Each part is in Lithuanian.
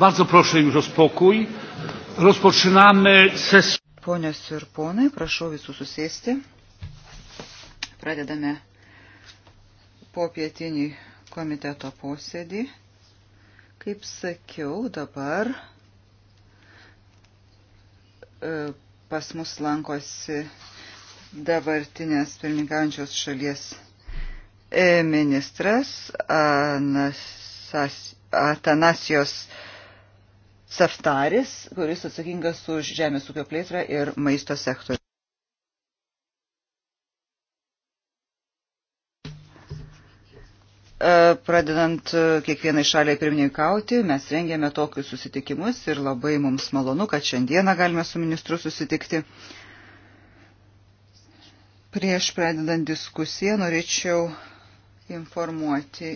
Bardzo proszę już o spokój. Rozpoczynamy sesję. Ponios ir ponai, prašau visų susėsti. Pradedame popietinį komiteto posėdį. Kaip sakiau, dabar e, pas mus lankosi dabartinės pirmininkaujančios šalies e, ministras Atanasijos. Anas, Saftaris, kuris atsakingas už žemės ūkio plėtrą ir maisto sektorių. E, pradedant e, kiekvienai šaliai pirmininkauti, mes rengėme tokius susitikimus ir labai mums malonu, kad šiandieną galime su ministru susitikti. Prieš pradedant diskusiją norėčiau informuoti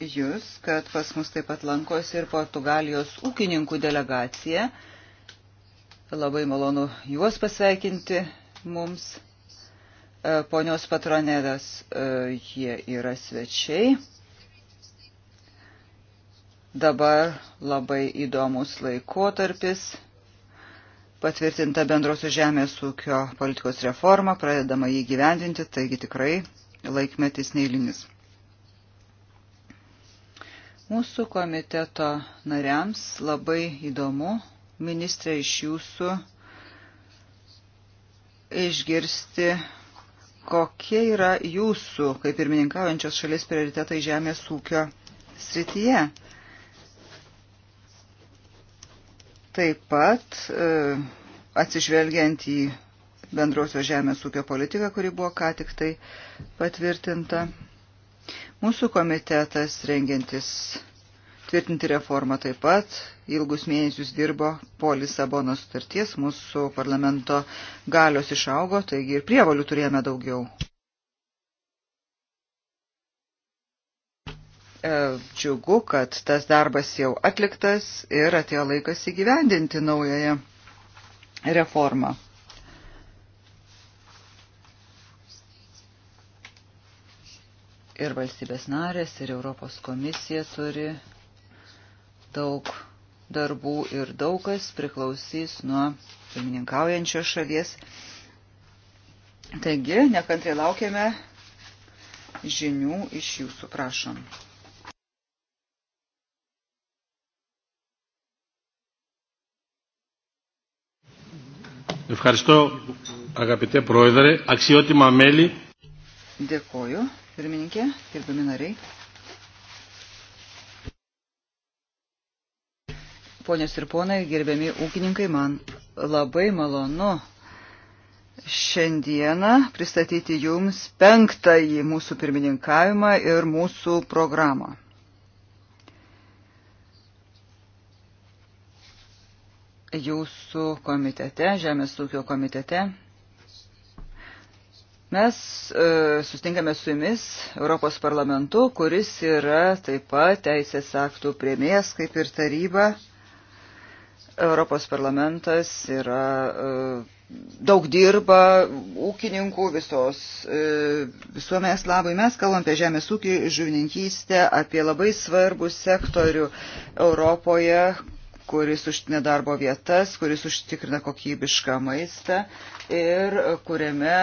Jūs, kad pas mus taip pat lankosi ir Portugalijos ūkininkų delegacija. Labai malonu juos pasveikinti mums. E, ponios patronėdas, e, jie yra svečiai. Dabar labai įdomus laikotarpis. Patvirtinta bendrosios žemės ūkio politikos reforma, pradedama jį gyvendinti, taigi tikrai laikmetis neįlinis. Mūsų komiteto nariams labai įdomu, ministrė, iš jūsų išgirsti, kokie yra jūsų, kaip ir mininkaujančios šalies, prioritetai žemės ūkio srityje. Taip pat e, atsižvelgiant į bendrosios žemės ūkio politiką, kuri buvo ką tik tai patvirtinta. Mūsų komitetas rengiantis tvirtinti reformą taip pat. Ilgus mėnesius dirbo po Lisabono sutarties, mūsų parlamento galios išaugo, taigi ir prievalių turėjome daugiau. E, džiugu, kad tas darbas jau atliktas ir atėjo laikas įgyvendinti naująją reformą. ir valstybės narės, ir Europos komisija turi daug darbų ir daug kas priklausys nuo pirmininkaujančios šalies. Taigi, nekantrai laukiame žinių iš jūsų, prašom. Ευχαριστώ, αγαπητέ Πρόεδρε, αξιότιμα μέλη. Dėkoju, pirmininkė, gerbiami nariai. ponios ir ponai, gerbiami ūkininkai, man labai malonu šiandieną pristatyti jums penktąjį mūsų pirmininkavimą ir mūsų programą. Jūsų komitete, Žemės ūkio komitete. Mes e, sustinkame su jumis Europos parlamentu, kuris yra taip pat teisės aktų prieimėjas kaip ir taryba. Europos parlamentas yra e, daug dirba ūkininkų visos e, visuomenės labai. Mes kalbam apie žemės ūkį, žuvininkystę, apie labai svarbų sektorių Europoje, kuris užtikrina darbo vietas, kuris užtikrina kokybišką maistą ir kuriame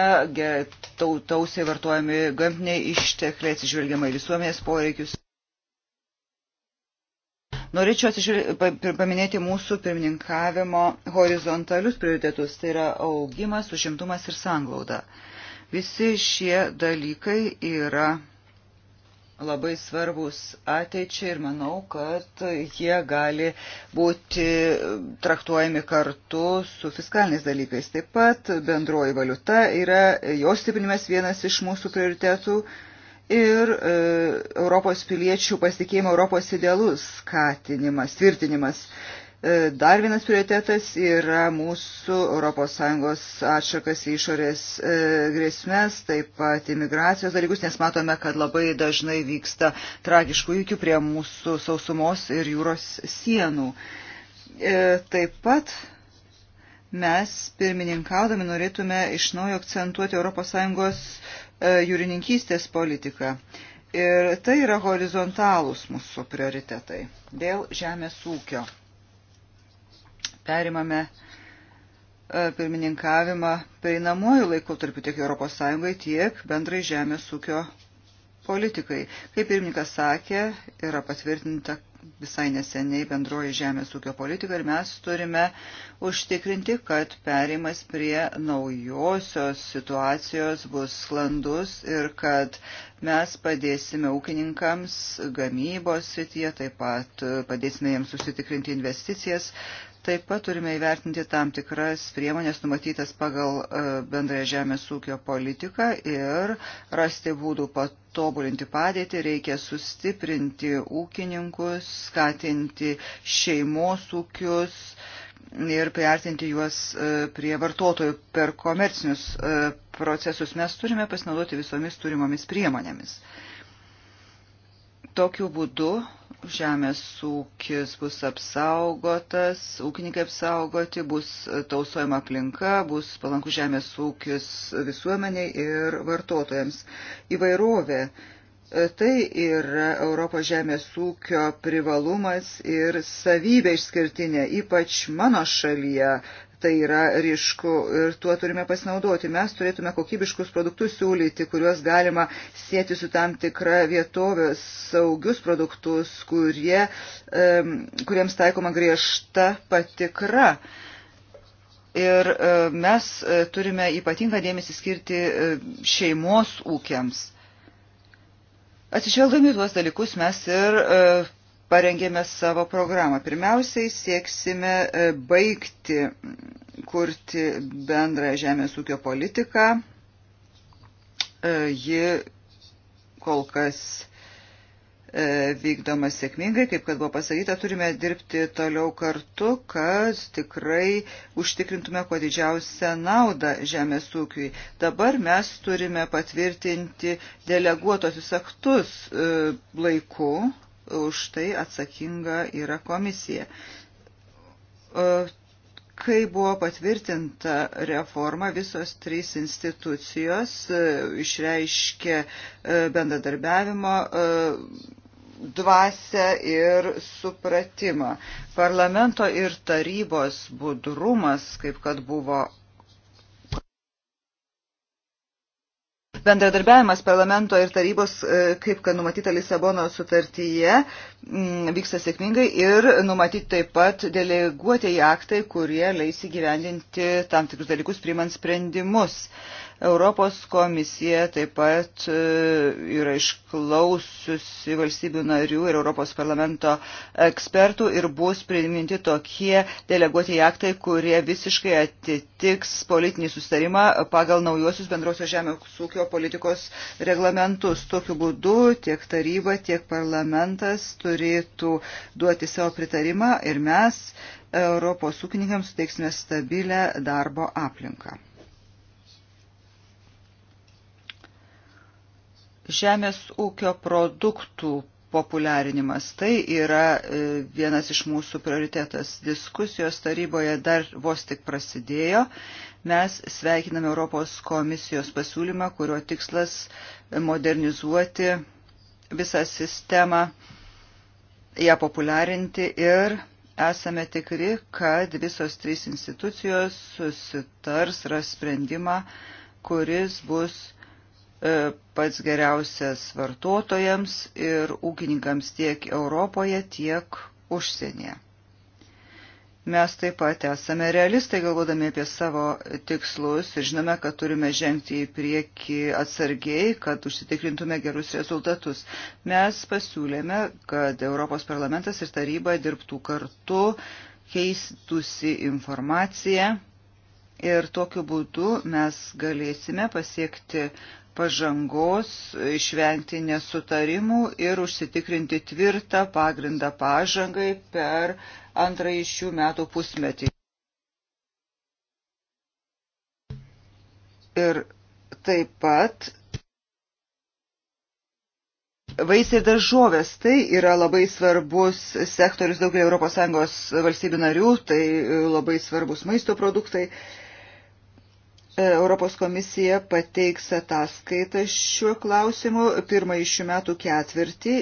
tausiai vartojami gamtiniai ištekliai atsižvelgiamai visuomenės poreikius. Norėčiau paminėti mūsų pirmininkavimo horizontalius prioritetus, tai yra augimas, užimtumas ir sanglauda. Visi šie dalykai yra labai svarbus ateičiai ir manau, kad jie gali būti traktuojami kartu su fiskaliniais dalykais. Taip pat bendroji valiuta yra jos stiprinimas vienas iš mūsų prioritetų ir e, Europos piliečių pasitikėjimo Europos idealus skatinimas, tvirtinimas. E, dar vienas prioritetas yra mūsų ES atšakas į išorės e, grėsmės, taip pat imigracijos dalykus, nes matome, kad labai dažnai vyksta tragiškų įvykių prie mūsų sausumos ir jūros sienų. E, taip pat mes pirmininkaudami norėtume iš naujo akcentuoti ES E, jūrininkystės politiką. Ir tai yra horizontalūs mūsų prioritetai dėl žemės ūkio. Perimame e, pirmininkavimą pereinamojų laikotarpių tiek ES, tiek bendrai žemės ūkio politikai. Kaip pirmininkas sakė, yra patvirtinta, visai neseniai bendroji žemės ūkio politika ir mes turime užtikrinti, kad perimas prie naujosios situacijos bus sklandus ir kad mes padėsime ūkininkams gamybos srityje, taip pat padėsime jiems užsitikrinti investicijas. Taip pat turime įvertinti tam tikras priemonės numatytas pagal e, bendrąją žemės ūkio politiką ir rasti būdų patobulinti padėtį. Reikia sustiprinti ūkininkus, skatinti šeimos ūkius ir priartinti juos e, prie vartotojų per komercinius e, procesus. Mes turime pasinaudoti visomis turimomis priemonėmis. Tokiu būdu žemės ūkis bus apsaugotas, ūkininkai apsaugoti, bus tausojama aplinka, bus palankų žemės ūkis visuomeniai ir vartotojams. Įvairovė. Tai yra Europos žemės ūkio privalumas ir savybė išskirtinė, ypač mano šalyje, tai yra ryšku ir tuo turime pasinaudoti. Mes turėtume kokybiškus produktus siūlyti, kuriuos galima sėti su tam tikra vietovė, saugius produktus, kurie, kuriems taikoma griežta patikra. Ir e, mes e, turime ypatingą dėmesį skirti e, šeimos ūkiams. Atsižvelgdami tuos dalykus mes ir parengėme savo programą. Pirmiausiai sieksime e, baigti kurti bendrąją žemės ūkio politiką. E, ji kol kas e, vykdoma sėkmingai, kaip kad buvo pasakyta, turime dirbti toliau kartu, kad tikrai užtikrintume kuo didžiausią naudą žemės ūkiui. Dabar mes turime patvirtinti deleguotosius aktus laiku, už tai atsakinga yra komisija. E, kai buvo patvirtinta reforma, visos trys institucijos e, išreiškė e, bendradarbiavimo dvasę ir supratimą. Parlamento ir tarybos budrumas, kaip kad buvo Bendradarbiavimas parlamento ir tarybos, e, kaip kad numatyta Lisabono sutartyje, vyksta sėkmingai ir numatyti taip pat deleguotieji aktai, kurie leis įgyvendinti tam tikrus dalykus, priimant sprendimus. Europos komisija taip pat e, yra išklausiusi valstybių narių ir Europos parlamento ekspertų ir bus priminti tokie deleguotieji aktai, kurie visiškai atitiks politinį sustarimą pagal naujosius bendrosios žemės ūkio politikos politikos reglamentus. Tokiu būdu tiek taryba, tiek parlamentas turėtų duoti savo pritarimą ir mes Europos ūkininkams suteiksime stabilę darbo aplinką. Žemės ūkio produktų populiarinimas. Tai yra e, vienas iš mūsų prioritetas. Diskusijos taryboje dar vos tik prasidėjo. Mes sveikiname Europos komisijos pasiūlymą, kurio tikslas modernizuoti visą sistemą, ją populiarinti ir esame tikri, kad visos trys institucijos susitars, ras sprendimą, kuris bus E, pats geriausias vartotojams ir ūkininkams tiek Europoje, tiek užsienyje. Mes taip pat esame realistai galvodami apie savo tikslus ir žinome, kad turime žengti į priekį atsargiai, kad užsitikrintume gerus rezultatus. Mes pasiūlėme, kad Europos parlamentas ir taryba dirbtų kartu, keistusi informaciją ir tokiu būdu mes galėsime pasiekti pažangos, išvengti nesutarimų ir užsitikrinti tvirtą pagrindą pažangai per antrąjį šių metų pusmetį. Ir taip pat Vaisiai daržovės tai yra labai svarbus sektorius daugelį ES valstybių narių, tai labai svarbus maisto produktai. E, Europos komisija pateiks ataskaitą šiuo klausimu pirmąjį šių metų ketvirtį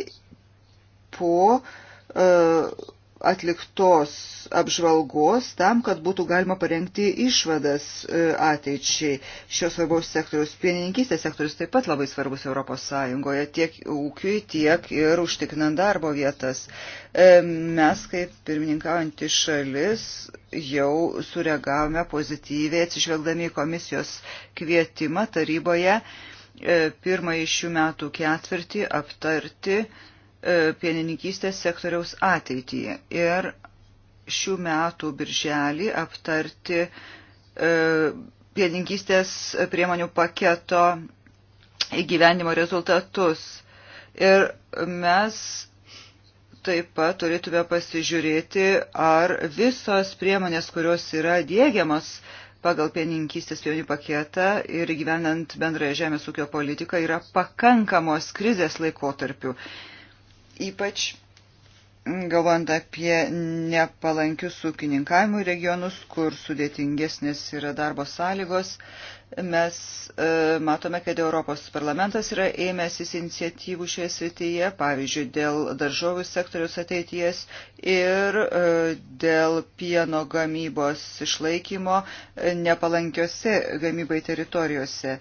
po uh, atliktos apžvalgos tam, kad būtų galima parengti išvadas e, ateičiai. Šios svarbaus sektorius, pienininkystės sektorius taip pat labai svarbus Europos Sąjungoje, tiek ūkiui, tiek ir užtikrinant darbo vietas. E, mes, kaip pirmininkaujantį šalis, jau sureagavome pozityviai, atsižvelgdami į komisijos kvietimą taryboje e, pirmąjį šių metų ketvirtį aptarti E, pienininkystės sektoriaus ateityje ir šių metų birželį aptarti e, pienininkystės priemonių paketo įgyvendimo rezultatus. Ir mes taip pat turėtume pasižiūrėti, ar visos priemonės, kurios yra dėgiamas pagal pieninkystės priemonių paketą ir gyvenant bendrąją žemės ūkio politiką, yra pakankamos krizės laikotarpiu ypač mm, galvojant apie nepalankius ūkininkavimų regionus, kur sudėtingesnės yra darbo sąlygos, Mes e, matome, kad Europos parlamentas yra ėmęsis iniciatyvų šioje srityje, pavyzdžiui, dėl daržovių sektoriaus ateities ir e, dėl pieno gamybos išlaikymo e, nepalankiose gamybai teritorijose.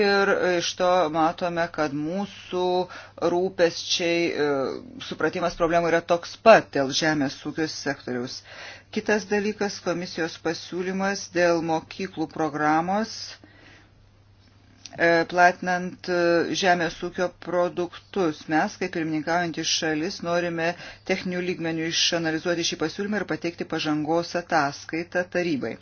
Ir iš to matome, kad mūsų rūpesčiai, supratimas problemų yra toks pat dėl žemės ūkio sektoriaus. Kitas dalykas - komisijos pasiūlymas dėl mokyklų programos e, platinant e, žemės ūkio produktus. Mes, kaip pirmininkaujantys šalis, norime techninių lygmenių išanalizuoti šį pasiūlymą ir pateikti pažangos ataskaitą tarybai.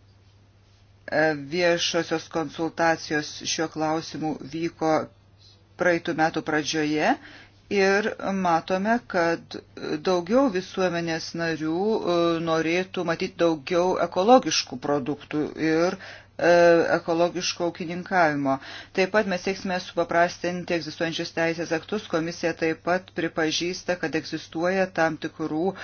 E, viešosios konsultacijos šiuo klausimu vyko praeitų metų pradžioje Ir matome, kad daugiau visuomenės narių e, norėtų matyti daugiau ekologiškų produktų ir E, ekologiško ūkininkavimo. Taip pat mes sieksime supaprastinti egzistuojančius teisės aktus. Komisija taip pat pripažįsta, kad egzistuoja tam tikrų e,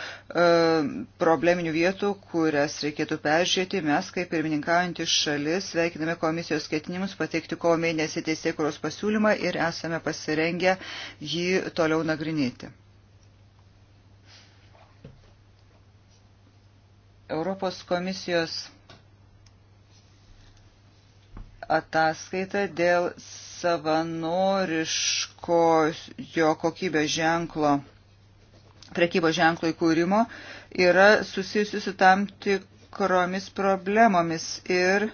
probleminių vietų, kurias reikėtų peržiūrėti. Mes, kaip pirmininkaujantis šalis, sveikiname komisijos ketinimus pateikti kovo mėnesį teisėkuros pasiūlymą ir esame pasirengę jį toliau nagrinėti. Europos komisijos ataskaitą dėl savanoriško jo kokybės ženklo, prekybos ženklo įkūrimo yra susijusi su tam tikromis problemomis ir e,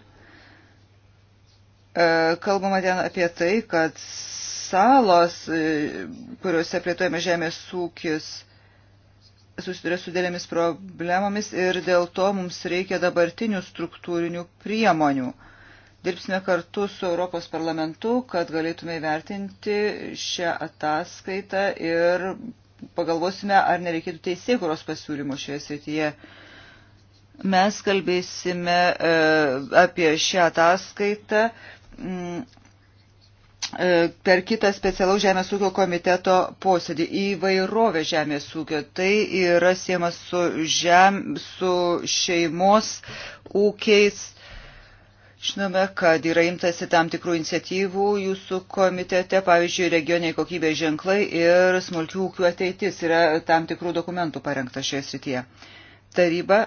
kalbama ten apie tai, kad salos, e, kuriuose plėtojame žemės ūkis, susiduria su dėlėmis problemomis ir dėl to mums reikia dabartinių struktūrinių priemonių. E, Dirbsime kartu su Europos parlamentu, kad galėtume įvertinti šią ataskaitą ir pagalvosime, ar nereikėtų teisėkuros pasiūlymų šioje srityje. Mes kalbėsime e, apie šią ataskaitą mm, e, per kitą specialaus žemės ūkio komiteto posėdį įvairovę žemės ūkio. Tai yra siemas su, žem, su šeimos ūkiais, Žinome, kad yra imtasi tam tikrų iniciatyvų jūsų komitete, pavyzdžiui, regioniai kokybės ženklai ir smulkių ūkių ateitis yra tam tikrų dokumentų parengta šioje srityje. Taryba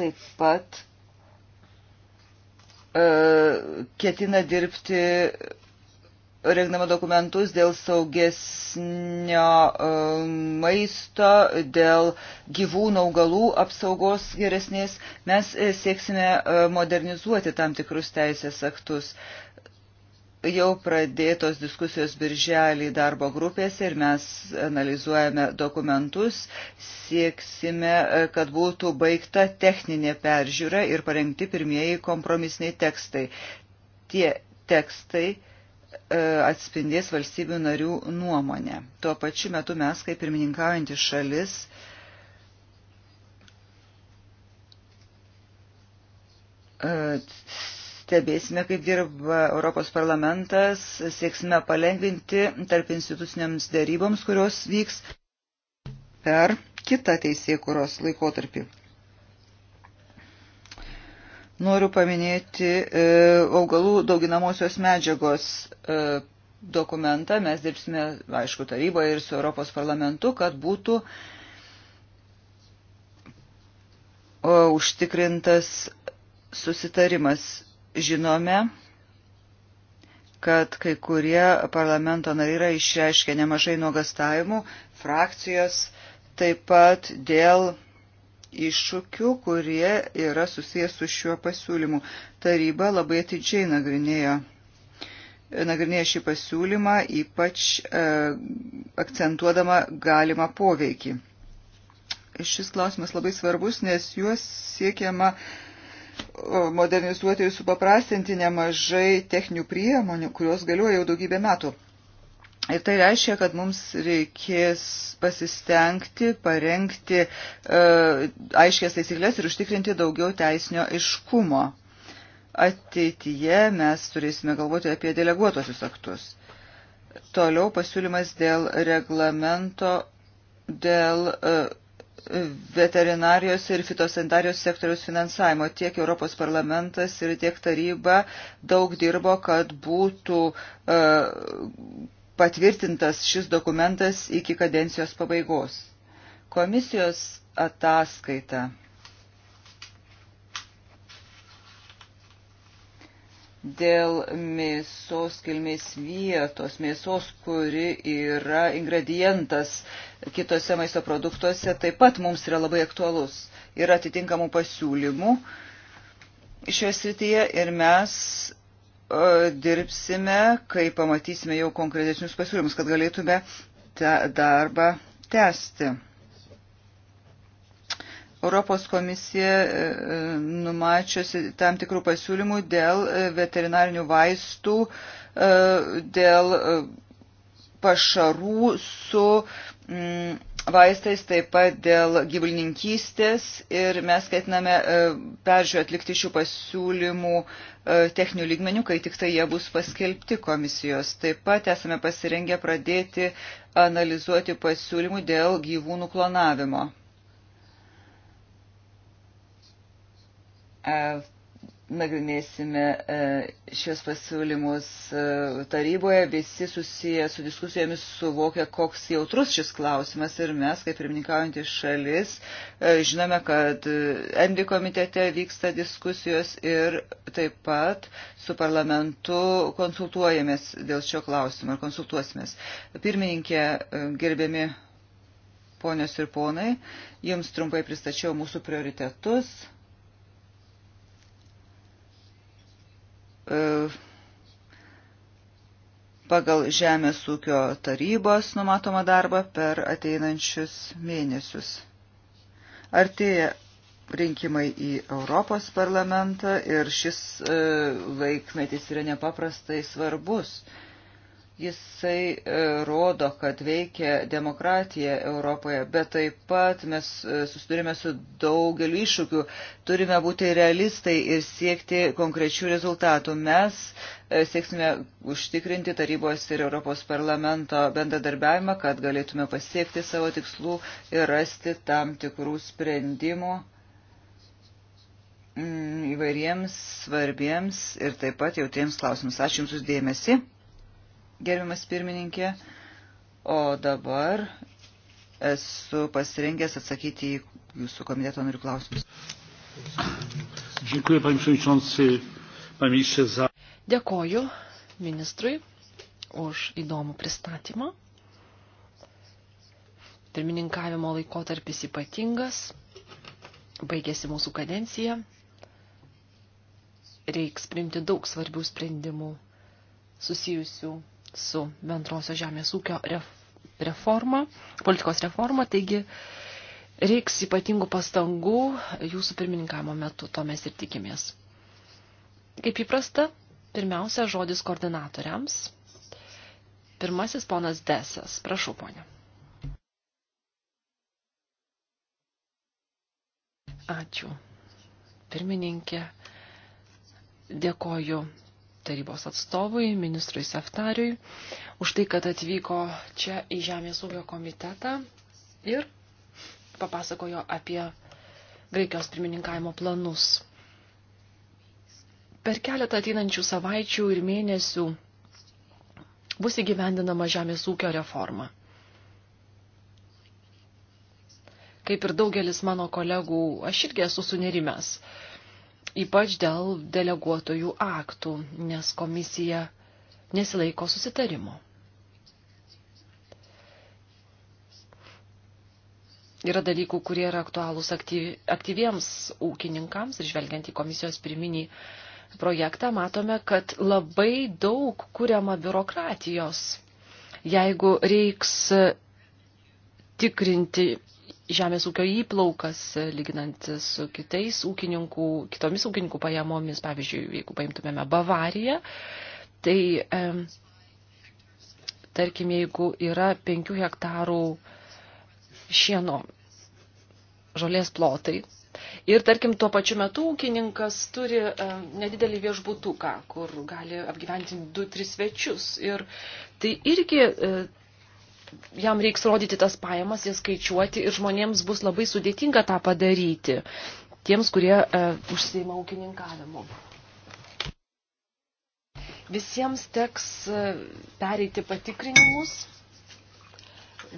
taip pat e, ketina dirbti rengdama dokumentus dėl saugesnio um, maisto, dėl gyvūnų augalų apsaugos geresnės, mes e, sieksime e, modernizuoti tam tikrus teisės aktus. Jau pradėtos diskusijos birželį darbo grupėse ir mes analizuojame dokumentus, sieksime, e, kad būtų baigta techninė peržiūra ir parengti pirmieji kompromisiniai tekstai. Tie tekstai E, atspindės valstybių narių nuomonę. Tuo pačiu metu mes, kaip pirmininkaujantis šalis, e, stebėsime, kaip dirba Europos parlamentas, sieksime palengvinti tarp instituciniams dėryboms, kurios vyks per kitą teisėkuros laikotarpį. Noriu paminėti e, augalų dauginamosios medžiagos e, dokumentą. Mes dirbsime, aišku, taryboje ir su Europos parlamentu, kad būtų e, užtikrintas susitarimas. Žinome, kad kai kurie parlamento nariai yra išreiškę nemažai nuogastavimų, frakcijos taip pat dėl iššūkių, kurie yra susijęs su šiuo pasiūlymu. Taryba labai atidžiai nagrinėjo, nagrinėjo šį pasiūlymą, ypač e, akcentuodama galimą poveikį. Šis klausimas labai svarbus, nes juos siekiama modernizuoti ir supaprastinti nemažai techninių priemonių, kurios galioja jau daugybę metų. Ir tai reiškia, kad mums reikės pasistengti, parengti e, aiškės taisyklės ir užtikrinti daugiau teisinio iškumo. Ateityje mes turėsime galvoti apie deleguotosius aktus. Toliau pasiūlymas dėl reglamento, dėl e, veterinarijos ir fitosanitarijos sektoriaus finansavimo. Tiek Europos parlamentas ir tiek taryba daug dirbo, kad būtų. E, patvirtintas šis dokumentas iki kadencijos pabaigos. Komisijos ataskaita. Dėl mėsos kilmės vietos, mėsos, kuri yra ingredientas kitose maisto produktuose, taip pat mums yra labai aktualus. Yra atitinkamų pasiūlymų šioje srityje ir mes E, dirbsime, kai pamatysime jau konkretesnius pasiūlymus, kad galėtume tą darbą tęsti. Europos komisija e, e, numačiusi tam tikrų pasiūlymų dėl veterinarinių vaistų, dėl pašarų su mm, vaistais, taip pat dėl gyvulininkystės ir mes ketiname e, peržiūrėti atlikti šių pasiūlymų e, techninių lygmenių, kai tik tai jie bus paskelbti komisijos. Taip pat esame pasirengę pradėti analizuoti pasiūlymų dėl gyvūnų klonavimo. E, nagrinėsime e, šios pasiūlymus e, taryboje, visi susiję su diskusijomis suvokia, koks jautrus šis klausimas ir mes, kaip pirmininkaujantis šalis, e, žinome, kad Endi komitete vyksta diskusijos ir taip pat su parlamentu konsultuojamės dėl šio klausimo ir konsultuosimės. Pirmininkė, gerbiami ponios ir ponai, jums trumpai pristačiau mūsų prioritetus E, pagal Žemės ūkio tarybos numatomą darbą per ateinančius mėnesius. Artėja rinkimai į Europos parlamentą ir šis e, laikmetis yra nepaprastai svarbus. E, Jisai e, rodo, kad veikia demokratija Europoje, bet taip pat mes e, susidurime su daugeliu iššūkių. Turime būti realistai ir siekti konkrečių rezultatų. Mes e, sieksime užtikrinti tarybos ir Europos parlamento bendradarbiavimą, kad galėtume pasiekti savo tikslų ir rasti tam tikrų sprendimų mm, įvairiems svarbiems ir taip pat jautriems klausimus. Ačiū Jums uždėmesi gerbiamas pirmininkė. O dabar esu pasirengęs atsakyti į jūsų komiteto narių klausimus. Dziękuję, panie przewodniczący, panie ministrze, za. Dėkoju ministrui už įdomų pristatymą. Pirmininkavimo laikotarpis ypatingas, baigėsi mūsų kadencija, reiks priimti daug svarbių sprendimų susijusių su bendrosios žemės ūkio reforma, politikos reforma, taigi reiks ypatingų pastangų jūsų pirmininkavimo metu, to mes ir tikimės. Kaip įprasta, pirmiausia žodis koordinatoriams. Pirmasis ponas Desas, prašau ponė. Ačiū. Pirmininkė, dėkoju tarybos atstovui, ministrui Seftariui, už tai, kad atvyko čia į Žemės ūkio komitetą ir papasakojo apie Graikijos pirmininkavimo planus. Per keletą ateinančių savaičių ir mėnesių bus įgyvendinama žemės ūkio reforma. Kaip ir daugelis mano kolegų, aš irgi esu sunerimęs ypač dėl deleguotojų aktų, nes komisija nesilaiko susitarimo. Yra dalykų, kurie yra aktualūs aktyv, aktyviems ūkininkams ir žvelgiant į komisijos pirminį projektą, matome, kad labai daug kuriama biurokratijos. Jeigu reiks tikrinti žemės ūkio įplaukas, e, lyginant su kitais ūkininkų, kitomis ūkininkų pajamomis, pavyzdžiui, jeigu paimtumėme Bavariją, tai e, tarkim, jeigu yra 5 hektarų šieno žolės plotai, Ir tarkim, tuo pačiu metu ūkininkas turi e, nedidelį viešbutuką, kur gali apgyventi 2-3 svečius. Ir tai irgi e, jam reiks rodyti tas pajamas, jas skaičiuoti ir žmonėms bus labai sudėtinga tą padaryti, tiems, kurie e, užsieima ūkininkavimu. Visiems teks e, pereiti patikrinimus,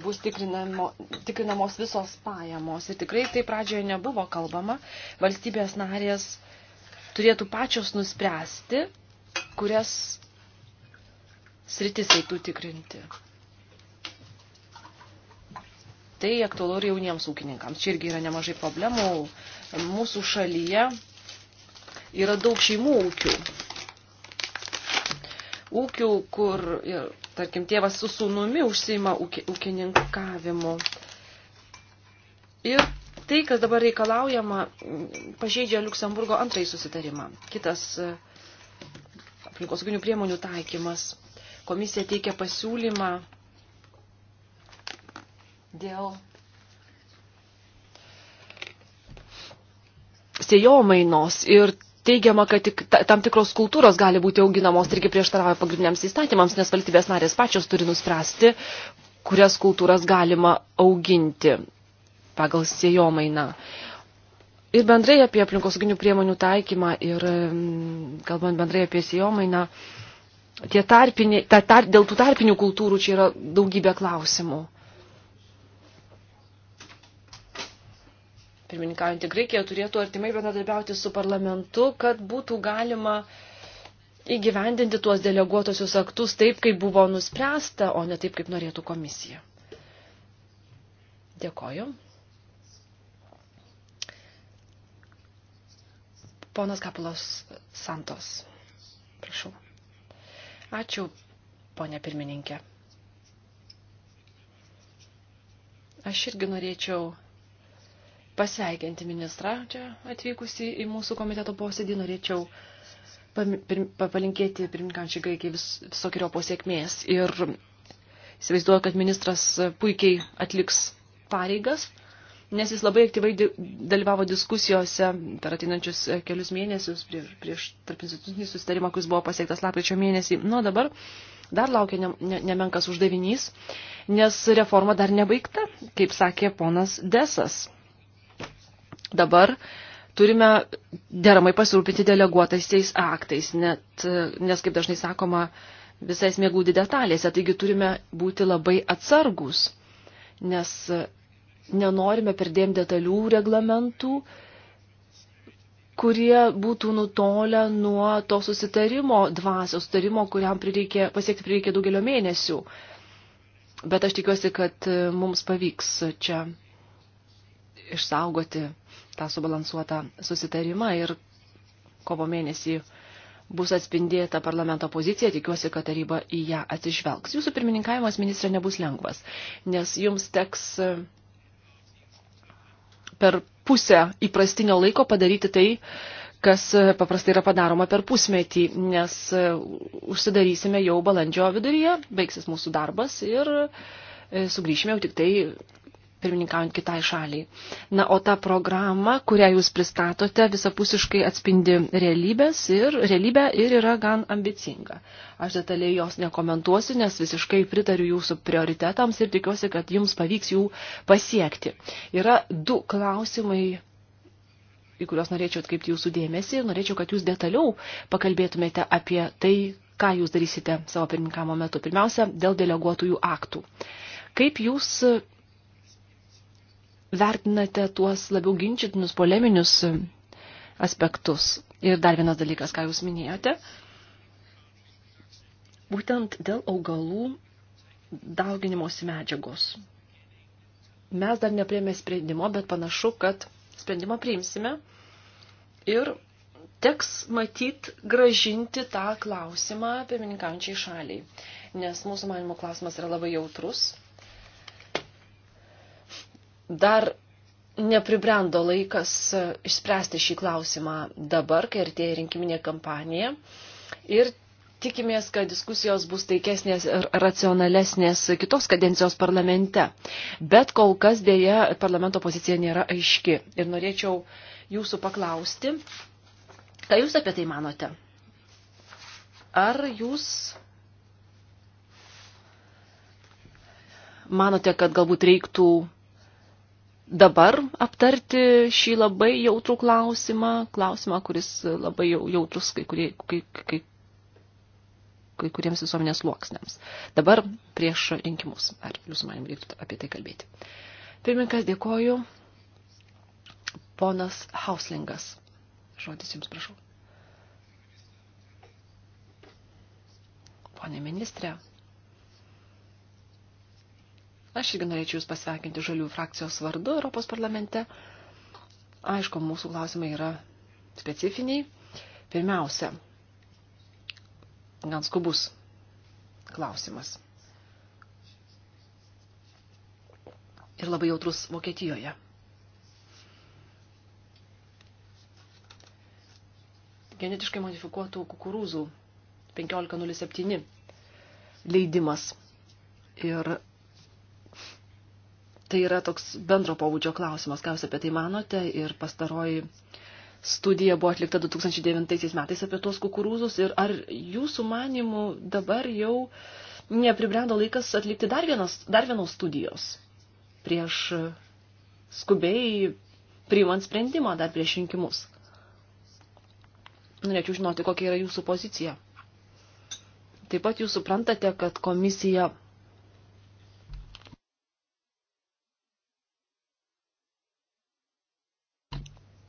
bus tikrinamo, tikrinamos visos pajamos. Ir tikrai tai pradžioje nebuvo kalbama. Valstybės narės turėtų pačios nuspręsti, kurias sritis reiktų tikrinti. Tai aktualu ir jauniems ūkininkams. Čia irgi yra nemažai problemų. Mūsų šalyje yra daug šeimų ūkių. Ūkių, kur, ir, tarkim, tėvas su sūnumi užsima ūkininkavimu. Ir tai, kas dabar reikalaujama, pažeidžia Luksemburgo antrąjį susitarimą. Kitas e, aplinkosauginių priemonių taikymas. Komisija teikia pasiūlymą dėl sėjomainos ir teigiama, kad tik tam tikros kultūros gali būti auginamos irgi prieštarauja pagrindiniams įstatymams, nes valstybės narės pačios turi nuspręsti, kurias kultūras galima auginti pagal sėjomainą. Ir bendrai apie aplinkosauginių priemonių taikymą ir mm, kalbant bendrai apie sėjomainą, tie tarpiniai, ta, tar, dėl tų tarpinių kultūrų čia yra daugybė klausimų. pirmininkaujantį Graikiją turėtų artimai bendradarbiauti su parlamentu, kad būtų galima įgyvendinti tuos deleguotosius aktus taip, kaip buvo nuspręsta, o ne taip, kaip norėtų komisija. Dėkoju. Ponas Kapulos Santos. Prašau. Ačiū, ponė pirmininkė. Aš irgi norėčiau pasveikinti ministrą čia atvykusi į mūsų komiteto posėdį. Norėčiau papalinkėti pirmininkančiai greikiai vis, visokiojo posėkmės. Ir įsivaizduoju, kad ministras puikiai atliks pareigas, nes jis labai aktyvai dalyvavo diskusijose per ateinančius e, kelius mėnesius prieš, prieš tarp institucinį susitarimą, kuris buvo pasiektas lapkričio mėnesį. Nu, dabar dar laukia ne, ne, nemenkas uždavinys, nes reforma dar nebaigta, kaip sakė ponas Desas dabar turime deramai pasirūpinti deleguotaisiais aktais, net, nes, kaip dažnai sakoma, visai smėglūdi detalėse, taigi turime būti labai atsargus, nes nenorime perdėm detalių reglamentų, kurie būtų nutolę nuo to susitarimo dvasios, susitarimo, kuriam prireikė, pasiekti prireikė daugelio mėnesių. Bet aš tikiuosi, kad mums pavyks čia išsaugoti tą subalansuotą susitarimą ir kovo mėnesį bus atspindėta parlamento pozicija, tikiuosi, kad taryba į ją atsižvelgs. Jūsų pirmininkavimas, ministrė, nebus lengvas, nes jums teks e, per pusę įprastinio laiko padaryti tai, kas e, paprastai yra padaroma per pusmetį, nes e, užsidarysime jau balandžio viduryje, baigsis mūsų darbas ir sugrįšime jau tik tai pirmininkaujant kitai šaliai. Na, o ta programa, kurią jūs pristatote, visapusiškai atspindi realybės ir realybę ir yra gan ambicinga. Aš detaliai jos nekomentuosiu, nes visiškai pritariu jūsų prioritetams ir tikiuosi, kad jums pavyks jų pasiekti. Yra du klausimai į kuriuos norėčiau atkreipti jūsų dėmesį ir norėčiau, kad jūs detaliau pakalbėtumėte apie tai, ką jūs darysite savo pirmininkamo metu. Pirmiausia, dėl deleguotųjų aktų. Kaip jūs vertinate tuos labiau ginčytinus, poleminius e, aspektus? Ir dar vienas dalykas, ką jūs minėjote, būtent dėl augalų dauginimosi medžiagos. Mes dar neprieėmė sprendimo, bet panašu, kad sprendimą priimsime ir teks matyt gražinti tą klausimą pirmininkaujančiai šaliai, nes mūsų manimo klausimas yra labai jautrus dar nepribrendo laikas e, išspręsti šį klausimą dabar, kai artėja rinkiminė kampanija. Ir tikimės, kad diskusijos bus taikesnės ir racionalesnės kitos kadencijos parlamente. Bet kol kas dėja parlamento pozicija nėra aiški. Ir norėčiau jūsų paklausti, ką jūs apie tai manote? Ar jūs manote, kad galbūt reiktų dabar aptarti šį labai jautrų klausimą, klausimą, kuris labai jautrus kai, kurie, kai, kai, kai kuriems visuomenės sluoksniams. Dabar prieš rinkimus. Ar jūsų manim reiktų apie tai kalbėti? Pirmininkas, dėkoju. Ponas Hauslingas. Žodis jums prašau. Pone ministrė, Aš irgi norėčiau Jūs pasveikinti žalių frakcijos vardu Europos parlamente. Aišku, mūsų klausimai yra specifiniai. Pirmiausia, gan skubus klausimas. Ir labai jautrus Vokietijoje. genetiškai modifikuotų kukurūzų 1507 leidimas. Ir tai yra toks bendro pobūdžio klausimas, ką jūs apie tai manote ir pastaroji studija buvo atlikta 2009 metais apie tuos kukurūzus ir ar jūsų manimų dabar jau nepribrendo laikas atlikti dar, vienas, dar vienos studijos prieš skubiai priimant sprendimą dar prieš rinkimus. Norėčiau žinoti, kokia yra jūsų pozicija. Taip pat jūs suprantate, kad komisija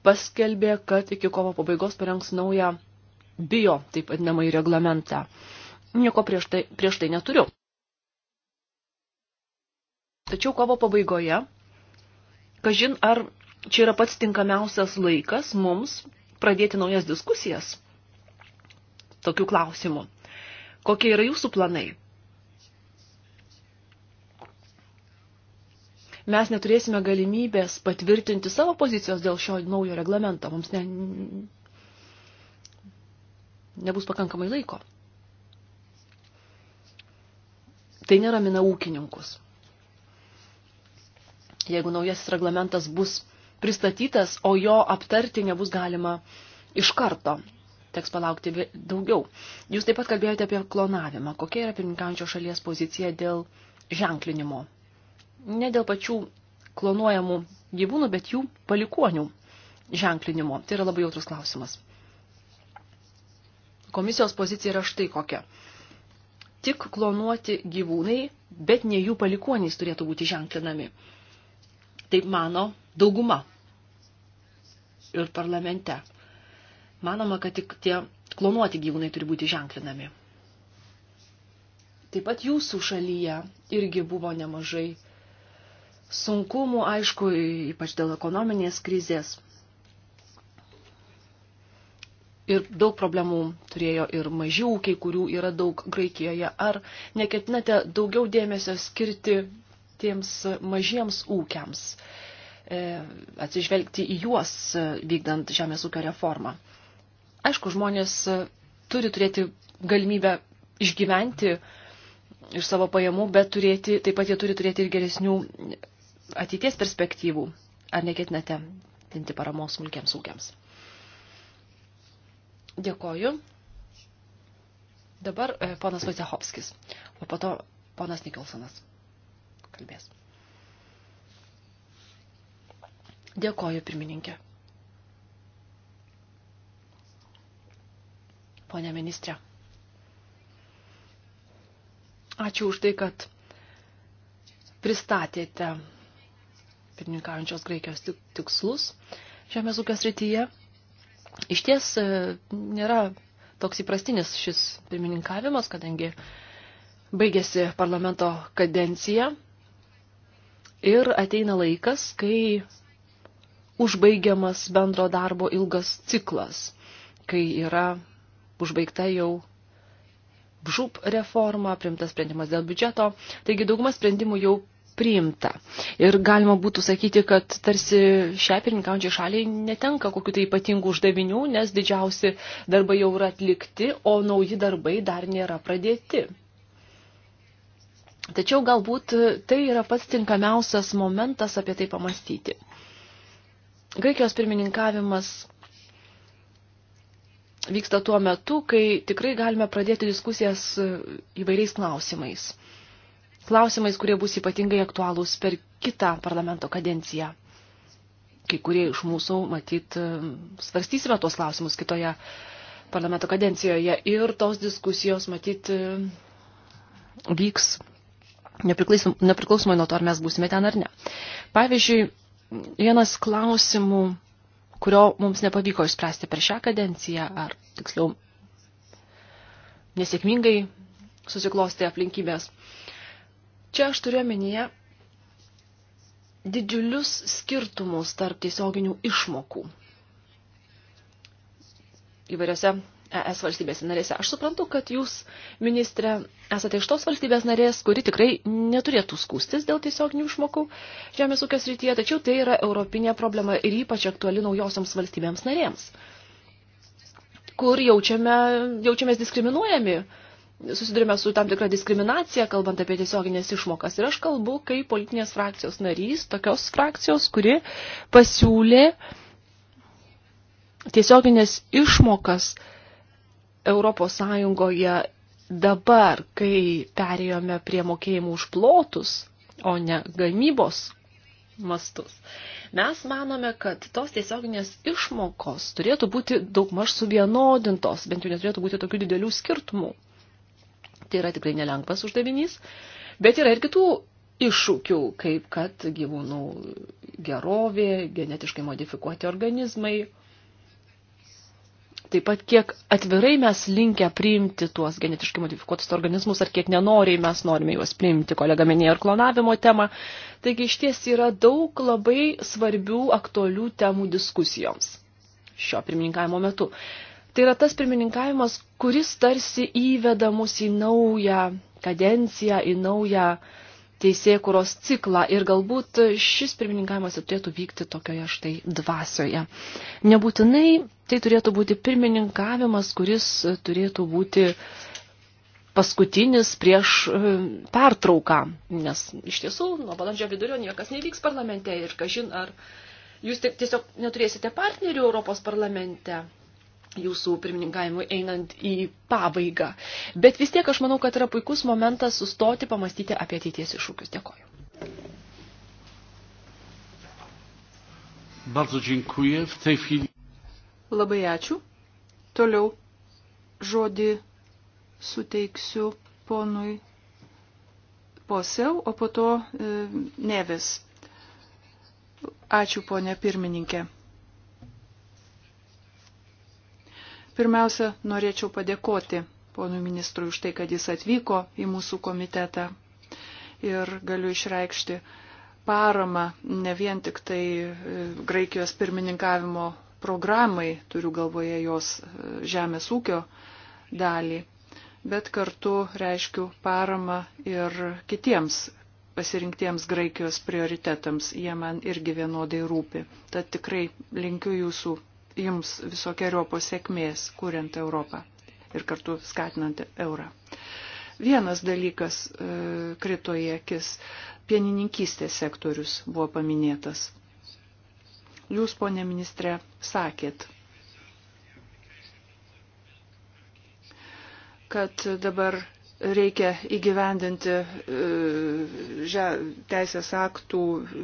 paskelbė, kad iki kovo pabaigos parengs naują bio, taip vadinamai, reglamentą. Nieko prieš tai, prieš tai neturiu. Tačiau kovo pabaigoje, kažin ar čia yra pats tinkamiausias laikas mums pradėti naujas diskusijas tokių klausimų. Kokie yra jūsų planai? mes neturėsime galimybės patvirtinti savo pozicijos dėl šio naujo reglamento. Mums ne, nebus pakankamai laiko. Tai neramina ūkininkus. Jeigu naujasis reglamentas bus pristatytas, o jo aptarti nebus galima iš karto, teks palaukti daugiau. Jūs taip pat kalbėjote apie klonavimą. Kokia yra pirmininkaujančio šalies pozicija dėl ženklinimo ne dėl pačių klonuojamų gyvūnų, bet jų palikonių ženklinimo. Tai yra labai jautrus klausimas. Komisijos pozicija yra štai kokia. Tik klonuoti gyvūnai, bet ne jų palikonys turėtų būti ženklinami. Taip mano dauguma ir parlamente. Manoma, kad tik tie klonuoti gyvūnai turi būti ženklinami. Taip pat jūsų šalyje irgi buvo nemažai sunkumų, aišku, ypač dėl ekonominės krizės. Ir daug problemų turėjo ir maži ūkiai, kurių yra daug Graikijoje. Ar neketinate daugiau dėmesio skirti tiems mažiems ūkiams, e, atsižvelgti į juos e, vykdant žemės ūkio reformą? Aišku, žmonės e, turi turėti galimybę išgyventi iš savo pajamų, bet turėti, taip pat jie turi turėti ir geresnių ateities perspektyvų? Ar neketinate tinti paramos smulkiams ūkiams? Dėkoju. Dabar e, ponas Vojcehovskis, o po to ponas Nikolsonas kalbės. Dėkoju, pirmininkė. Pone ministrė. Ačiū už tai, kad pristatėte pirmininkaujančios Graikijos tikslus žemės ūkio srityje. Iš ties e, nėra toks įprastinis šis pirmininkavimas, kadangi baigėsi parlamento kadencija ir ateina laikas, kai užbaigiamas bendro darbo ilgas ciklas, kai yra užbaigta jau žūp reforma, primtas sprendimas dėl biudžeto. Taigi daugumas sprendimų jau priimta. Ir galima būtų sakyti, kad tarsi šiai pirmininkaujančiai šaliai netenka kokiu tai ypatingų uždavinių, nes didžiausi darbai jau yra atlikti, o nauji darbai dar nėra pradėti. Tačiau galbūt tai yra pats tinkamiausias momentas apie tai pamastyti. Graikijos pirmininkavimas vyksta tuo metu, kai tikrai galime pradėti diskusijas įvairiais klausimais klausimais, kurie bus ypatingai aktualūs per kitą parlamento kadenciją. Kai kurie iš mūsų, matyt, svarstysime tuos klausimus kitoje parlamento kadencijoje ir tos diskusijos, matyt, vyks nepriklausomai nuo to, ar mes būsime ten ar ne. Pavyzdžiui, vienas klausimų, kurio mums nepavyko išspręsti per šią kadenciją, ar tiksliau nesėkmingai susiklosti aplinkybės, Čia aš turiu omenyje didžiulius skirtumus tarp tiesioginių išmokų įvairiose ES valstybės narėse. Aš suprantu, kad jūs, ministrė, esate iš tos valstybės narės, kuri tikrai neturėtų skūstis dėl tiesioginių išmokų žemės ūkio srityje, tačiau tai yra europinė problema ir ypač aktuali naujosioms valstybėms narėms, kur jaučiame, jaučiamės diskriminuojami uh, susidurime su tam tikra diskriminacija, kalbant apie tiesioginės išmokas. Ir aš kalbu kaip politinės frakcijos narys, tokios frakcijos, kuri pasiūlė tiesioginės išmokas Europos Sąjungoje dabar, kai perėjome prie mokėjimų už plotus, o ne gamybos mastus. Mes manome, kad tos tiesioginės išmokos turėtų būti daugmaž suvienodintos, bent jau neturėtų būti tokių didelių skirtumų. Tai yra tikrai nelengvas uždavinys, bet yra ir kitų iššūkių, kaip kad gyvūnų gerovė, genetiškai modifikuoti organizmai. Taip pat, kiek atvirai mes linkę priimti tuos genetiškai modifikuotus organizmus, ar kiek nenoriai mes norime juos priimti, kolega minėjo ir klonavimo temą. Taigi iš ties yra daug labai svarbių aktualių temų diskusijoms šio pirmininkavimo metu. Tai yra tas pirmininkavimas, kuris tarsi įveda mus į naują kadenciją, į naują teisėkuros ciklą ir galbūt šis pirmininkavimas turėtų vykti tokioje štai dvasioje. Nebūtinai tai turėtų būti pirmininkavimas, kuris turėtų būti paskutinis prieš e, pertrauką, nes iš tiesų nuo balandžio vidurio niekas nevyks parlamente ir kažin ar jūs tiesiog neturėsite partnerių Europos parlamente jūsų pirmininkavimui einant į pabaigą. Bet vis tiek aš manau, kad yra puikus momentas sustoti, pamastyti apie ateities iššūkius. Dėkoju. Bardzo dziękuję. W tej chwili... Labai ačiū. Toliau žodį suteiksiu ponui Poseu, o po to e, Nevis. Ačiū, ponė pirmininkė. Pirmiausia, norėčiau padėkoti ponui ministrui už tai, kad jis atvyko į mūsų komitetą ir galiu išreikšti paramą ne vien tik tai e, Graikijos pirmininkavimo programai, turiu galvoje jos e, žemės ūkio dalį, bet kartu reiškiu paramą ir kitiems pasirinktiems Graikijos prioritetams, jie man irgi vienodai rūpi. Tad tikrai linkiu jūsų jums visokiojo sėkmės, kuriant Europą ir kartu skatinant eurą. Vienas dalykas e, krito į akis - pienininkystės sektorius buvo paminėtas. Jūs, ponė ministrė, sakėt, kad dabar reikia įgyvendinti e, teisės aktų,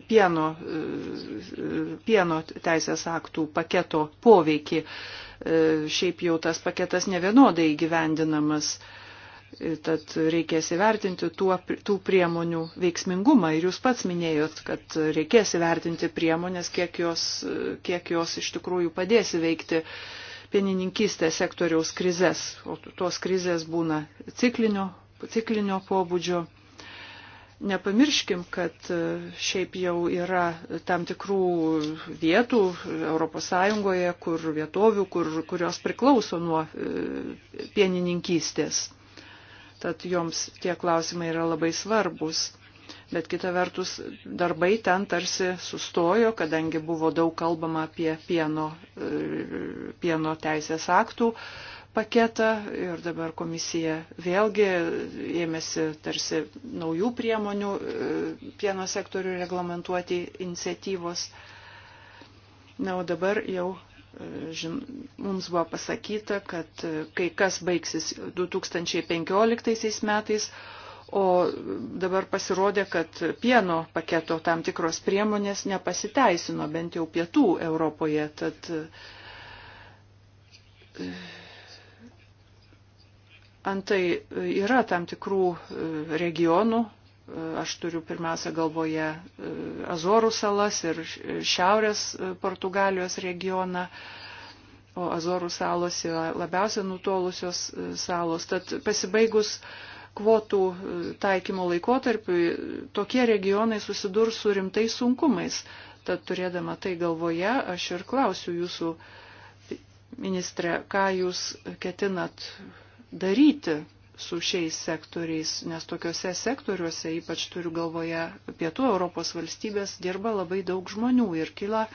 pieno, e, pieno teisės aktų paketo poveikį. E, šiaip jau tas paketas nevienodai įgyvendinamas, tad reikės įvertinti tuo, tų priemonių veiksmingumą. Ir jūs pats minėjot, kad reikės įvertinti priemonės, kiek jos, kiek jos iš tikrųjų padės įveikti veikti pienininkystės sektoriaus krizės, o tos krizės būna ciklinio, ciklinio pobūdžio. Nepamirškim, kad e, šiaip jau yra tam tikrų vietų ES, kur vietovių, kur, kurios priklauso nuo e, pienininkystės. Tad joms tie klausimai yra labai svarbus bet kita vertus darbai ten tarsi sustojo, kadangi buvo daug kalbama apie pieno, e, pieno teisės aktų paketą ir dabar komisija vėlgi ėmėsi tarsi naujų priemonių e, pieno sektorių reglamentuoti iniciatyvos. Na, o dabar jau e, žin, mums buvo pasakyta, kad kai kas baigsis 2015 metais, O dabar pasirodė, kad pieno paketo tam tikros priemonės nepasiteisino, bent jau pietų Europoje. Tad e, antai yra tam tikrų e, regionų, e, aš turiu pirmiausia galvoje Azorų salas ir šiaurės Portugalijos regioną, o Azorų salos yra labiausiai nutolusios salos. Tad pasibaigus uh, kvotų e, taikymo laikotarpiui tokie regionai susidurs su rimtais sunkumais. Tad turėdama tai galvoje, aš ir klausiu jūsų, ministrė, ką jūs ketinat daryti su šiais sektoriais, nes tokiuose sektoriuose, ypač turiu galvoje, pietų Europos valstybės dirba labai daug žmonių ir kyla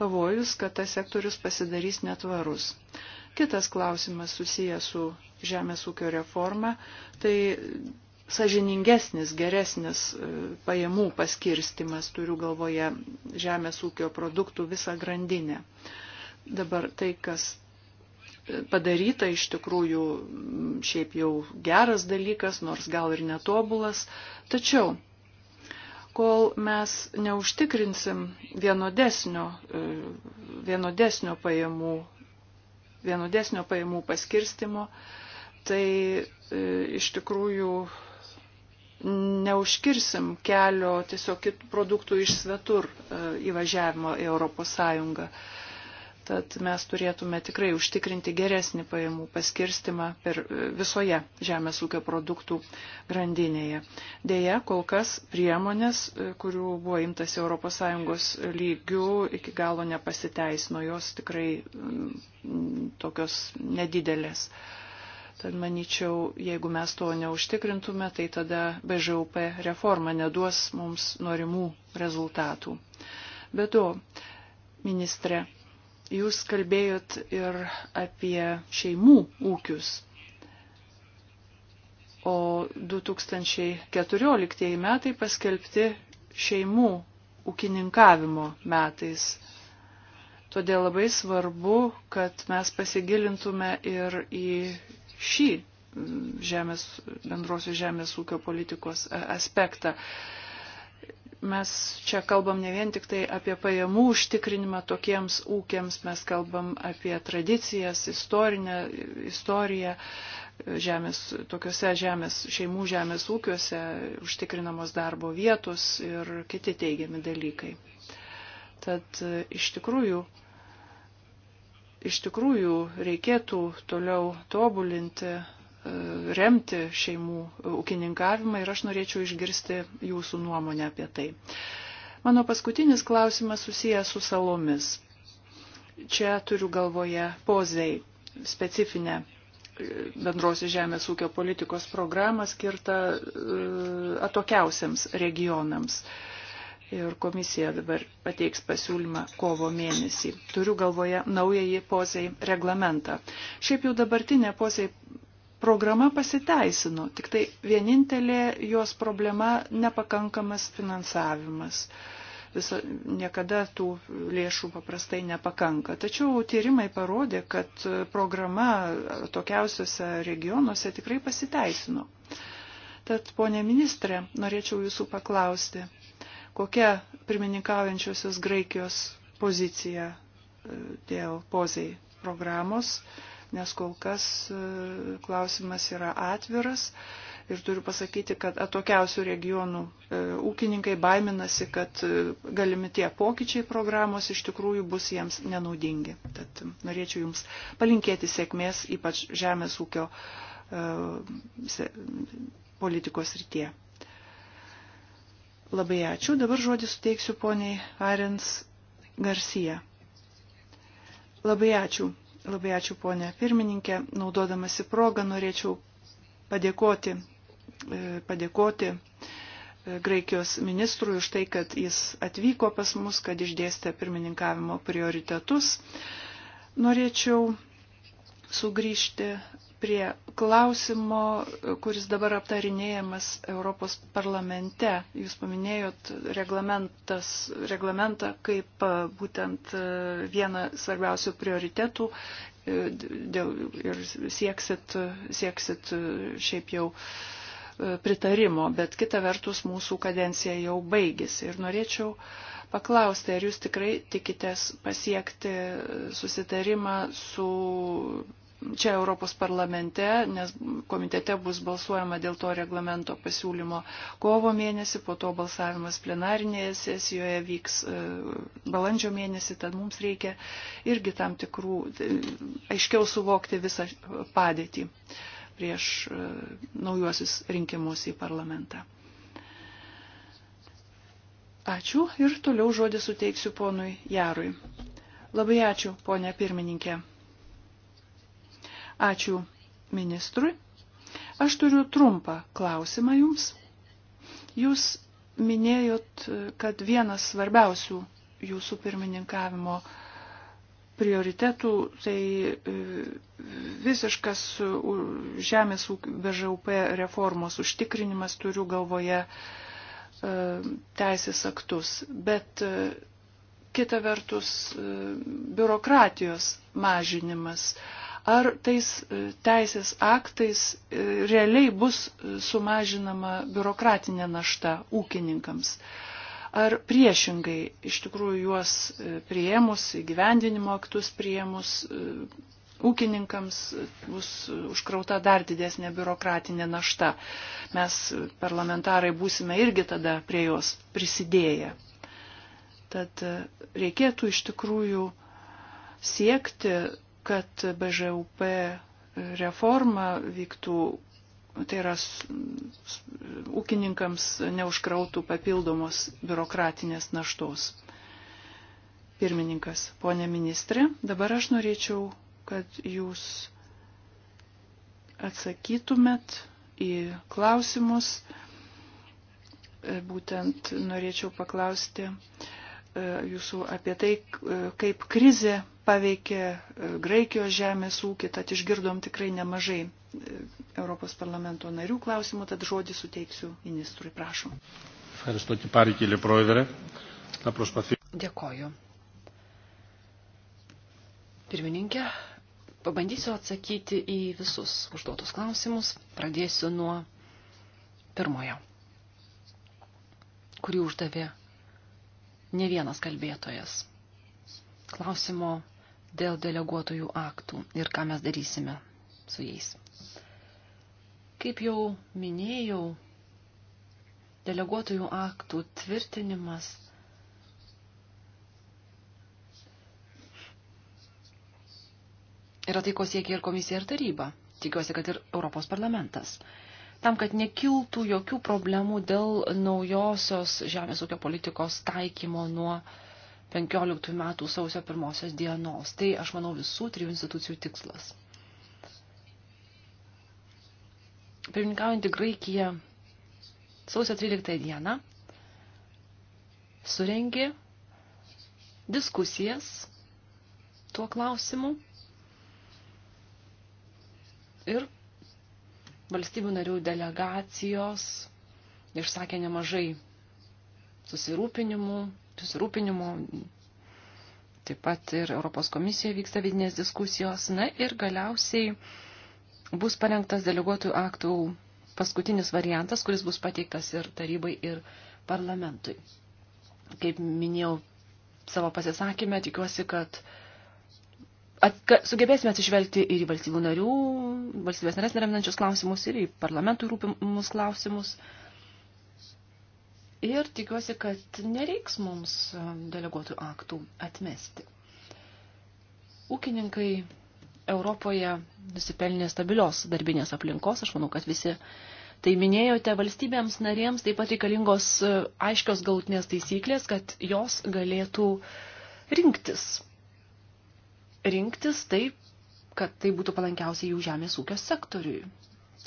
pavojus, kad tas sektorius pasidarys netvarus. Kitas klausimas susijęs su žemės ūkio reformą, tai sažiningesnis, geresnis e, pajamų paskirstimas, turiu galvoje žemės ūkio produktų visą grandinę. Dabar tai, kas e, padaryta iš tikrųjų šiaip jau geras dalykas, nors gal ir netobulas, tačiau kol mes neužtikrinsim vienodesnio, e, vienodesnio pajamų vienodesnio pajamų paskirstimo, tai e, iš tikrųjų neužkirsim kelio tiesiog kitų produktų iš svetur e, įvažiavimo į ES. Tad mes turėtume tikrai užtikrinti geresnį pajamų paskirstimą per e, visoje žemės ūkio produktų grandinėje. Deja, kol kas priemonės, kurių buvo imtas ES lygių, iki galo nepasiteisino, jos tikrai m, tokios nedidelės. Uh, Tad manyčiau, jeigu mes to neužtikrintume, tai tada BŽUP reforma neduos mums norimų rezultatų. Be to, ministre, jūs kalbėjot ir apie šeimų ūkius. O 2014 metai paskelbti šeimų ūkininkavimo metais. Todėl labai svarbu, kad mes pasigilintume ir į šį mm, žemės, bendrosios žemės ūkio politikos e, aspektą. Mes čia kalbam ne vien tik tai apie pajamų užtikrinimą tokiems ūkiams, mes kalbam apie tradicijas, istorinę, istoriją, žemės, tokiuose žemės, šeimų žemės ūkiuose užtikrinamos darbo vietos ir kiti teigiami dalykai. Tad e, iš tikrųjų iš tikrųjų reikėtų toliau tobulinti, e, remti šeimų ūkininkavimą ir aš norėčiau išgirsti jūsų nuomonę apie tai. Mano paskutinis klausimas susijęs su salomis. Čia turiu galvoje pozai specifinę e, bendrosios žemės ūkio politikos programą skirtą e, atokiausiams regionams. E, ir komisija dabar pateiks pasiūlymą kovo mėnesį. Turiu galvoje naująjį posėjį reglamentą. Šiaip jau dabartinė posėjį programa pasiteisino, tik tai vienintelė jos problema nepakankamas finansavimas. Viso, niekada tų lėšų paprastai nepakanka. Tačiau tyrimai parodė, kad programa tokiausiuose regionuose tikrai pasiteisino. Tad, ponė ministrė, norėčiau jūsų paklausti, kokia pirmininkaujančiosios Graikijos pozicija e, dėl pozai programos, nes kol kas e, klausimas yra atviras. Ir turiu pasakyti, kad atokiausių regionų e, ūkininkai baiminasi, kad e, galimi tie pokyčiai programos iš tikrųjų bus jiems nenaudingi. Tad norėčiau Jums palinkėti sėkmės, ypač žemės ūkio e, politikos rytie. Labai ačiū. Dabar žodį suteiksiu poniai Arens Garcia. Labai ačiū. Labai ačiū, ponė pirmininkė. Naudodamasi progą norėčiau padėkoti, e, padėkoti e, Graikijos ministrui už tai, kad jis atvyko pas mus, kad išdėstė pirmininkavimo prioritetus. Norėčiau sugrįžti prie klausimo, kuris dabar aptarinėjamas Europos parlamente. Jūs paminėjot reglamentą kaip e, būtent e, vieną svarbiausių prioritetų e, dėl, ir sieksit, sieksit šiaip jau pritarimo, bet kita vertus mūsų kadencija jau baigėsi. Ir norėčiau paklausti, ar jūs tikrai tikitės pasiekti susitarimą su čia Europos parlamente, nes komitete bus balsuojama dėl to reglamento pasiūlymo kovo mėnesį, po to balsavimas plenarinėje sesijoje vyks e, balandžio mėnesį, tad mums reikia irgi tam tikrų, e, aiškiau suvokti visą padėtį prieš e, naujuosius rinkimus į parlamentą. Ačiū ir toliau žodį suteiksiu ponui Jarui. Labai ačiū, ponė pirmininkė. Ačiū ministrui. Aš turiu trumpą klausimą jums. Jūs minėjot, kad vienas svarbiausių jūsų pirmininkavimo prioritetų tai e, visiškas žemės BŽUP reformos užtikrinimas, turiu galvoje e, teisės aktus. Bet e, kita vertus biurokratijos mažinimas ar tais e, teisės aktais e, realiai bus e, sumažinama biurokratinė našta ūkininkams. Ar priešingai, iš tikrųjų juos prieimus, įgyvendinimo aktus prieimus, ūkininkams bus užkrauta dar didesnė biurokratinė našta. Mes parlamentarai būsime irgi tada prie jos prisidėję. Tad reikėtų iš tikrųjų siekti kad BŽUP reforma vyktų, tai yra ūkininkams neužkrautų papildomos biurokratinės naštos. Pirmininkas, ponė ministrė, dabar aš norėčiau, kad jūs atsakytumėt į klausimus. E, būtent norėčiau paklausti e, jūsų apie tai, e, kaip krizė paveikė e, Graikijos žemės ūkį, tad išgirdom tikrai nemažai e, Europos parlamento narių klausimų, tad žodį suteiksiu ministrui, prašom. Dėkoju. Pirmininkė, pabandysiu atsakyti į visus užduotus klausimus. Pradėsiu nuo pirmojo, kurį uždavė ne vienas kalbėtojas klausimo dėl deleguotojų aktų ir ką mes darysime su jais. Kaip jau minėjau, deleguotojų aktų tvirtinimas yra tai, ko siekia ir komisija ir taryba. Tikiuosi, kad ir Europos parlamentas. Tam, kad nekiltų jokių problemų dėl naujosios žemės ūkio politikos taikymo nuo 2021 15 metų sausio pirmosios dienos. Tai, aš manau, visų trijų institucijų tikslas. Pirmininkaujantį Graikiją sausio 13 dieną surengė diskusijas tuo klausimu ir valstybių narių delegacijos išsakė nemažai susirūpinimų, susirūpinimu. Taip pat ir Europos komisijoje vyksta vidinės diskusijos. Na ir galiausiai bus parengtas deleguotų aktų paskutinis variantas, kuris bus pateiktas ir tarybai, ir parlamentui. Kaip minėjau savo pasisakymę, tikiuosi, kad at, ka, sugebėsime atsižvelgti ir į valstybių narių, valstybės narės neraminančius klausimus, ir į parlamentų rūpimus klausimus. Uh, ir tikiuosi, kad nereiks mums e, deleguotų aktų atmesti. Ūkininkai Europoje nusipelnė stabilios darbinės aplinkos, aš manau, kad visi Tai minėjote valstybėms narėms taip pat reikalingos e, aiškios galutinės taisyklės, kad jos galėtų rinktis. Rinktis taip, kad tai būtų palankiausiai jų žemės ūkio sektoriui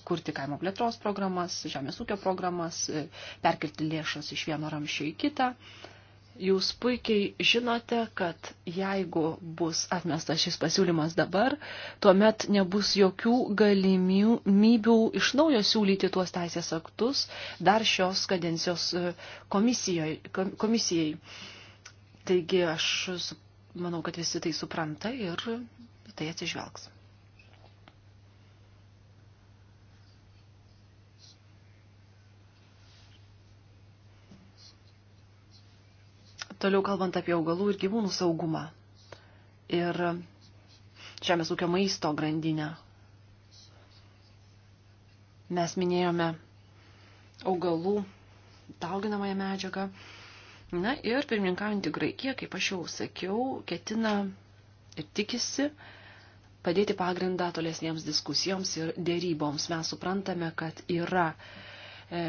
kurti kaimo plėtros programas, žemės ūkio programas, e, perkirti lėšas iš vieno ramščio į kitą. Jūs puikiai žinote, kad jeigu bus atmestas šis pasiūlymas dabar, tuomet nebus jokių galimybių iš naujo siūlyti tuos teisės aktus dar šios kadencijos e, komisijai. komisijai. Taigi aš manau, kad visi tai supranta ir tai atsižvelgs. Toliau kalbant apie augalų ir gyvūnų saugumą ir žemės ūkio maisto grandinę. Mes minėjome augalų dauginamąją medžiagą. Na ir pirmininkaujantį Graikiją, kaip aš jau sakiau, ketina ir tikisi padėti pagrindą tolesniems diskusijoms ir dėryboms. Mes suprantame, kad yra uh, E,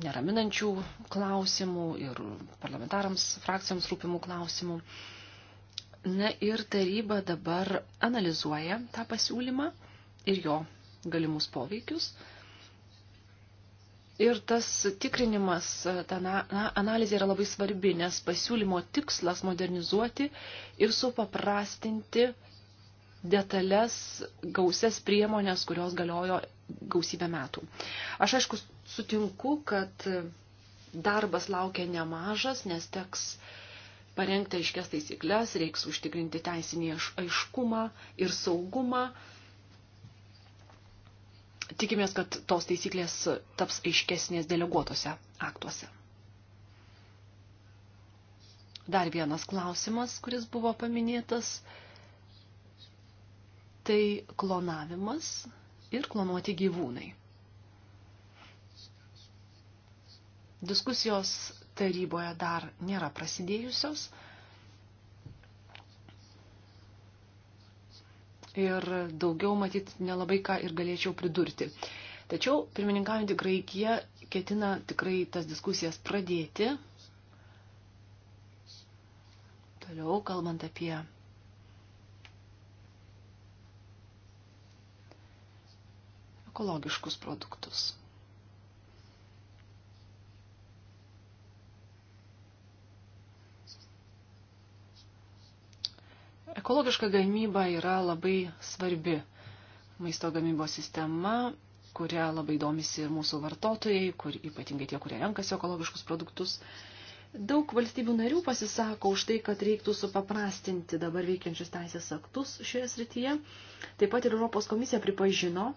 neraminančių klausimų ir parlamentarams, frakcijoms rūpimų klausimų. Na ir taryba dabar analizuoja tą pasiūlymą ir jo galimus poveikius. Ir tas tikrinimas, ta na, analizė yra labai svarbi, nes pasiūlymo tikslas modernizuoti ir supaprastinti detalės gausias priemonės, kurios galiojo gausybę metų. Aš aišku sutinku, kad darbas laukia nemažas, nes teks parengti aiškias taisyklės, reiks užtikrinti teisinį aiškumą ir saugumą. Tikimės, kad tos taisyklės taps aiškesnės deleguotose aktuose. Dar vienas klausimas, kuris buvo paminėtas, tai klonavimas ir klonuoti gyvūnai. Diskusijos taryboje dar nėra prasidėjusios ir daugiau matyt nelabai ką ir galėčiau pridurti. Tačiau pirmininkaujantį Graikiją ketina tikrai tas diskusijas pradėti. Toliau kalbant apie ekologiškus produktus. Ekologiška gamyba yra labai svarbi maisto gamybos sistema, kuria labai domisi ir mūsų vartotojai, kur ypatingai tie, kurie renkasi ekologiškus produktus. Daug valstybių narių pasisako už tai, kad reiktų supaprastinti dabar veikiančius teisės aktus šioje srityje. Taip pat ir Europos komisija pripažino,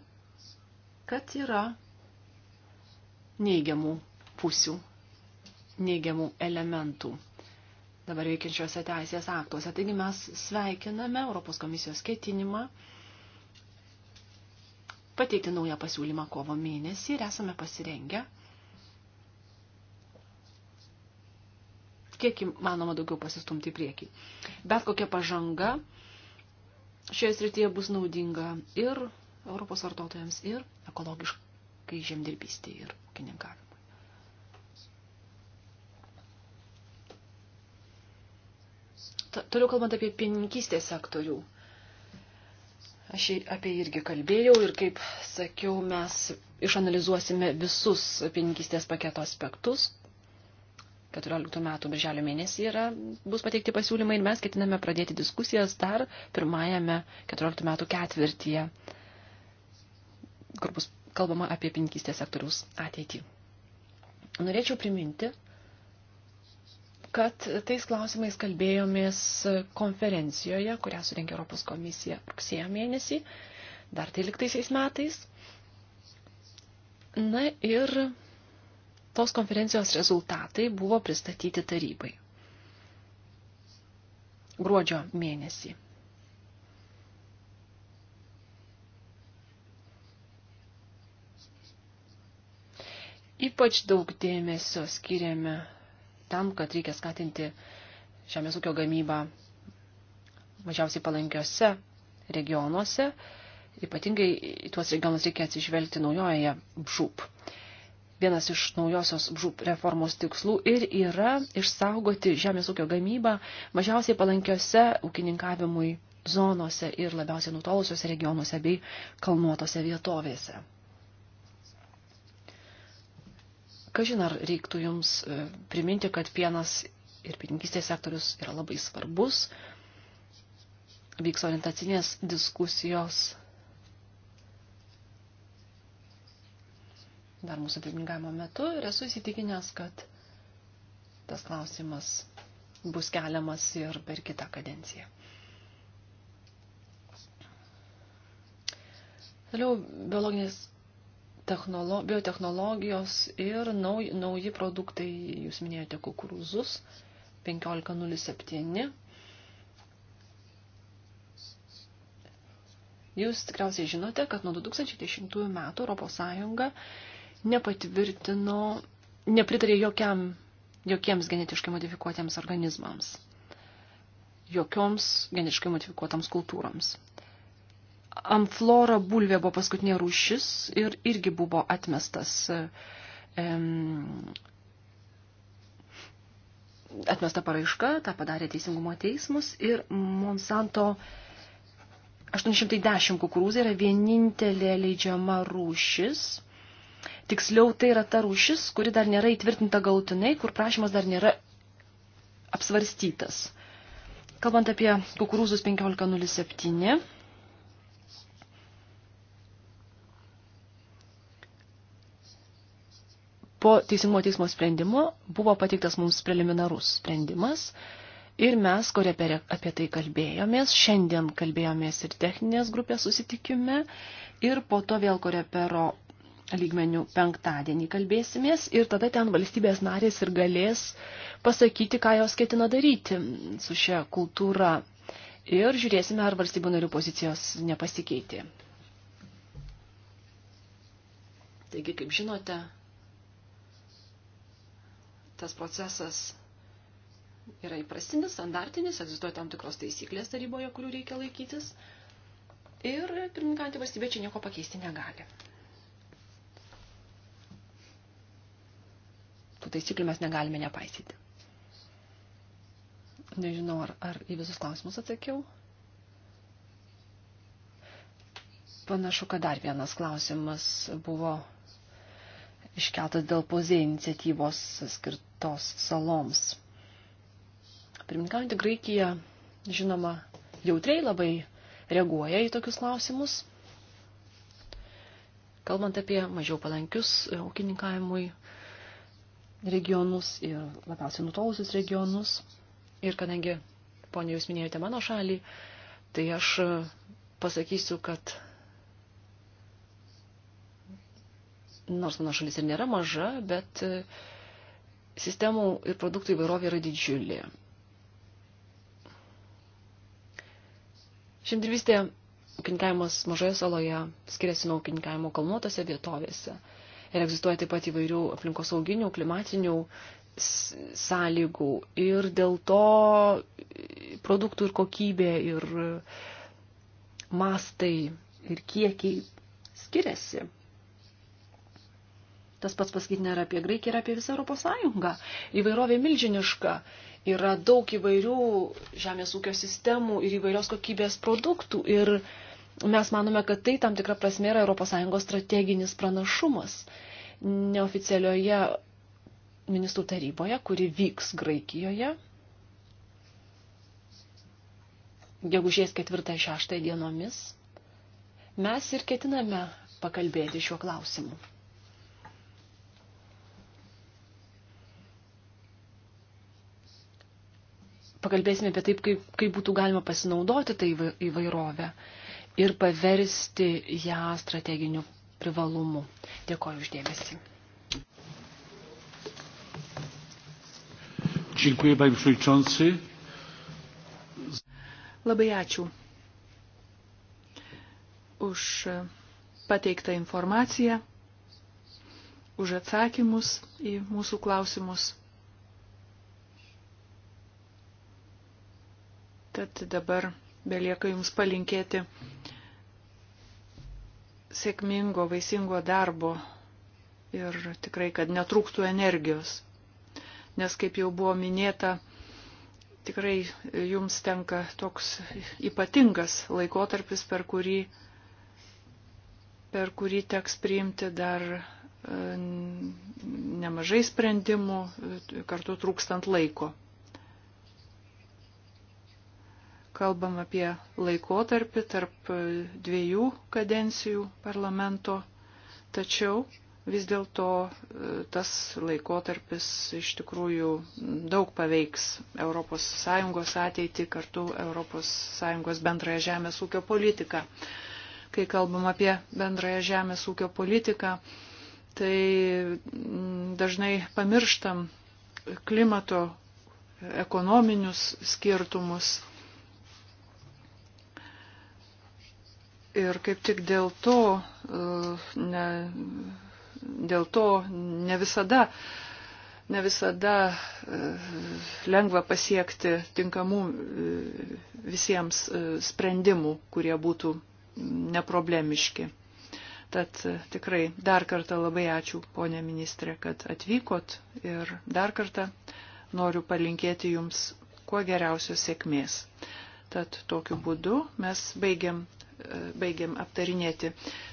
kad yra neigiamų pusių, neigiamų elementų dabar veikiančiuose teisės aktuose. Taigi mes sveikiname Europos komisijos ketinimą pateikti naują pasiūlymą kovo mėnesį ir esame pasirengę kiek įmanoma daugiau pasistumti į priekį. Bet kokia pažanga šioje srityje bus naudinga ir Europos vartotojams ir ekologiškai žemdirbystė ir ūkininkavimui. Toliau kalbant apie pieninkystės sektorių. Aš apie jį irgi kalbėjau ir kaip sakiau, mes išanalizuosime visus pieninkystės paketo aspektus. 14 metų birželio mėnesį yra, bus pateikti pasiūlymai ir mes ketiname pradėti diskusijas dar pirmajame 14 metų ketvirtyje kur bus kalbama apie pinkystės sektoriaus ateitį. Norėčiau priminti, kad tais klausimais kalbėjomės konferencijoje, kurią surinkė Europos komisija rugsėjo mėnesį, dar 13 metais. Na ir tos konferencijos rezultatai buvo pristatyti tarybai. Gruodžio mėnesį Ypač daug dėmesio skiriame tam, kad reikia skatinti žemės ūkio gamybą mažiausiai palankiose regionuose. Ypatingai į tuos regionus reikia atsižvelgti naujoje BŽUP. Vienas iš naujosios BŽUP reformos tikslų ir yra išsaugoti žemės ūkio gamybą mažiausiai palankiose ūkininkavimui zonose ir labiausiai nutolusiuose regionuose bei kalnuotose vietovėse. Kažin ar reiktų jums e, priminti, kad pienas ir pininkistės sektorius yra labai svarbus, vyks orientacinės diskusijos. Dar mūsų pirmingavimo metu ir esu įsitikinęs, kad tas klausimas bus keliamas ir per kitą kadenciją. Toliau biologinės technolo, biotechnologijos ir nauji, nauji produktai, jūs minėjote kukurūzus 1507. Jūs tikriausiai žinote, kad nuo 2010 metų ES nepatvirtino, nepritarė jokiam, jokiems genetiškai modifikuotiems organizmams, jokioms genetiškai modifikuotams kultūroms. Amflora bulvė buvo paskutinė rūšis ir irgi buvo atmestas, em, atmesta paraiška, tą padarė Teisingumo teismus ir Monsanto 810 kukurūzai yra vienintelė leidžiama rūšis. Tiksliau, tai yra ta rūšis, kuri dar nėra įtvirtinta galutinai, kur prašymas dar nėra apsvarstytas. Kalbant apie kukurūzus 1507, po teisingumo teismo sprendimo buvo pateiktas mums preliminarus sprendimas ir mes, kurie apie tai kalbėjomės, šiandien kalbėjomės ir techninės grupės susitikime ir po to vėl korepero lygmenių penktadienį kalbėsimės ir tada ten valstybės narės ir galės pasakyti, ką jos ketina daryti su šia kultūra. Ir žiūrėsime, ar valstybių narių pozicijos nepasikeitė. Taigi, kaip žinote, tas procesas yra įprastinis, standartinis, egzistuoja tam tikros taisyklės taryboje, kurių reikia laikytis. Ir pirmininkantį valstybė čia nieko pakeisti negali. Tų taisyklių mes negalime nepaisyti. Nežinau, ar, ar į visus klausimus atsakiau. Panašu, kad dar vienas klausimas buvo iškeltas dėl pozė iniciatyvos skirtos saloms. Pirminkaujantį Graikiją, žinoma, jautriai labai reaguoja į tokius klausimus. Kalbant apie mažiau palankius ūkininkavimui regionus ir labiausiai nutolusius regionus. Ir kadangi, ponė, jūs minėjote mano šalį, tai aš pasakysiu, kad nors mano šalis ir nėra maža, bet e, sistemų ir produktų įvairovė yra didžiulė. Žemdirbystė ūkininkavimas mažoje saloje skiriasi nuo ūkininkavimo kalnuotose vietovėse. Ir egzistuoja taip pat įvairių aplinkosauginių, klimatinių sąlygų. Ir dėl to produktų ir kokybė ir mastai ir kiekiai skiriasi. Tas pats pasakyti nėra apie Graikiją, yra apie visą Europos Sąjungą. Įvairovė milžiniška. Yra daug įvairių žemės ūkio sistemų ir įvairios kokybės produktų. Ir mes manome, kad tai tam tikra prasme yra Europos Sąjungos strateginis pranašumas. Neoficialioje ministrų taryboje, kuri vyks Graikijoje, gegužės 4-6 dienomis, mes ir ketiname pakalbėti šiuo klausimu. pakalbėsime apie taip, kaip, kaip būtų galima pasinaudoti tą įvairovę ir paversti ją strateginiu privalumu. Dėkoju uždėmesi. Dziękuję, panie przewodniczący. Labai ačiū už pateiktą informaciją, už atsakymus į mūsų klausimus. Tad dabar belieka Jums palinkėti sėkmingo, vaisingo darbo ir tikrai, kad netrūktų energijos. Nes, kaip jau buvo minėta, tikrai Jums tenka toks ypatingas laikotarpis, per kurį, per kurį teks priimti dar e, nemažai sprendimų, e, kartu trūkstant laiko. kalbam apie laikotarpį tarp e, dviejų kadencijų parlamento, tačiau vis dėlto e, tas laikotarpis iš tikrųjų daug paveiks ES ateitį kartu ES bendrąją žemės ūkio politiką. Kai kalbam apie bendrąją žemės ūkio politiką, tai dažnai pamirštam klimato ekonominius skirtumus Ir kaip tik dėl to, e, ne, dėl to ne visada, ne visada e, lengva pasiekti tinkamų e, visiems sprendimų, kurie būtų neproblemiški. Tad tikrai dar kartą labai ačiū, ponė ministrė, kad atvykot ir dar kartą noriu palinkėti Jums kuo geriausios sėkmės. Tad tokiu būdu mes baigiam baigiam aptarinėti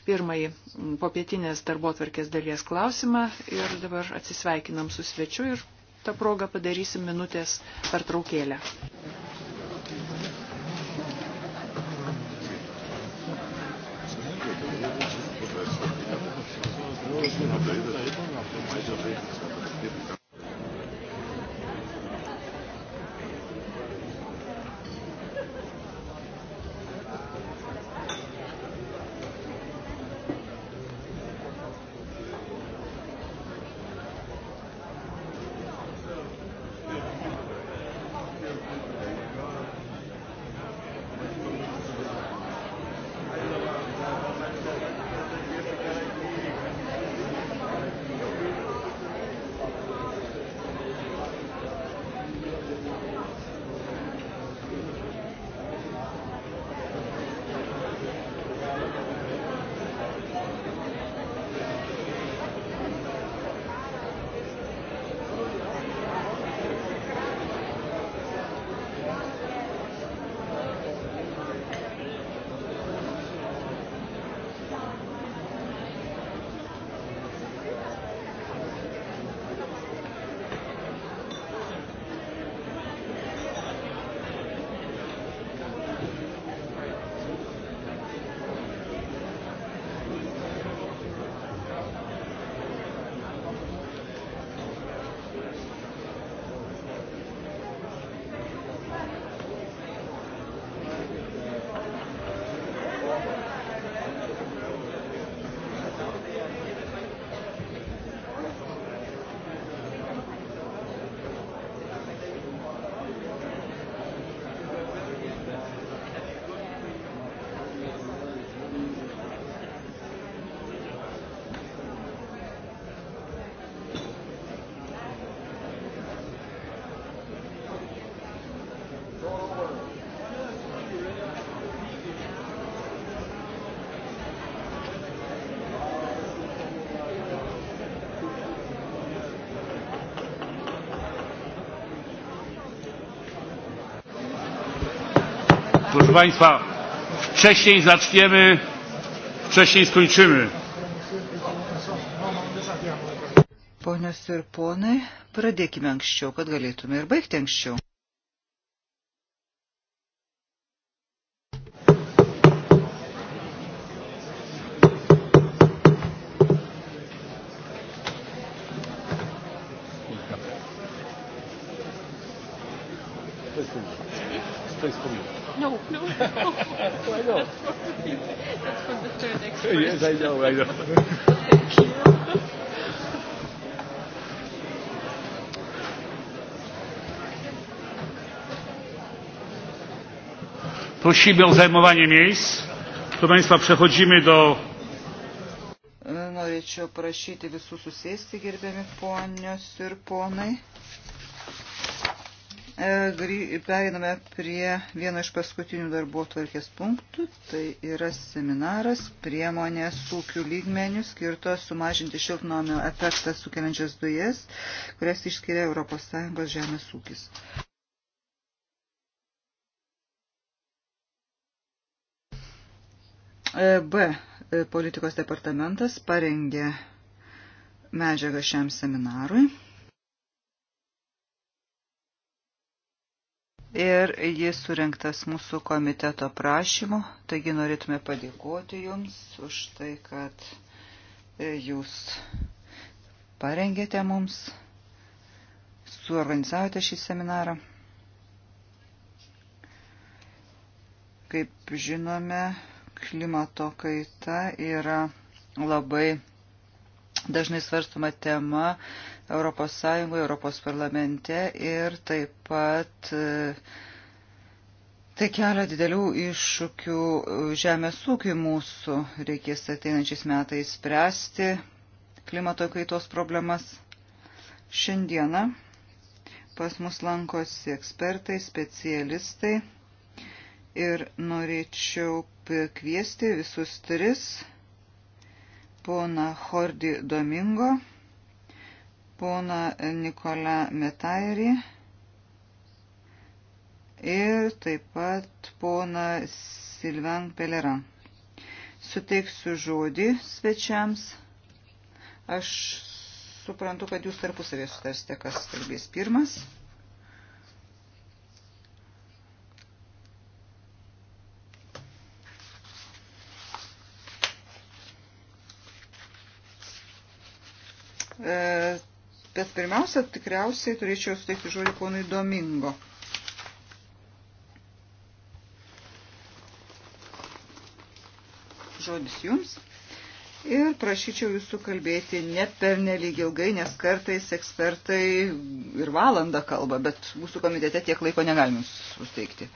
pirmąjį popietinės darbo tvarkės dalies klausimą ir dabar atsisveikinam su svečiu ir tą progą padarysim minutės pertraukėlę. Thank you. Proszę Państwa, wcześniej zaczniemy, wcześniej skończymy. Ponios ir ponai, pradėkime anksčiau, kad galėtume ir baigti anksčiau. to jest pomimo. No, no. well, I know. That's for, that's for the third expert. Yes, I know, I know. Thank you. Prosimy o zajmowanie miejsc. Proszę Państwa, przechodzimy do. Norėčiau prašyti visų susėsti, gerbiami ponios ir ponai. E, pereiname prie vieno iš paskutinių darbo tvarkės punktų. Tai yra seminaras priemonės ūkių lygmenių skirtos sumažinti šiltnomio efektą sukeliančias dujas, kurias išskiria ES žemės ūkis. E, B. E, politikos departamentas parengė medžiagą šiam seminarui. ir jis surinktas mūsų komiteto prašymu. Taigi norėtume padėkoti Jums už tai, kad e, Jūs parengėte mums, suorganizavote šį seminarą. Kaip žinome, klimato kaita yra labai dažnai svarstoma tema Europos Sąjungoje, Europos parlamente ir taip pat e, tai kelia didelių iššūkių žemės ūkiui mūsų reikės ateinančiais metais spręsti klimato kaitos problemas. Šiandieną pas mus lankosi ekspertai, specialistai ir norėčiau kviesti visus tris pona Hordi Domingo, pona Nikola Metairi ir taip pat pona Silvan Pelera. Suteiksiu žodį svečiams. Aš suprantu, kad jūs tarpusavės sutarsite, kas kalbės pirmas. E, bet pirmiausia, tikriausiai turėčiau suteikti žodį ponui Domingo. Žodis jums. Ir prašyčiau jūsų kalbėti ne per nelyg ilgai, nes kartais ekspertai ir valandą kalba, bet mūsų komitete tiek laiko negalim suteikti.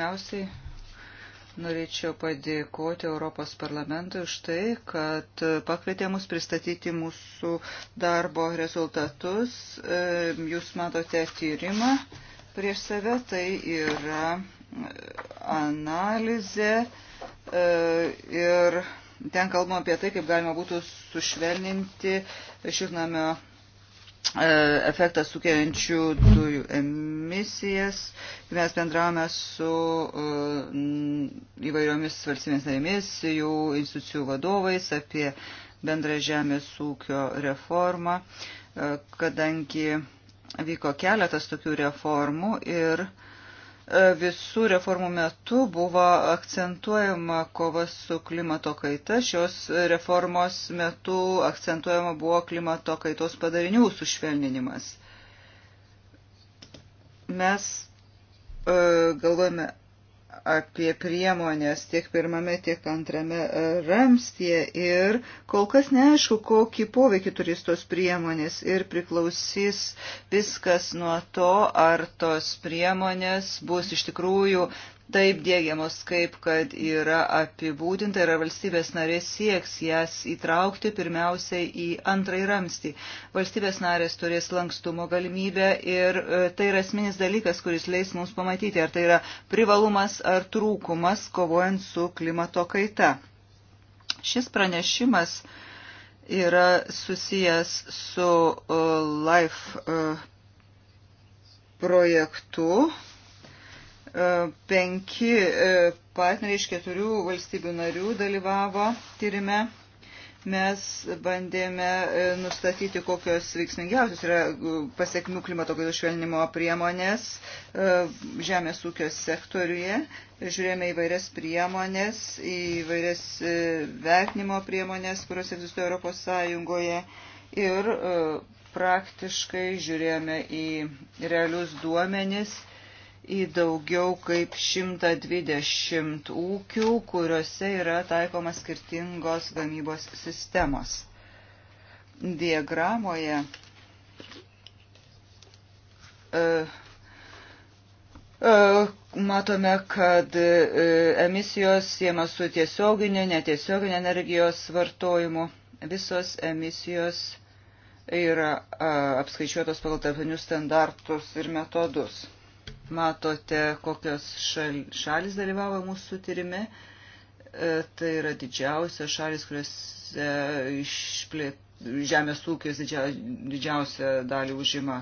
Pirmiausiai norėčiau padėkoti Europos parlamentui už tai, kad pakvietė mus pristatyti mūsų darbo rezultatus. Jūs matote tyrimą prieš save, tai yra e, analizė e, ir ten kalbam apie tai, kaip galima būtų sušvelninti šiltnamio E, efektą sukeliančių dujų emisijas. Mes bendravome su e, įvairiomis valstybės narėmis, jų institucijų vadovais apie bendrą žemės ūkio reformą, e, kadangi vyko keletas tokių reformų ir uh, visų reformų metu buvo akcentuojama kova su klimato kaita. Šios reformos metu akcentuojama buvo klimato kaitos padarinių sušvelninimas. Mes e, galvojame apie priemonės tiek pirmame, tiek antrame e, ramstie ir kol kas neaišku, kokį poveikį turės tos priemonės ir priklausys viskas nuo to, ar tos priemonės bus iš tikrųjų taip dėgiamos, kaip kad yra apibūdinta ir valstybės narės sieks jas įtraukti pirmiausiai į antrąjį ramstį. Valstybės narės turės lankstumo galimybę ir e, tai yra asmenis dalykas, kuris leis mums pamatyti, ar tai yra privalumas ar trūkumas kovojant su klimato kaita. Šis pranešimas yra susijęs su e, LIFE e, projektu Penki e, partneriai iš keturių valstybių narių dalyvavo tyrime. Mes bandėme e, nustatyti, kokios veiksmingiausios yra e, pasiekmių klimato kaitos švelnimo priemonės žemės ūkio sektoriuje. Žiūrėjome įvairias priemonės, įvairias vertinimo priemonės, kurios egzistuoja Europos Sąjungoje. Ir praktiškai žiūrėjome į realius duomenis į daugiau kaip 120 ūkių, kuriuose yra taikomas skirtingos gamybos sistemos. Diagramoje e, e, matome, kad e, emisijos siemas su tiesioginė, netiesioginė energijos vartojimu. Visos emisijos yra e, apskaičiuotos pagal tarptautinius standartus ir metodus. Matote, kokios šal, šalis dalyvavo mūsų tyrime. E, tai yra didžiausios šalis, kuriuose išplėt, žemės ūkis didžia, didžiausią dalį užima.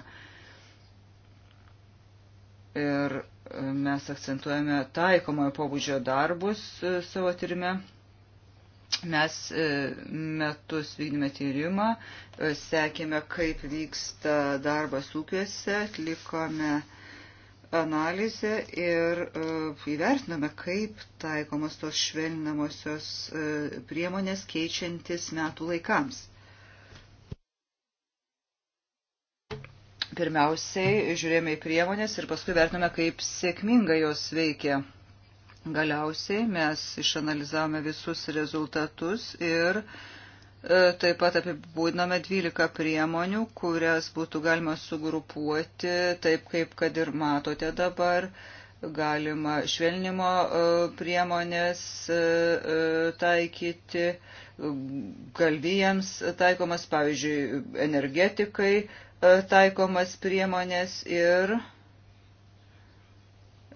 Ir e, mes akcentuojame taikomojo pobūdžio darbus e, savo tyrime. Mes metus vykdėme tyrimą, sekėme, kaip vyksta darbas ūkiuose, atlikome uh, analizę ir e, įvertinome, kaip taikomos tos švelninamosios e, priemonės keičiantis metų laikams. Pirmiausiai žiūrėjome į priemonės ir paskui vertinome, kaip sėkmingai jos veikia. Galiausiai mes išanalizavome visus rezultatus ir uh, E, taip pat apibūdiname 12 priemonių, kurias būtų galima sugrupuoti, taip kaip kad ir matote dabar. Galima švelnimo e, priemonės e, taikyti, galvijams taikomas, pavyzdžiui, energetikai taikomas priemonės ir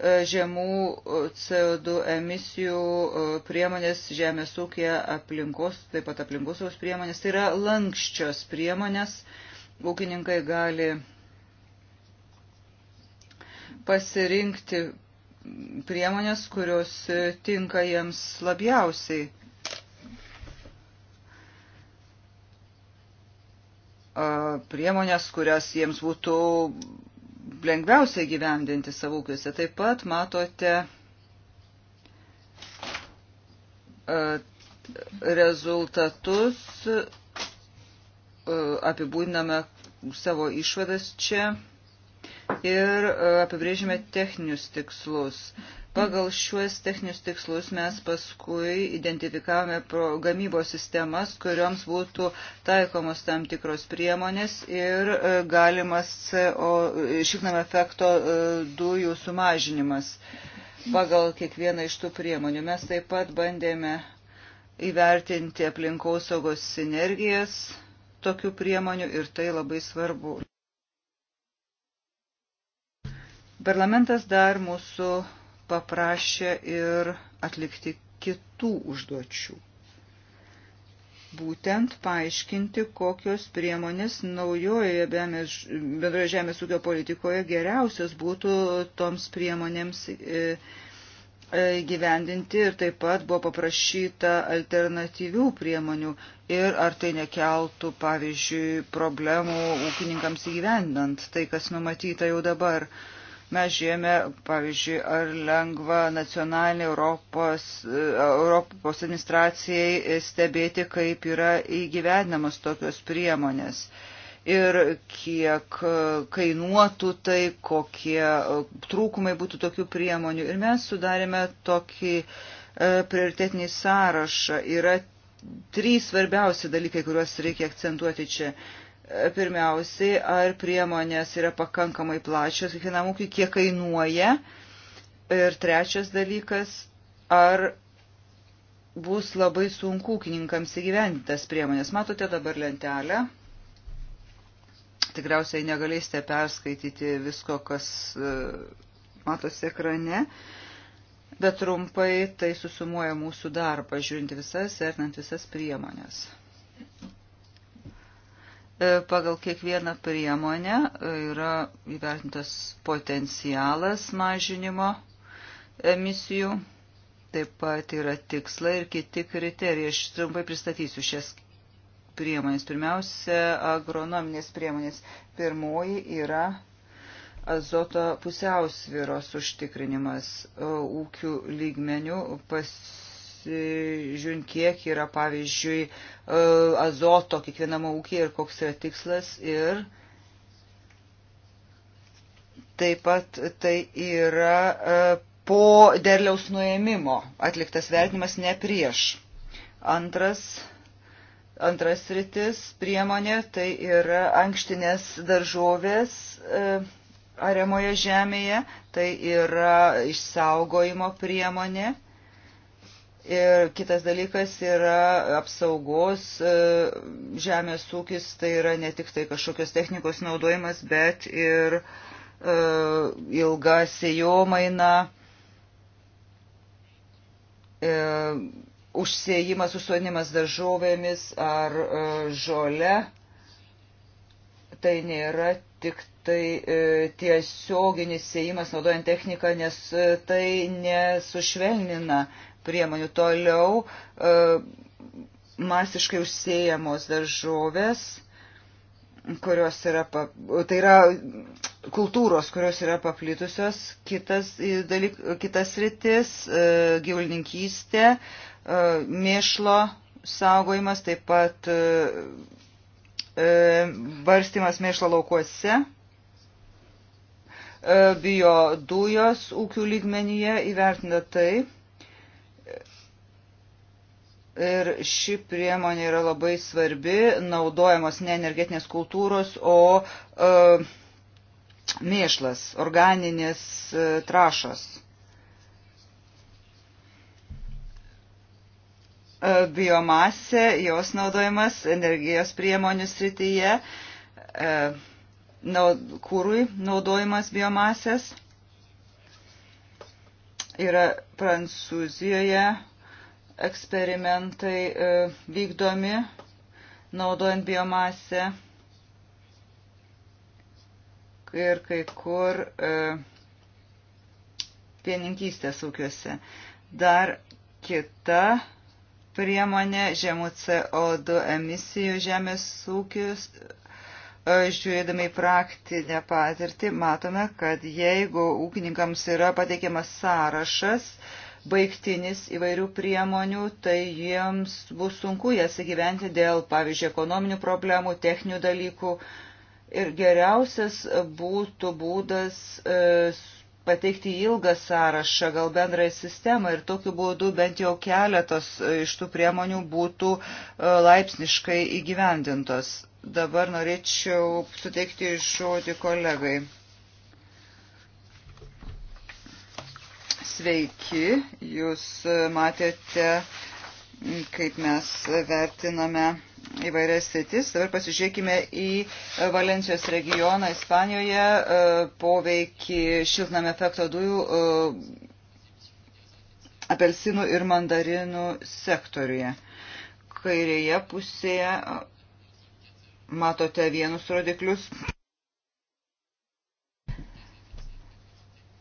E, žemų e, CO2 emisijų e, priemonės žemės ūkėje, aplinkos, taip pat aplinkosaus priemonės. Tai yra lankščios priemonės. Ūkininkai gali pasirinkti priemonės, kurios tinka jiems labiausiai. Priemonės, kurias jiems būtų lengviausia gyvendinti savo ūkiuose. Taip pat matote e, rezultatus, e, apibūdiname savo išvadas čia ir e, apibrėžime techninius tikslus. Pagal šiuos techninius tikslus mes paskui identifikavome gamybos sistemas, kurioms būtų taikomos tam tikros priemonės ir e, galimas šiltnamio efekto e, dujų sumažinimas pagal kiekvieną iš tų priemonių. Mes taip pat bandėme įvertinti aplinkosaugos sinergijas tokių priemonių ir tai labai svarbu. Parlamentas dar mūsų paprašė ir atlikti kitų užduočių. Būtent paaiškinti, kokios priemonės naujoje bendroje žemės ūkio politikoje geriausios būtų toms priemonėms e, e, gyvendinti ir taip pat buvo paprašyta alternatyvių priemonių ir ar tai nekeltų, pavyzdžiui, problemų ūkininkams įgyvendinant tai, kas numatyta jau dabar. Uh, Mes žiūrėjome, pavyzdžiui, ar lengva nacionalinė Europos, e, Europos administracijai stebėti, kaip yra įgyvendinamos tokios priemonės ir kiek e, kainuotų tai, kokie e, trūkumai būtų tokių priemonių. Ir mes sudarėme tokį prioritetinį sąrašą. Yra trys svarbiausi dalykai, kuriuos reikia akcentuoti čia pirmiausiai, ar priemonės yra pakankamai plačios kiekvienam ūkiui, kiek kainuoja. Ir trečias dalykas, ar bus labai sunku ūkininkams įgyventintas priemonės. Matote dabar lentelę. Tikriausiai negalėsite perskaityti visko, kas e, matosi ekrane, bet trumpai tai susumuoja mūsų darbą, žiūrint visas, vertinant visas priemonės. E, pagal kiekvieną priemonę e, yra įvertintas potencialas mažinimo emisijų, taip pat yra tikslai ir kiti kriterijai. Aš trumpai pristatysiu šias priemonės. Pirmiausia, agronominės priemonės. Pirmoji yra azoto pusiausviros užtikrinimas e, ūkių lygmenių pas žiūrint, kiek yra, pavyzdžiui, e, azoto kiekviename ūkėje ir koks yra tikslas. Ir taip pat tai yra e, po derliaus nuėmimo atliktas vertinimas ne prieš. Antras. Antras rytis priemonė tai yra ankštinės daržovės e, ariamoje žemėje, tai yra išsaugojimo priemonė Ir kitas dalykas yra apsaugos e, žemės ūkis, tai yra ne tik tai kažkokios technikos naudojimas, bet ir e, ilga sėjomaina, e, užsėjimas, užsonimas daržovėmis ar žole. Tai nėra tik tai e, tiesioginis sėjimas naudojant techniką, nes e, tai nesušvelnina priemonių. Toliau e, masiškai užsėjamos daržovės, kurios yra, tai yra kultūros, kurios yra paplitusios, kitas, dalyk, kitas rytis, e, gyvulininkystė, e, mėšlo saugojimas, taip pat varstimas mėšlo laukuose, bio dujos ūkių lygmenyje įvertina taip Ir ši priemonė yra labai svarbi, naudojamos ne energetinės kultūros, o e, mėšlas, organinės e, trašos. E, biomasė, jos naudojimas energijos priemonių srityje, e, naud, kūrui naudojimas biomasės yra Prancūzijoje eksperimentai e, vykdomi naudojant biomasę ir kai kur e, pieninkystės ūkiuose. Dar kita priemonė žemų CO2 emisijų žemės ūkius. E, žiūrėdami į praktinę patirtį, matome, kad jeigu ūkininkams yra pateikiamas sąrašas, baigtinis įvairių priemonių, tai jiems bus sunku jas įgyventi dėl, pavyzdžiui, ekonominių problemų, techninių dalykų. Ir geriausias būtų būdas e, pateikti ilgą sąrašą, gal bendrąją sistemą ir tokiu būdu bent jau keletas e, iš tų priemonių būtų e, laipsniškai įgyvendintos. Dabar norėčiau suteikti žodį kolegai. sveiki. Jūs matėte, kaip mes vertiname įvairias sritis. Dabar pasižiūrėkime į Valencijos regioną Ispanijoje e, poveikį šiltnamio efekto dujų e, apelsinų ir mandarinų sektoriuje. Kairėje pusėje matote vienus rodiklius,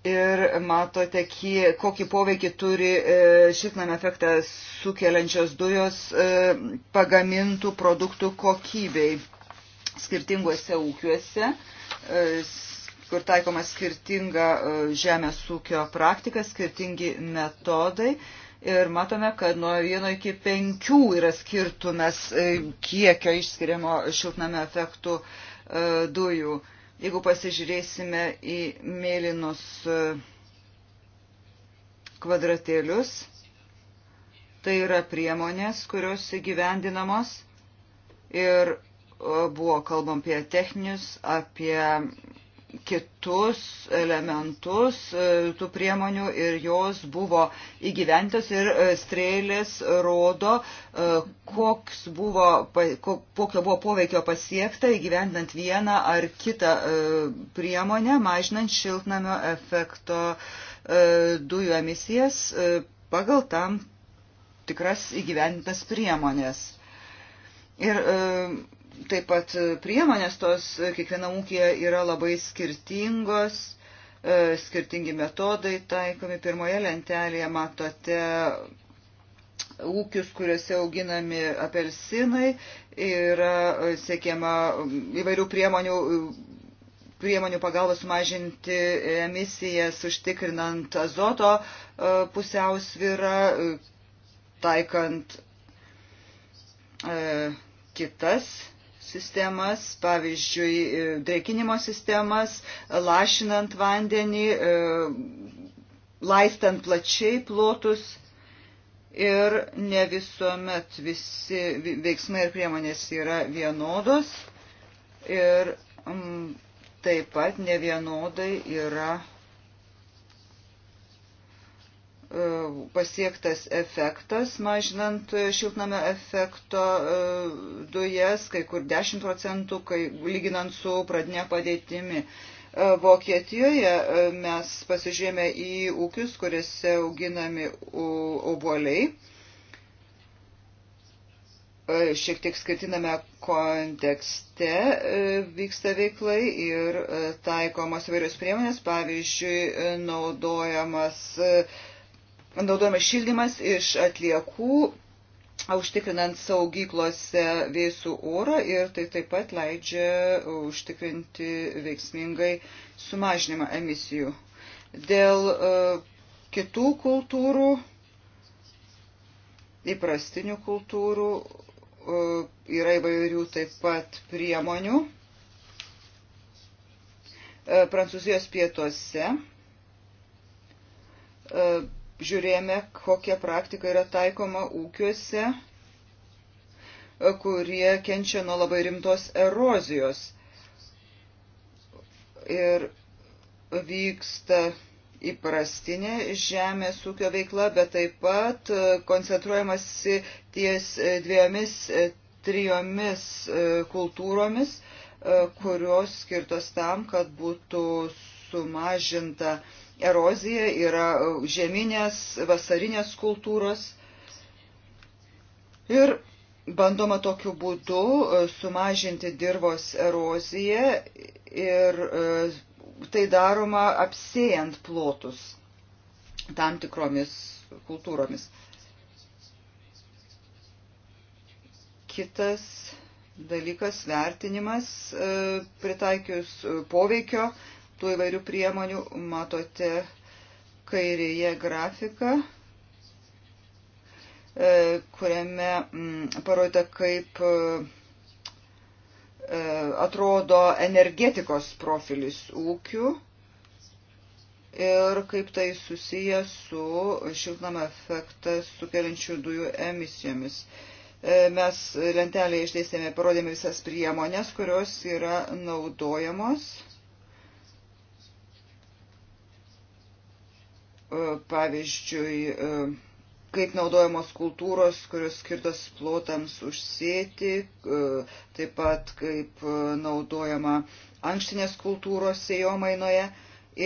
ir matote, kie, kokį poveikį turi e, šiltnamio efektą sukeliančios dujos e, pagamintų produktų kokybei skirtinguose ūkiuose e, kur taikoma skirtinga žemės ūkio praktika, skirtingi metodai. Ir matome, kad nuo vieno iki penkių yra skirtumas kiekio išskiriamo šiltnamio efektų dujų. E, Jeigu pasižiūrėsime į mėlynus e, kvadratėlius, tai yra priemonės, kurios įgyvendinamos ir e, buvo kalbam apie techninius, apie kitus elementus e, tų priemonių ir jos buvo įgyventos ir e, strėlės rodo, e, koks buvo, kokio buvo poveikio pasiekta įgyvendant vieną ar kitą priemonę, mažinant šiltnamio efekto dujų emisijas pagal tam tikras įgyvendintas priemonės. Ir Taip pat e, priemonės tos e, kiekvienam ūkija yra labai skirtingos, e, skirtingi metodai taikomi. Pirmoje lentelėje matote ūkius, kuriuose auginami apelsinai, yra siekiama įvairių priemonių priemonių pagalba sumažinti emisijas, užtikrinant azoto pusiausvyrą, taikant kitas sistemas, pavyzdžiui, e, drekinimo sistemas, lašinant vandenį, e, laistant plačiai plotus ir ne visuomet visi veiksmai ir priemonės yra vienodos ir mm, taip pat nevienodai yra E, pasiektas efektas, mažinant šiltnamio efekto e, dujas, kai kur 10 procentų, kai, lyginant su pradinė padėtimi. E, Vokietijoje mes pasižiūrėjome į ūkius, kuriuose auginami obuoliai. Šiek tiek skirtiname kontekste vyksta veiklai ir taikomos vairios priemonės, pavyzdžiui, naudojamas uh, naudojamas šildymas iš atliekų, užtikrinant saugyklose vėsų orą ir tai taip pat leidžia užtikrinti veiksmingai sumažinimą emisijų. Dėl e, kitų kultūrų, įprastinių kultūrų, e, yra įvairių taip pat priemonių. E, Prancūzijos pietuose žiūrėjome, kokia praktika yra taikoma ūkiuose, kurie kenčia nuo labai rimtos erozijos. Ir vyksta įprastinė žemės ūkio veikla, bet taip pat koncentruojamasi ties dviejomis, trijomis kultūromis, kurios skirtos tam, kad būtų sumažinta erozija, yra uh, žeminės, vasarinės kultūros. Ir bandoma tokiu būdu uh, sumažinti dirvos eroziją ir uh, tai daroma apsėjant plotus tam tikromis kultūromis. Kitas dalykas vertinimas pritaikius poveikio tų įvairių priemonių. Matote kairėje grafiką, e, kuriame mm, parodyta, kaip e, atrodo energetikos profilis ūkių ir kaip tai susiję su šiltnamą efektą sukeliančių dujų emisijomis. E, mes lentelėje išdėstėme, parodėme visas priemonės, kurios yra naudojamos E, pavyzdžiui, e, kaip naudojamos kultūros, kurios skirtos plotams užsėti, e, taip pat kaip naudojama ankštinės kultūros sėjomainoje.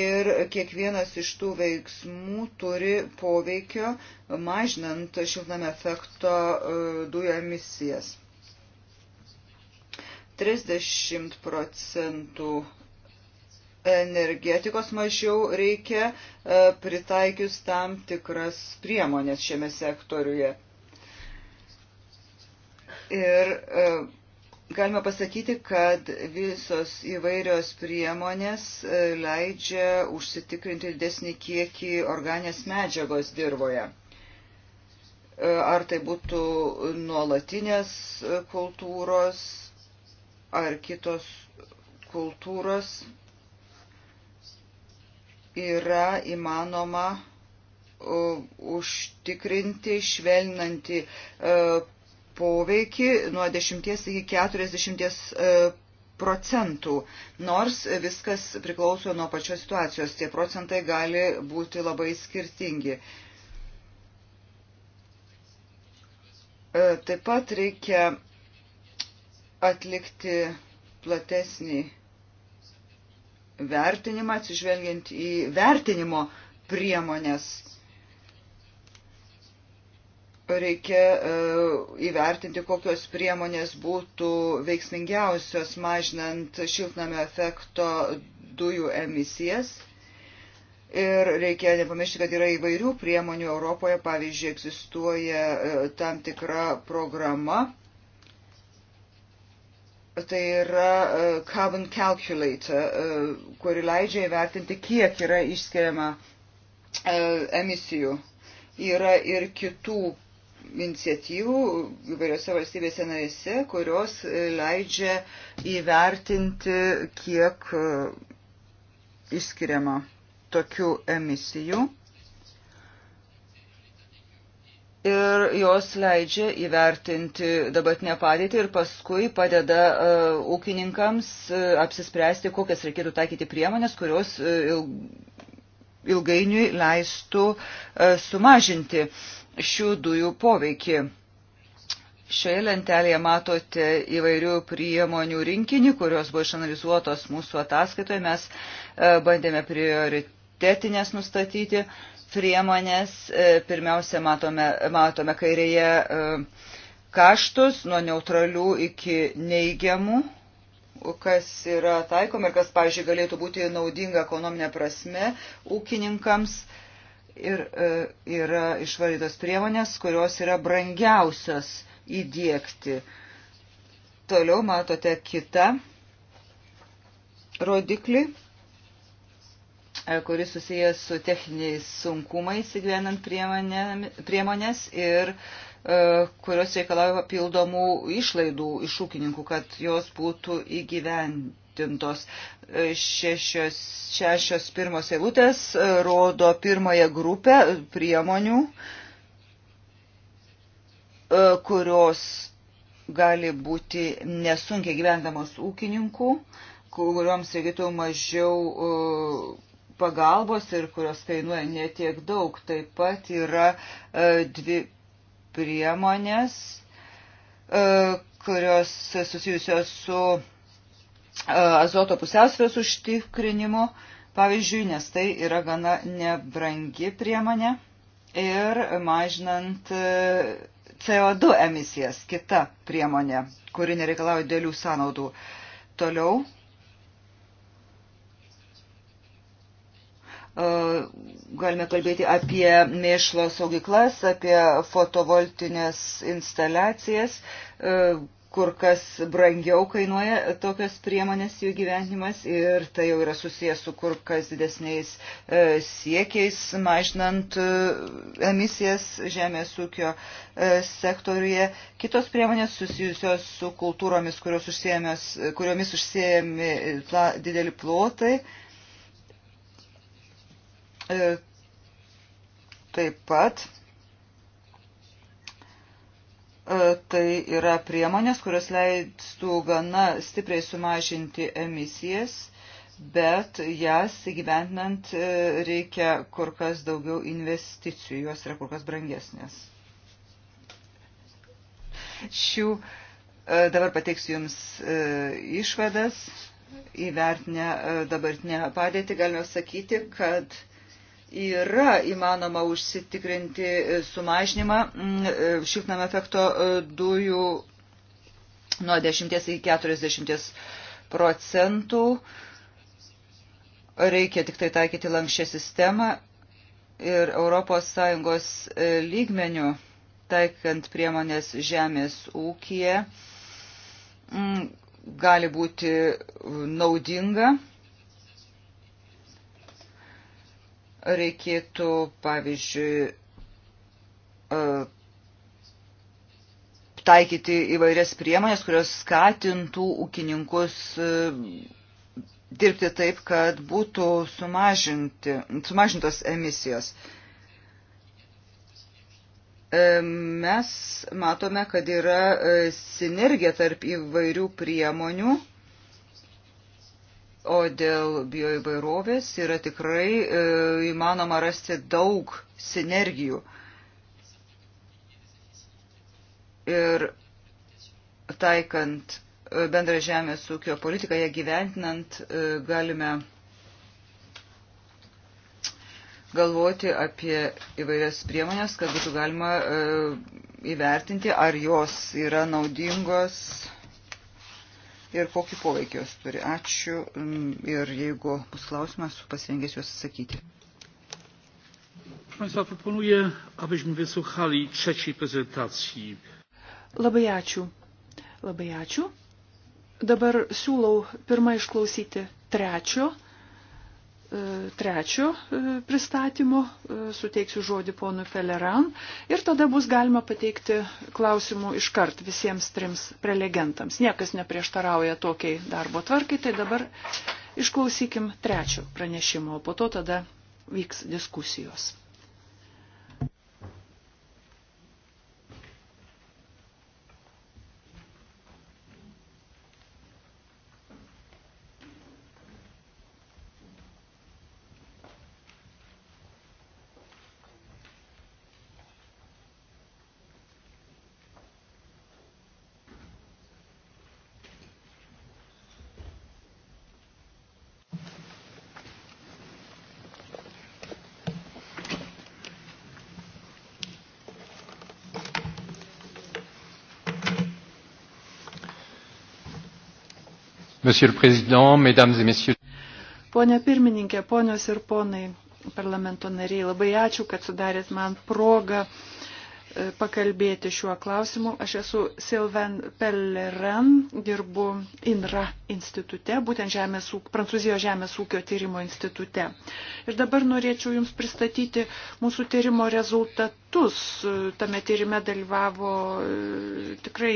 Ir kiekvienas iš tų veiksmų turi poveikio mažinant šiltnamio efekto dujų emisijas. 30 procentų energetikos mažiau reikia e, pritaikius tam tikras priemonės šiame sektoriuje. Ir e, galime pasakyti, kad visos įvairios priemonės e, leidžia užsitikrinti didesnį kiekį organės medžiagos dirboje ar tai būtų nuolatinės kultūros ar kitos kultūros yra įmanoma užtikrinti švelninantį e, poveikį nuo 10 iki 40 e, procentų, nors viskas priklauso nuo pačios situacijos, tie procentai gali būti labai skirtingi. E, taip pat reikia atlikti platesnį vertinimą atsižvelgiant į vertinimo priemonės. Reikia e, įvertinti, kokios priemonės būtų veiksmingiausios mažinant šiltnamio efekto dujų emisijas. Ir reikia nepamiršti, kad yra įvairių priemonių Europoje, pavyzdžiui, egzistuoja e, tam tikra programa Tai yra e, carbon calculator, e, kuri leidžia įvertinti, kiek yra išskiriama e, emisijų. Yra ir kitų iniciatyvų įvairiose valstybėse narėse, kurios leidžia įvertinti, kiek išskiriama tokių emisijų ir jos leidžia įvertinti dabartinę padėtį ir paskui padeda uh, ūkininkams uh, apsispręsti, kokias reikėtų taikyti priemonės, kurios uh, ilgainiui leistų uh, sumažinti šių dujų poveikį. Šioje lentelėje matote įvairių priemonių rinkinį, kurios buvo išanalizuotos mūsų ataskaitoje. Mes bandėme prioritetinės nustatyti. Uh, priemonės. E, pirmiausia, matome, matome kairėje e, kaštus nuo neutralių iki neigiamų, kas yra taikoma ir kas, pavyzdžiui, galėtų būti naudinga ekonominė prasme ūkininkams. Ir e, yra išvarytos priemonės, kurios yra brangiausios įdėkti. Toliau matote kitą rodiklį E, kuris susijęs su techniniais sunkumais įgyvenant priemonės ir e, kurios reikalauja papildomų išlaidų iš ūkininkų, kad jos būtų įgyventintos. E, šešios, šešios pirmos eilutės rodo pirmąją grupę priemonių, kurios gali būti nesunkiai gyvendamos ūkininkų, kurioms reikėtų mažiau pagalbos ir kurios kainuoja netiek daug. Taip pat yra e, dvi priemonės, e, kurios susijusios su e, azoto pusiausvės užtikrinimu, pavyzdžiui, nes tai yra gana nebrangi priemonė ir mažinant CO2 emisijas, kita priemonė, kuri nereikalauja dėlių sąnaudų. Toliau Galime kalbėti apie mėšlo saugyklas, apie fotovoltinės instaliacijas, kur kas brangiau kainuoja tokios priemonės jų gyvenimas ir tai jau yra susijęs su kur kas didesniais e, siekiais, mažinant e, emisijas žemės ūkio e, sektoriuje. Kitos priemonės susijusios su kultūromis, kuriomis užsiemi tą didelį plotai. E, taip pat e, tai yra priemonės, kurios leistų gana stipriai sumažinti emisijas, bet jas įgyventinant e, reikia kur kas daugiau investicijų, jos yra kur kas brangesnės. Šių dabar pateiksiu Jums išvadas įvertinę dabartinę padėtį. Galime sakyti, kad yra įmanoma užsitikrinti sumažinimą mm, e, šiltnam efekto e, dujų nuo 10 iki 40 procentų. Reikia tik tai taikyti lankščią sistemą ir ES e, lygmenių taikant priemonės žemės ūkija mm, gali būti naudinga Reikėtų, pavyzdžiui, e, taikyti įvairias priemonės, kurios skatintų ūkininkus e, dirbti taip, kad būtų sumažintos emisijos. E, mes matome, kad yra sinergija tarp įvairių priemonių O dėl bioįvairovės yra tikrai e, įmanoma rasti daug sinergijų. Ir taikant e, bendrą žemės ūkio politiką, ją gyventinant, e, galime galvoti apie įvairias priemonės, kad būtų galima e, įvertinti, ar jos yra naudingos ir kokį poveikį jos turi. Ačiū ir jeigu bus klausimas, pasirengęs juos atsakyti. Państwa proponuję, abyśmy wysłuchali trzeciej prezentacji. Labai ačiū. Labai ačiū. Dabar siūlau pirmą išklausyti trečio E, trečio e, pristatymo, e, suteiksiu žodį ponui Peleran ir tada bus galima pateikti klausimų iškart visiems trims prelegentams. Niekas neprieštarauja tokiai darbo tvarkai, tai dabar išklausykim trečio pranešimo, o po to tada vyks diskusijos. Monsieur le Président, Mesdames et Messieurs. Pone pirmininkė, ponios ir ponai parlamento nariai, labai ačiū, kad sudarėt man progą e, pakalbėti šiuo klausimu. Aš esu Silven Pelleran, dirbu INRA institute, būtent žemės ūk, Prancūzijos žemės ūkio tyrimo institute. Ir dabar norėčiau Jums pristatyti mūsų tyrimo rezultatus. Tame tyrime dalyvavo e, tikrai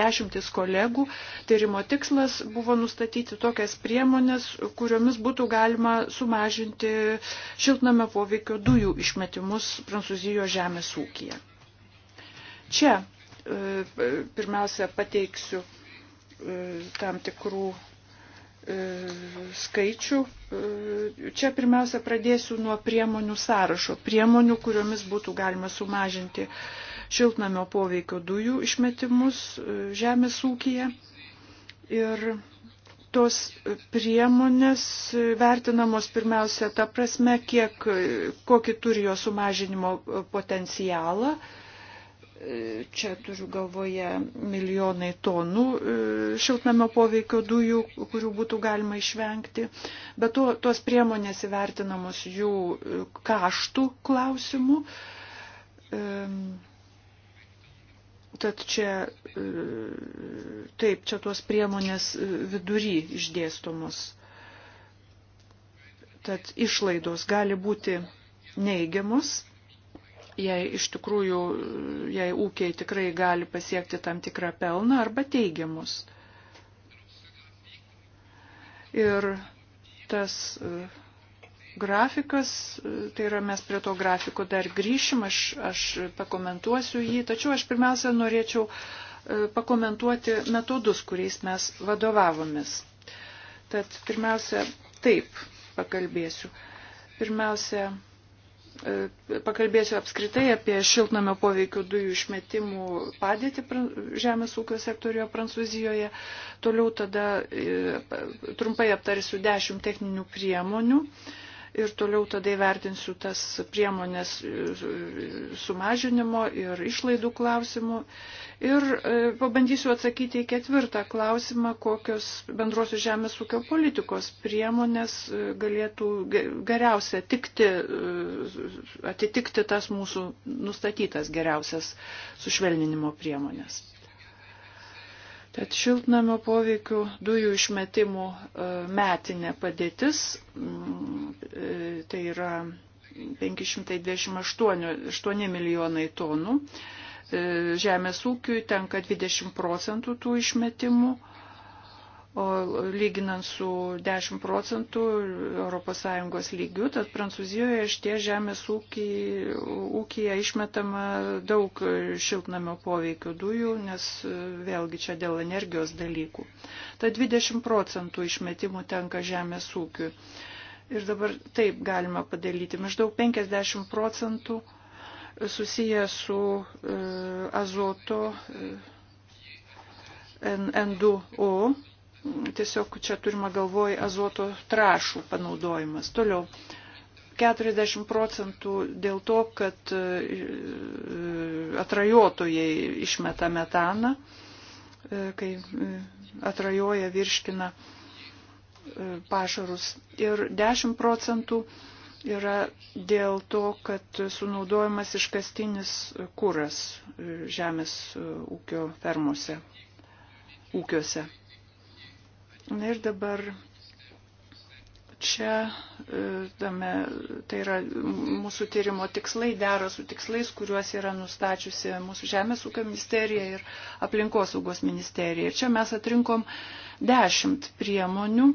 dešimtis kolegų. Tyrimo tikslas buvo nustatyti tokias priemonės, kuriomis būtų galima sumažinti šiltname poveikio dujų išmetimus Prancūzijos žemės ūkija. Čia e, pirmiausia pateiksiu E, tam tikrų e, skaičių. E, čia pirmiausia pradėsiu nuo priemonių sąrašo. Priemonių, kuriomis būtų galima sumažinti šiltnamio poveikio dujų išmetimus žemės ūkyje. Ir tos priemonės vertinamos pirmiausia ta prasme, kiek, kokį turi jo sumažinimo potencialą Čia turiu galvoje milijonai tonų e, šiltnamio poveikio dujų, kurių būtų galima išvengti. Bet to, tos priemonės įvertinamos jų e, kaštų klausimų. E, tad čia, taip, čia tos priemonės vidury išdėstomos. Tad išlaidos gali būti neigiamos jei iš tikrųjų, jei ūkiai tikrai gali pasiekti tam tikrą pelną arba teigiamus. Ir tas e, grafikas, e, tai yra mes prie to grafiko dar grįšim, aš, aš pakomentuosiu jį, tačiau aš pirmiausia norėčiau e, pakomentuoti metodus, kuriais mes vadovavomis. Tad pirmiausia, taip pakalbėsiu. Pirmiausia, E, pakalbėsiu apskritai apie šiltnamio poveikių dujų išmetimų padėtį žemės ūkio sektorijoje Prancūzijoje. Toliau tada e, trumpai aptarsiu dešimt techninių priemonių, ir toliau tada įvertinsiu tas priemonės sumažinimo ir išlaidų klausimų. Ir e, pabandysiu atsakyti į ketvirtą klausimą, kokios bendrosios žemės ūkio politikos priemonės e, galėtų geriausia tikti, e, atitikti tas mūsų nustatytas geriausias sušvelninimo priemonės. Tad šiltnamio poveikių dujų išmetimų e, metinė padėtis, mm, e, tai yra 528 milijonai tonų, e, žemės ūkiui tenka 20 procentų tų išmetimų, o lyginant su 10 procentų ES lygių, tad Prancūzijoje šitie žemės ūkį, ūkija išmetama daug šiltnamio poveikio dujų, nes vėlgi čia dėl energijos dalykų. Tad 20 procentų išmetimų tenka žemės ūkiui. Ir dabar taip galima padaryti. Maždaug 50 procentų susiję su e, azoto e, N2O tiesiog čia turima galvoj azoto trašų panaudojimas. Toliau, 40 procentų dėl to, kad e, atrajotojai išmeta metaną, e, kai e, atrajoja virškina pašarus. Ir 10 procentų yra dėl to, kad sunaudojamas iškastinis kuras žemės ūkio fermose, ūkiuose. Na ir dabar čia, e, tame, tai yra mūsų tyrimo tikslai, dera su tikslais, kuriuos yra nustačiusi mūsų Žemės ūkio ministerija ir aplinkosaugos ministerija. Ir čia mes atrinkom dešimt priemonių,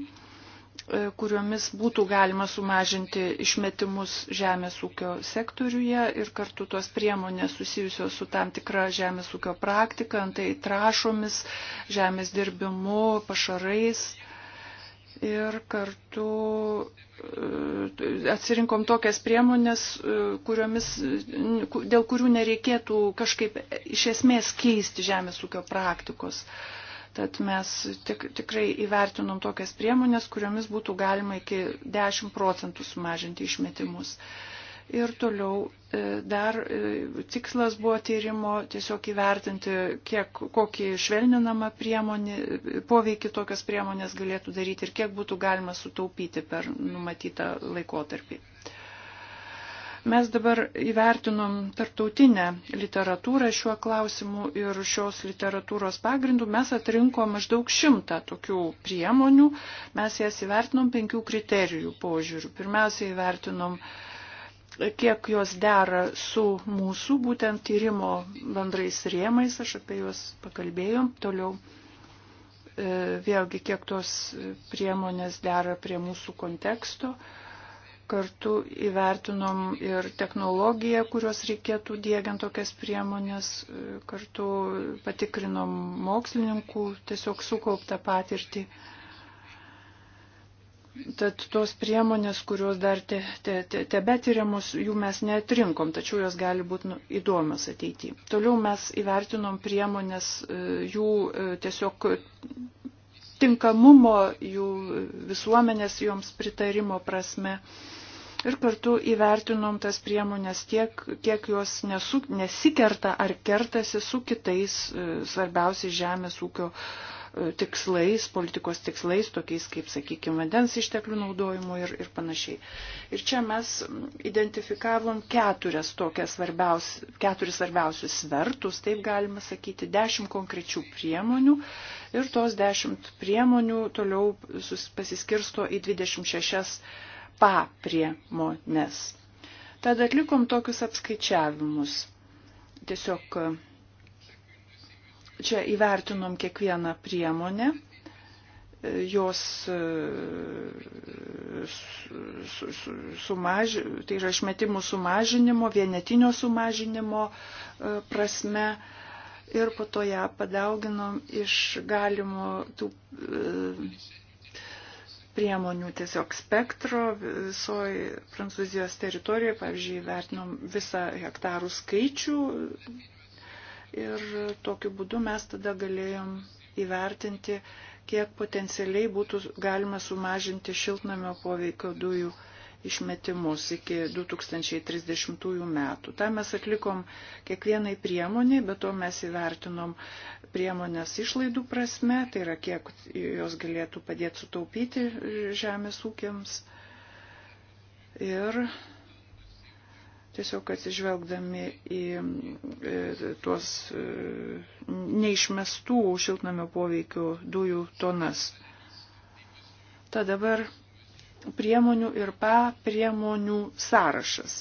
E, kuriomis būtų galima sumažinti išmetimus žemės ūkio sektoriuje ir kartu tos priemonės susijusios su tam tikra žemės ūkio praktika, tai trašomis, žemės dirbimu, pašarais. Ir kartu e, atsirinkom tokias priemonės, e, kuriomis, dėl kurių nereikėtų kažkaip iš esmės keisti žemės ūkio praktikos. Uh, Tad mes tik, tikrai įvertinom tokias priemonės, kuriomis būtų galima iki 10 procentų sumažinti išmetimus. Ir toliau e, dar e, tikslas buvo tyrimo tiesiog įvertinti, kiek, kokį švelninamą priemonį, e, poveikį tokias priemonės galėtų daryti ir kiek būtų galima sutaupyti per numatytą laikotarpį. Uh, Mes dabar įvertinom tarptautinę literatūrą šiuo klausimu ir šios literatūros pagrindų mes atrinko maždaug šimtą tokių priemonių. Mes jas įvertinom penkių kriterijų požiūrių. Pirmiausia, įvertinom, kiek jos dera su mūsų būtent tyrimo bendrais rėmais, aš apie juos pakalbėjom toliau e, vėlgi kiek tos priemonės dera prie mūsų konteksto. Kartu įvertinom ir technologiją, kurios reikėtų dėgiant tokias priemonės, e, kartu patikrinom mokslininkų tiesiog sukauptą patirtį. Tad tos priemonės, kurios dar te, te, te, tebetiriamos, jų mes netrinkom, tačiau jos gali būti nu, įdomios ateityje. Toliau mes įvertinom priemonės e, jų e, tiesiog tinkamumo, jų visuomenės joms pritarimo prasme ir kartu įvertinom tas priemonės tiek, kiek jos nesu, nesikerta ar kertasi su kitais e, svarbiausiais žemės ūkio e, tikslais, politikos tikslais, tokiais kaip, sakykime, vandens išteklių naudojimo ir, ir panašiai. Ir čia mes identifikavom keturias tokias svarbiaus, keturis svarbiausius svertus, taip galima sakyti, dešimt konkrečių priemonių. Ir tos dešimt priemonių toliau pasiskirsto į 26 papriemonės. Tad atlikom tokius apskaičiavimus. Tiesiog e, čia įvertinom kiekvieną priemonę, e, jos e, sumaž, tai yra išmetimų sumažinimo, vienetinio sumažinimo prasme ir po to ją padauginom iš galimų tų priemonių tiesiog spektro visoji Prancūzijos teritorijoje, pavyzdžiui, vertinom visą hektarų skaičių ir tokiu būdu mes tada galėjom įvertinti, kiek potencialiai būtų galima sumažinti šiltnamio poveikio dujų išmetimus iki 2030 metų. Ta mes atlikom kiekvienai priemoniai, bet to mes įvertinom priemonės išlaidų prasme, tai yra kiek jos galėtų padėti sutaupyti žemės ūkiams. Ir tiesiog atsižvelgdami į e, tuos e, neišmestų šiltnamio poveikio dujų tonas. Ta dabar priemonių ir pa priemonių sąrašas.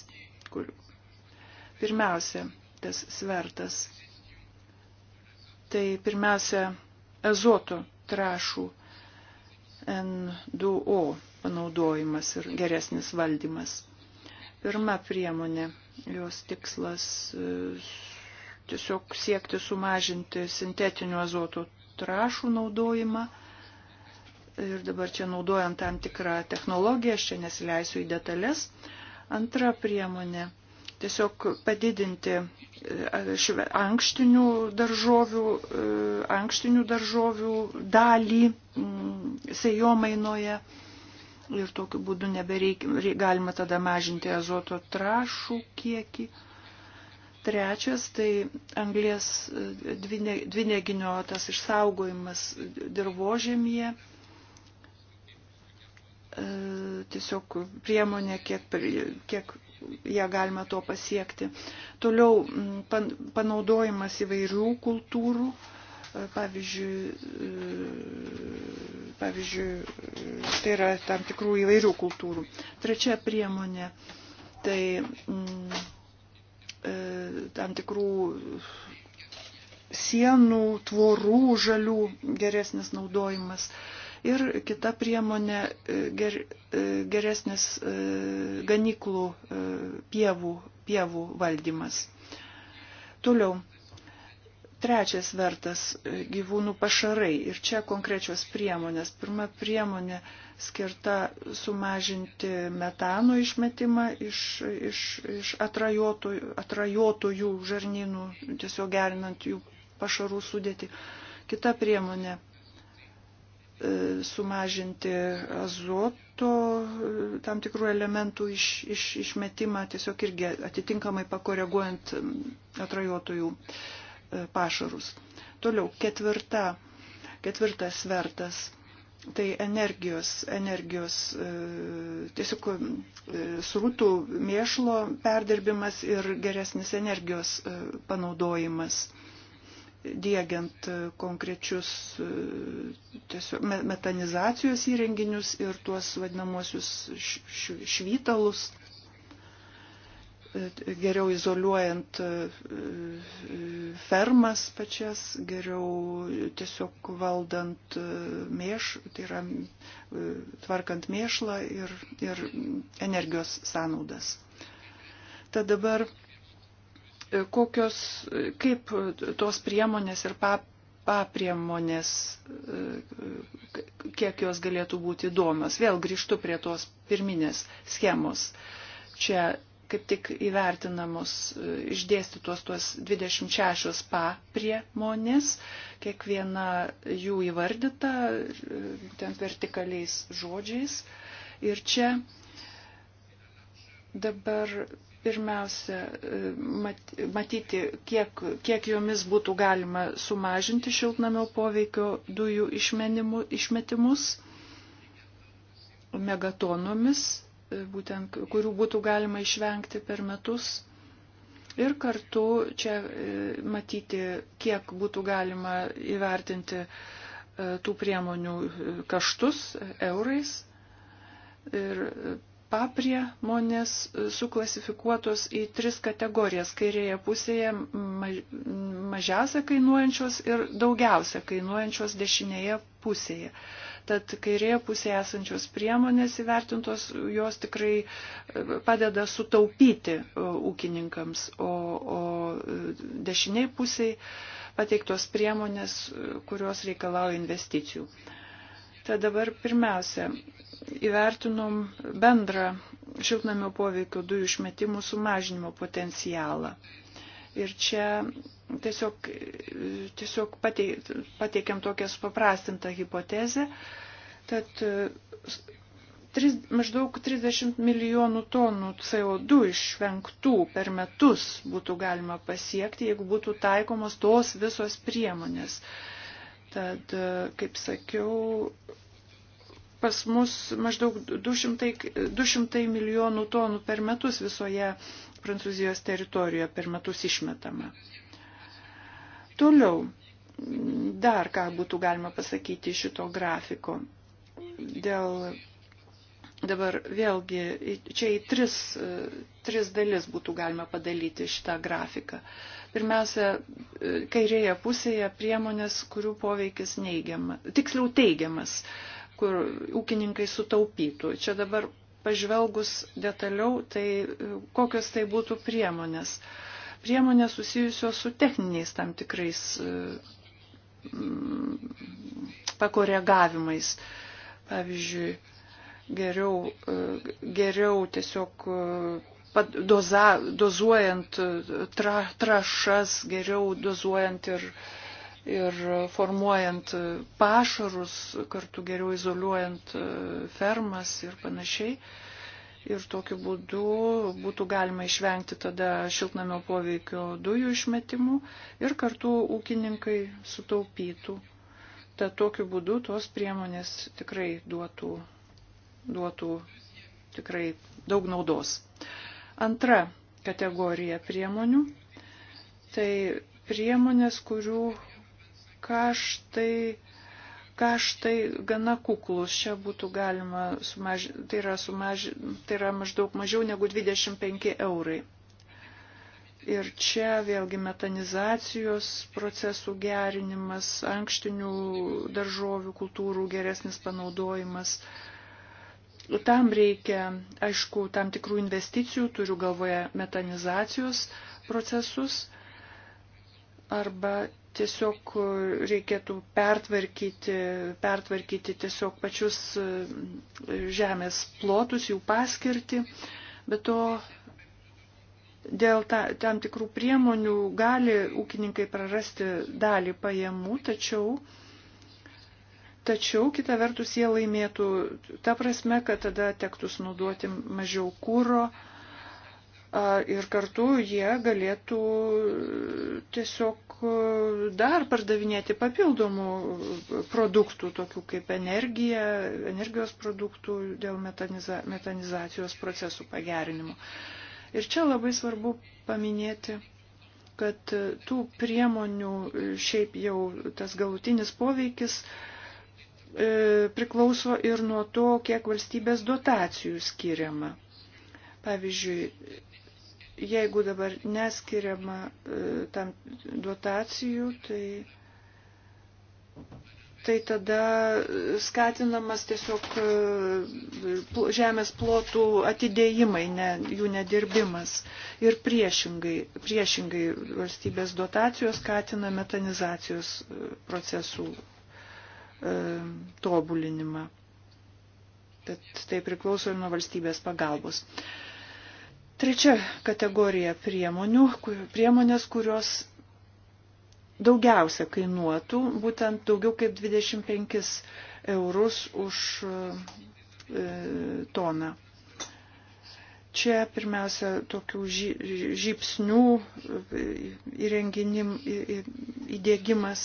Kur... Pirmiausia, tas svertas. Tai pirmiausia, azoto trašų N2O panaudojimas ir geresnis valdymas. Pirma priemonė, jos tikslas e, tiesiog siekti sumažinti sintetinių azoto trašų naudojimą ir dabar čia naudojant tam tikrą technologiją, aš čia nesileisiu į detalės. Antra priemonė - tiesiog padidinti e, ankštinių daržovių, e, ankštinių daržovių dalį mm, sejomainoje ir tokiu būdu nebereikia, galima tada mažinti azoto trašų kiekį. Trečias, tai anglės e, dvine, dvineginio tas išsaugojimas dirbožėmėje E, tiesiog priemonė, kiek, kiek ją galima to pasiekti. Toliau pan, panaudojimas įvairių kultūrų, e, pavyzdžiui, e, pavyzdžiui, tai yra tam tikrų įvairių kultūrų. Trečia priemonė, tai m, tam tikrų sienų, tvorų, žalių geresnis naudojimas. E, Ir kita priemonė e, ger, e, geresnis e, ganyklų pievų, pievų valdymas. Toliau. Trečias vertas gyvūnų pašarai. Ir čia konkrečios priemonės. Pirma priemonė skirta sumažinti metano išmetimą iš, iš, iš atrajotojų, atrajotojų žarnynų, tiesiog gerinant jų pašarų sudėti. Kita priemonė E, sumažinti azoto e, tam tikrų elementų iš, iš, išmetimą, tiesiog irgi atitinkamai pakoreguojant atrajotojų e, pašarus. Toliau, ketvirta, ketvirtas svertas tai energijos, energijos tiesiog srutų mėšlo perdirbimas ir geresnis energijos panaudojimas dėgiant konkrečius e, tiesiog metanizacijos įrenginius ir tuos vadinamosius švytalus, e, geriau izoliuojant e, fermas pačias, geriau tiesiog valdant mėš, tai yra tvarkant mėšlą ir, ir energijos sąnaudas. Tad dabar E, kokios, e, kaip tos priemonės ir papriemonės, e, kiek jos galėtų būti įdomios. Vėl grįžtu prie tos pirminės schemos. Čia kaip tik įvertinamos išdėstytos tuos 26 papriemonės, kiekviena jų įvardyta būtent vertikaliais žodžiais. Ir čia dabar pirmiausia e, matyti, kiek, kiek jomis būtų galima sumažinti šiltnamio poveikio dujų išmetimus megatonomis, e, būtent kurių būtų galima išvengti per metus. Ir kartu čia e, matyti, kiek būtų galima įvertinti tų priemonių kaštus eurais ir papriemonės e, suklasifikuotos į tris kategorijas. Kairėje pusėje mažiausia kainuojančios ir daugiausia kainuojančios dešinėje pusėje. Tad kairėje pusėje esančios priemonės įvertintos, jos tikrai e, padeda sutaupyti e, ūkininkams, o, o dešiniai pusėje pateiktos priemonės, kurios reikalauja investicijų. Tad dabar pirmiausia, įvertinom bendrą šiltnamio poveikio dujų išmetimų sumažinimo potencialą. Ir čia tiesiog, tiesiog pateikėm tokią supaprastintą hipotezę, kad tris, maždaug 30 milijonų tonų CO2 išvengtų per metus būtų galima pasiekti, jeigu būtų taikomos tos visos priemonės. Tad, kaip sakiau, pas mus maždaug 200, 200 milijonų tonų per metus visoje Prancūzijos teritorijoje per metus išmetama. Toliau, dar ką būtų galima pasakyti šito grafiko. Dėl dabar vėlgi, čia į tris, tris dalis būtų galima padalyti šitą grafiką. Pirmiausia, kairėje pusėje priemonės, kurių poveikis neigiamas, tiksliau teigiamas kur ūkininkai sutaupytų. Čia dabar pažvelgus detaliau, tai e, kokios tai būtų priemonės. Priemonės susijusios su techniniais tam tikrais e, mm, pakoregavimais. Pavyzdžiui, geriau, e, geriau tiesiog doza, dozuojant tra, trašas, geriau dozuojant ir uh, ir formuojant pašarus, kartu geriau izoliuojant e, fermas ir panašiai. Ir tokiu būdu būtų galima išvengti tada šiltnamio poveikio dujų išmetimų ir kartu ūkininkai sutaupytų. Tad tokiu būdu tos priemonės tikrai duotų, duotų tikrai daug naudos. Antra kategorija priemonių - tai priemonės, kurių kaštai, kaštai gana kuklus. Čia būtų galima sumažinti, tai yra, sumaži, tai yra maždaug mažiau negu 25 eurai. Ir čia vėlgi metanizacijos procesų gerinimas, ankštinių daržovių kultūrų geresnis panaudojimas. Tam reikia, aišku, tam tikrų investicijų, turiu galvoje metanizacijos procesus, arba tiesiog reikėtų pertvarkyti, pertvarkyti tiesiog pačius e, žemės plotus, jų paskirti, bet to dėl ta, tam tikrų priemonių gali ūkininkai prarasti dalį pajamų, tačiau Tačiau kita vertus jie laimėtų ta prasme, kad tada tektų sunaudoti mažiau kūro, uh, ir kartu jie galėtų tiesiog dar pardavinėti papildomų produktų, tokių kaip energija, energijos produktų dėl metaniza, metanizacijos procesų pagerinimo. Ir čia labai svarbu paminėti kad tų priemonių šiaip jau tas galutinis poveikis e, priklauso ir nuo to, kiek valstybės dotacijų skiriama. Pavyzdžiui, jeigu dabar neskiriama e, tam dotacijų, tai, tai tada skatinamas tiesiog e, žemės plotų atidėjimai, ne, jų nedirbimas. Ir priešingai, priešingai valstybės dotacijos skatina metanizacijos e, procesų tobulinimą. Tad tai priklauso ir nuo valstybės pagalbos. Uh, Trečia kategorija priemonių, priemonės, kurios daugiausia kainuotų, būtent daugiau kaip 25 eurus už e, toną. Čia pirmiausia tokių žypsnių e, įrenginim įdėgymas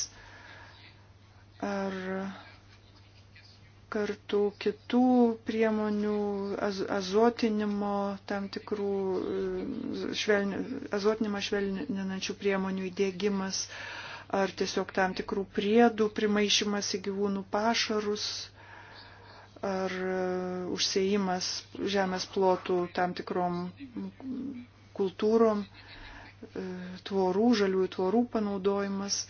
ar kartu kitų priemonių, az, azotinimo tam tikrų, e, švelni, azotinimą švelninančių priemonių įdėgymas ar tiesiog tam tikrų priedų primaišymas į gyvūnų pašarus ar e, užsėjimas žemės plotų tam tikrom kultūrom, e, tvorų, žaliųjų tvorų panaudojimas.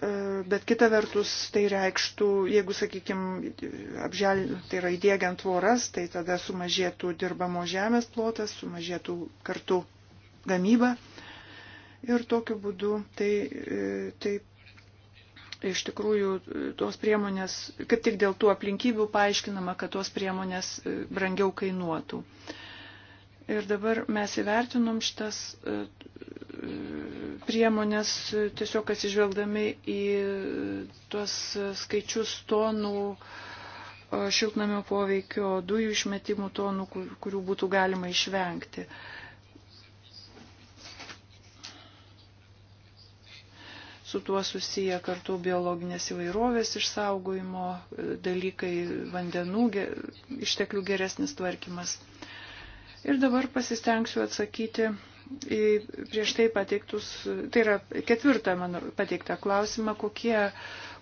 E, bet kita vertus tai reikštų, jeigu, sakykime, apžel, tai yra įdėgiant tvoras, tai tada sumažėtų dirbamo žemės plotas, sumažėtų kartu gamyba ir tokiu būdu tai, e, tai iš tikrųjų e, tos priemonės, kaip tik dėl tų aplinkybių paaiškinama, kad tos priemonės brangiau kainuotų. Ir dabar mes įvertinom šitas priemonės tiesiog atsižvelgdami į tuos skaičius tonų e, šiltnamio poveikio dujų išmetimų tonų, kurių būtų galima išvengti. su tuo susiję kartu biologinės įvairovės išsaugojimo e, dalykai, vandenų išteklių geresnis tvarkymas. Ir dabar pasistengsiu atsakyti prieš tai pateiktus, tai yra ketvirtą mano pateiktą klausimą, kokie,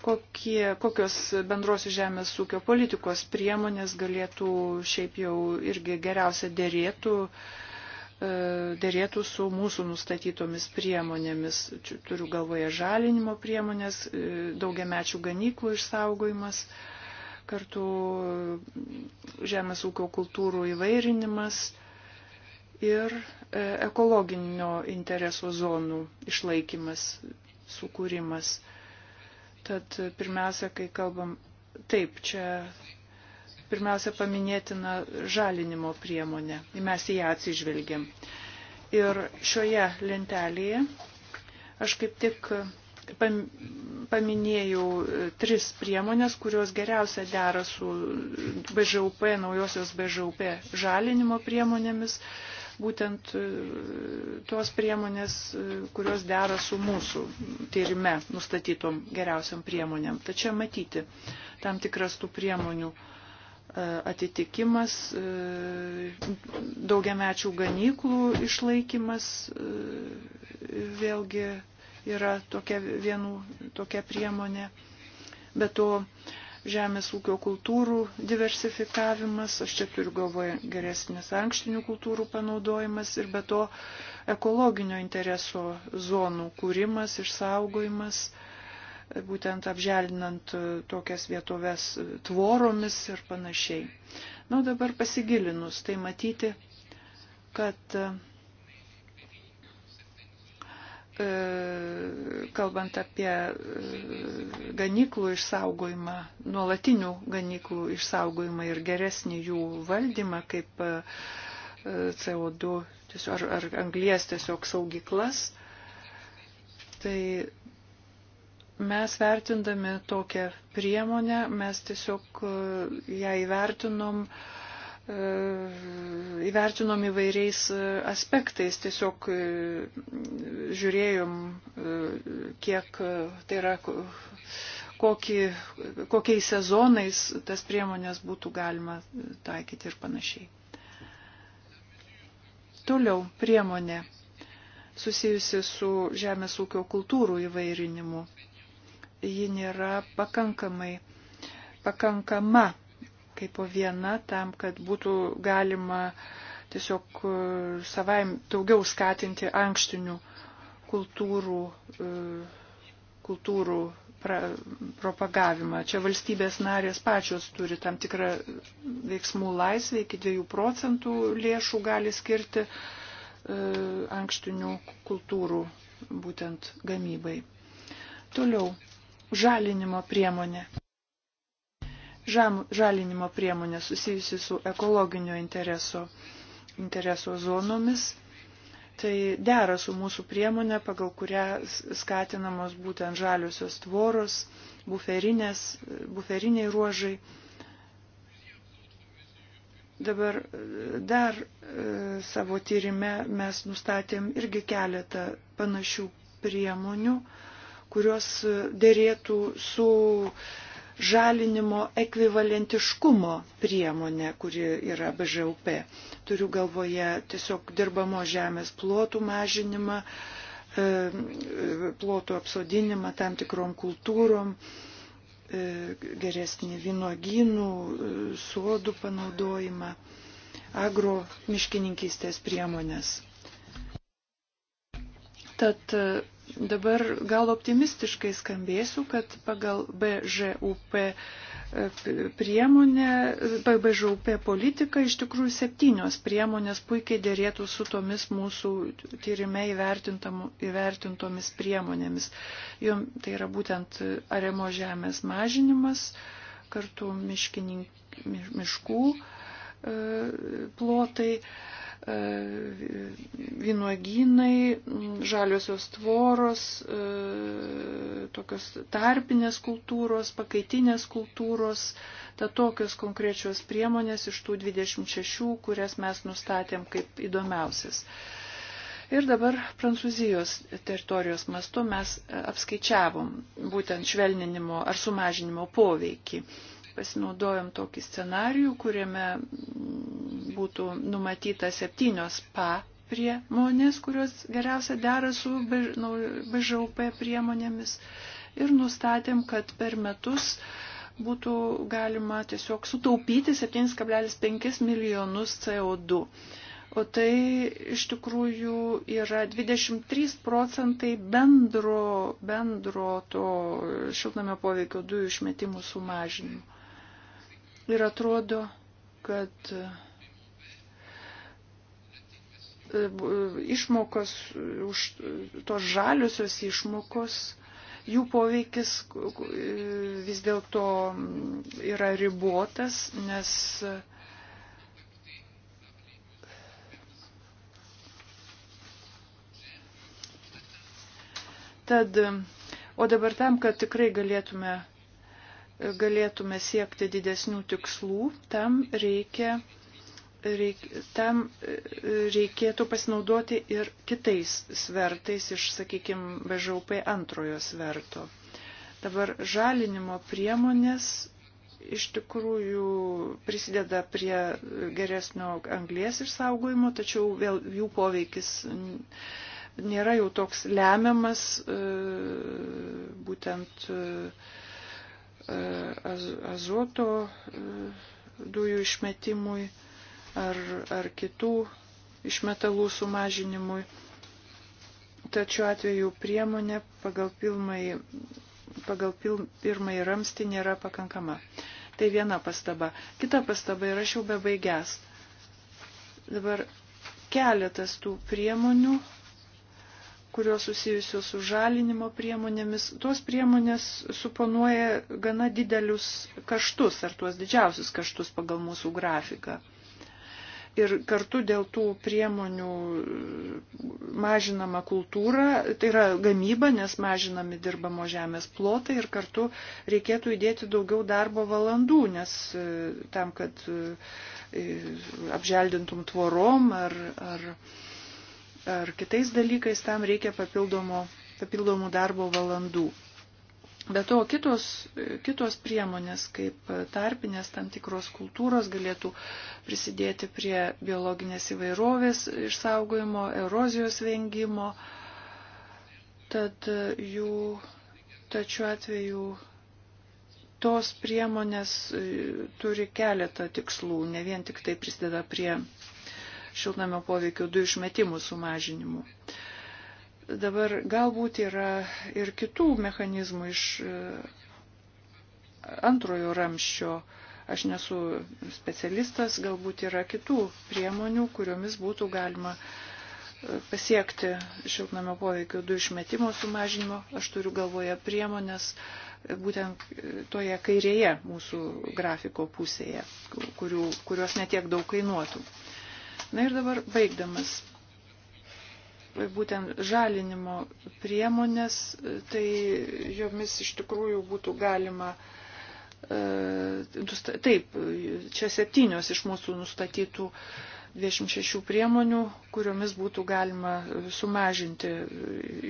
kokie, kokios bendrosios žemės ūkio politikos priemonės galėtų šiaip jau irgi geriausia dėrėtų e, dėrėtų su mūsų nustatytomis priemonėmis. Turiu galvoje žalinimo priemonės, e, daugiamečių ganyklų išsaugojimas, kartu žemės ūkio kultūrų įvairinimas, ir e, ekologinio interesų zonų išlaikymas, sukūrimas. Tad e, pirmiausia, kai kalbam, taip, čia pirmiausia paminėtina žalinimo priemonė, mes į ją atsižvelgiam. Ir šioje lentelėje aš kaip tik paminėjau e, tris priemonės, kurios geriausia dera su BŽUP, naujosios BŽUP žalinimo priemonėmis būtent e, tos priemonės, e, kurios dera su mūsų tyrime nustatytom geriausiam priemonėm. Tačiau matyti tam tikras tų priemonių e, atitikimas, daugiamečių ganyklų išlaikymas vėlgi yra tokia, vienų, tokia priemonė. Bet to žemės ūkio kultūrų diversifikavimas, aš čia turiu galvoje geresnis ankštinių kultūrų panaudojimas ir be to ekologinio intereso zonų kūrimas, išsaugojimas, būtent apželinant tokias vietoves tvoromis ir panašiai. Na, nu, dabar pasigilinus, tai matyti, kad E, kalbant apie e, ganyklų išsaugojimą, nuolatinių ganyklų išsaugojimą ir geresnį jų valdymą kaip e, CO2 tiesiog, ar, ar anglies tiesiog saugiklas, tai mes vertindami tokią priemonę, mes tiesiog ją įvertinom uh, įvertinom įvairiais e, aspektais, tiesiog e, žiūrėjom, e, kiek tai yra, kokį, kokiais sezonais tas priemonės būtų galima taikyti ir panašiai. Toliau priemonė susijusi su žemės ūkio kultūrų įvairinimu. Ji nėra pakankamai, pakankama kaip po viena, tam, kad būtų galima tiesiog e, savai daugiau skatinti ankštinių kultūrų, e, kultūrų pra, propagavimą. Čia valstybės narės pačios turi tam tikrą veiksmų laisvę, iki 2 procentų lėšų gali skirti e, ankštinių kultūrų būtent gamybai. Toliau, žalinimo priemonė žalinimo priemonė susijusi su ekologinio intereso, intereso zonomis. Tai dera su mūsų priemonė, pagal kurią skatinamos būtent žaliosios tvoros, buferiniai ruožai. Dabar dar e, savo tyrime mes nustatėm irgi keletą panašių priemonių, kurios e, dėrėtų su uh, žalinimo ekvivalentiškumo priemonė, kuri yra BŽUP. Turiu galvoje tiesiog dirbamo žemės plotų mažinimą, e, e, plotų apsodinimą tam tikrom kultūrom, e, geresnį vynogynų, sodų panaudojimą, agro miškininkystės priemonės. Tad dabar gal optimistiškai skambėsiu, kad pagal BŽUP e, priemonę, BŽUP politiką iš tikrųjų septynios priemonės puikiai dėrėtų su tomis mūsų tyrime įvertintomis priemonėmis. Jom, tai yra būtent aremo žemės mažinimas, kartu miškų e, plotai E, vynuogynai, žaliosios tvoros, e, tokios tarpinės kultūros, pakaitinės kultūros, ta tokios konkrečios priemonės iš tų 26, kurias mes nustatėm kaip įdomiausias. Ir dabar Prancūzijos teritorijos mastu mes e, apskaičiavom būtent švelninimo ar sumažinimo poveikį pasinaudojom tokį scenarijų, kuriame būtų numatyta septynios PA priemonės, kurios geriausia dera su BŽUP nu, priemonėmis. Ir nustatėm, kad per metus būtų galima tiesiog sutaupyti 7,5 milijonus CO2. O tai iš tikrųjų yra 23 procentai bendro, bendro to šiltnamio poveikio dujų išmetimų sumažinimo. Ir atrodo, kad e, išmokos už tos žaliosios išmokos, jų poveikis vis dėlto yra ribotas, nes tad, o dabar tam, kad tikrai galėtume galėtume siekti didesnių tikslų, tam, reikia, reik, tam e, reikėtų pasinaudoti ir kitais svertais iš, sakykime, BŽUP antrojo sverto. Dabar žalinimo priemonės iš tikrųjų prisideda prie geresnio anglės išsaugojimo, tačiau vėl jų poveikis nėra jau toks lemiamas e, būtent e, E, azoto e, dujų išmetimui ar, ar kitų išmetalų sumažinimui. Tačiau atveju priemonė pagal, pilmai, pagal pil, pirmąjį ramstį nėra pakankama. Tai viena pastaba. Kita pastaba ir aš jau bebaigęs. Dabar keletas tų priemonių kurios susijusios su žalinimo priemonėmis, tos priemonės suponuoja gana didelius kaštus, ar tuos didžiausius kaštus pagal mūsų grafiką. Ir kartu dėl tų priemonių mažinama kultūra, tai yra gamyba, nes mažinami dirbamo žemės plotai ir kartu reikėtų įdėti daugiau darbo valandų, nes e, tam, kad e, e, apželdintum tvorom ar, ar ar kitais dalykais, tam reikia papildomo, papildomų darbo valandų. Be to, kitos, kitos priemonės, kaip tarpinės tam tikros kultūros, galėtų prisidėti prie biologinės įvairovės išsaugojimo, erozijos vengimo. Tad jų, tačiu atveju, tos priemonės e, turi keletą tikslų, ne vien tik tai prisideda prie šiltnamio poveikio dujų išmetimų sumažinimu. Dabar galbūt yra ir kitų mechanizmų iš e, antrojo ramščio. Aš nesu specialistas, galbūt yra kitų priemonių, kuriomis būtų galima e, pasiekti šiltnamio poveikio dujų išmetimo sumažinimo. Aš turiu galvoje priemonės e, būtent toje kairėje mūsų grafiko pusėje, kurių, kurios netiek daug kainuotų. Na ir dabar baigdamas. Būtent žalinimo priemonės, tai jomis iš tikrųjų būtų galima uh, Taip, čia septynios iš mūsų nustatytų 26 priemonių, kuriomis būtų galima sumažinti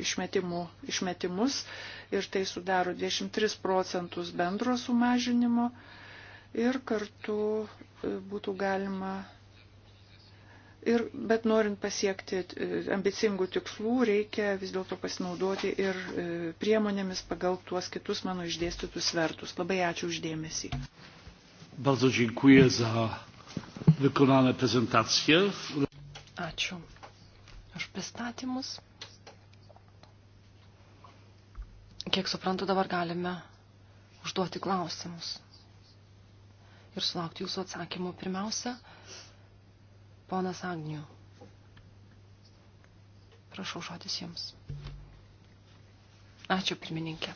išmetimų, išmetimus ir tai sudaro 23 procentus bendro sumažinimo ir kartu e, būtų galima Ir, bet norint pasiekti e, ambicingų tikslų, reikia vis dėlto pasinaudoti ir e, priemonėmis pagal tuos kitus mano išdėstytus svertus. Labai ačiū uždėmesį. Bardzo dziękuję za wykonane prezentacje. Ačiū už pristatymus. Kiek suprantu, dabar galime užduoti klausimus ir sulaukti jūsų atsakymų. Pirmiausia, Ponas Agnių. Prašau žodis jums. Ačiū, pirmininkė.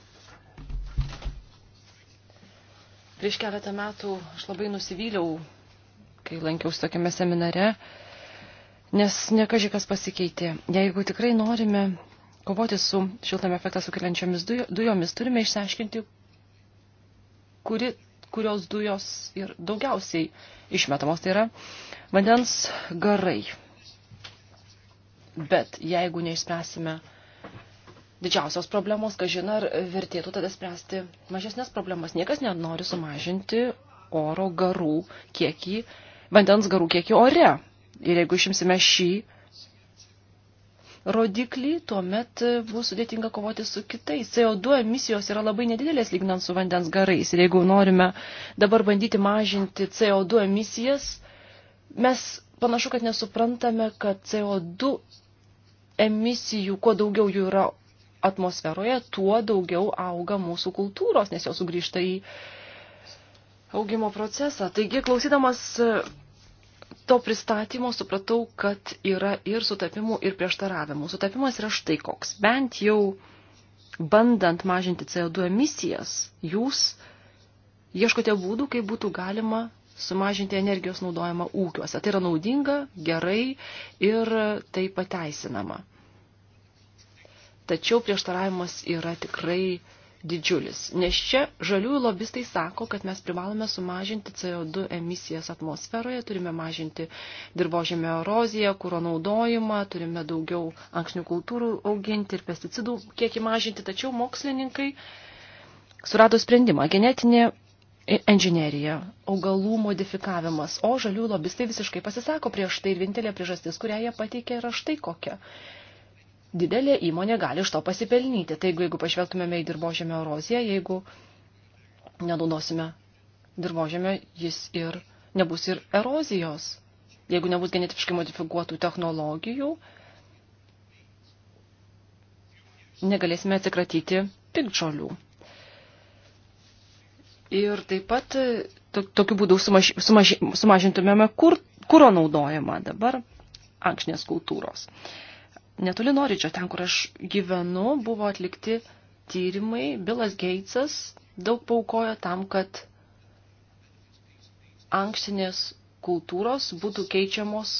Prieš keletą metų aš labai nusivyliau, kai lankiausi tokiame seminare, nes nekažikas pasikeitė. Jeigu tikrai norime kovoti su šiltame efektą sukeliančiomis dujomis, turime išsiaiškinti, kuri kurios dujos ir daugiausiai išmetamos, tai yra vandens garai. Bet jeigu neišspręsime didžiausios problemos, kažin ar vertėtų tada spręsti mažesnės problemas. Niekas nenori sumažinti oro garų kiekį, vandens garų kiekį ore. Ir jeigu išimsime šį rodiklį, tuomet e, bus sudėtinga kovoti su kitais. CO2 emisijos yra labai nedidelės lygnant su vandens garais. Ir jeigu norime dabar bandyti mažinti CO2 emisijas, mes panašu, kad nesuprantame, kad CO2 emisijų, kuo daugiau jų yra atmosferoje, tuo daugiau auga mūsų kultūros, nes jos sugrįžta į augimo procesą. Taigi, klausydamas to pristatymo supratau, kad yra ir sutapimų, ir prieštaravimų. Sutapimas yra štai koks. Bent jau bandant mažinti CO2 emisijas, jūs ieškote būdų, kaip būtų galima sumažinti energijos naudojimą ūkiuose. Tai yra naudinga, gerai ir tai pateisinama. Tačiau prieštaravimas yra tikrai uh, didžiulis, nes čia žaliųjų lobistai sako, kad mes privalome sumažinti CO2 emisijas atmosferoje, turime mažinti dirbožėmio eroziją, kūro naudojimą, turime daugiau ankšnių kultūrų auginti ir pesticidų kiekį mažinti, tačiau mokslininkai surado sprendimą – genetinė inžinierija, augalų modifikavimas, o žaliųjų lobistai visiškai pasisako prieš tai ir vienintelė priežastis, kurią jie pateikia, yra štai kokia – didelė įmonė gali iš to pasipelnyti. Taigi, jeigu pažvelgtumėme į dirbožėmio eroziją, jeigu nenaudosime dirbožėmio, jis ir nebus ir erozijos. Jeigu nebus genetiškai modifikuotų technologijų, negalėsime atsikratyti pikdžolių. Ir taip pat to, tokiu būdu sumaž, sumaž, sumažintumėme kur, kuro naudojimą dabar ankšnės kultūros. Uh, netoli Noridžio, ten, kur aš gyvenu, buvo atlikti tyrimai. Bilas Geitsas daug paukojo tam, kad ankštinės kultūros būtų keičiamos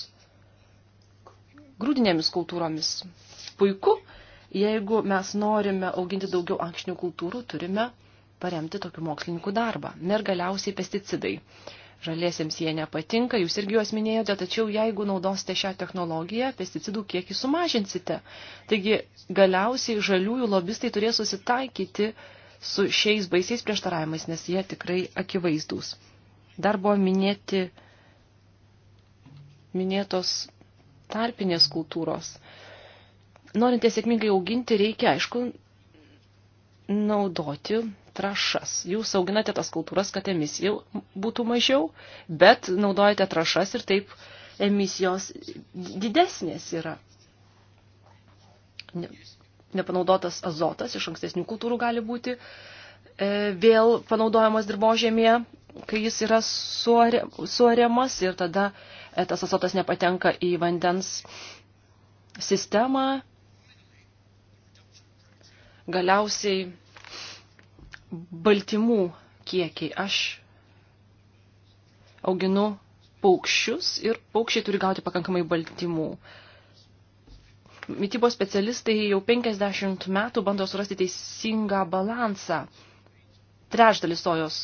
grūdinėmis kultūromis. Puiku, jeigu mes norime auginti daugiau ankštinių kultūrų, turime paremti tokių mokslininkų darbą. Na ir galiausiai pesticidai. Uh, žaliesiems jie nepatinka, jūs irgi juos minėjote, tačiau jeigu naudosite šią technologiją, pesticidų kiekį sumažinsite. Taigi galiausiai žaliųjų lobistai turės susitaikyti su šiais baisiais prieštaravimais, nes jie tikrai akivaizdūs. Dar buvo minėti, minėtos tarpinės kultūros. Norint jas sėkmingai auginti, reikia, aišku, naudoti trašas. Jūs auginate tas kultūras, kad emisijų būtų mažiau, bet naudojate trašas ir taip emisijos didesnės yra. Nepanaudotas azotas iš ankstesnių kultūrų gali būti e, vėl panaudojamas dirbožėmėje, kai jis yra suariamas ir tada e, tas azotas nepatenka į vandens sistemą. Galiausiai baltymų kiekiai. Aš auginu paukščius ir paukščiai turi gauti pakankamai baltymų. Mytybos specialistai jau 50 metų bando surasti teisingą balansą. Trečdalis sojos,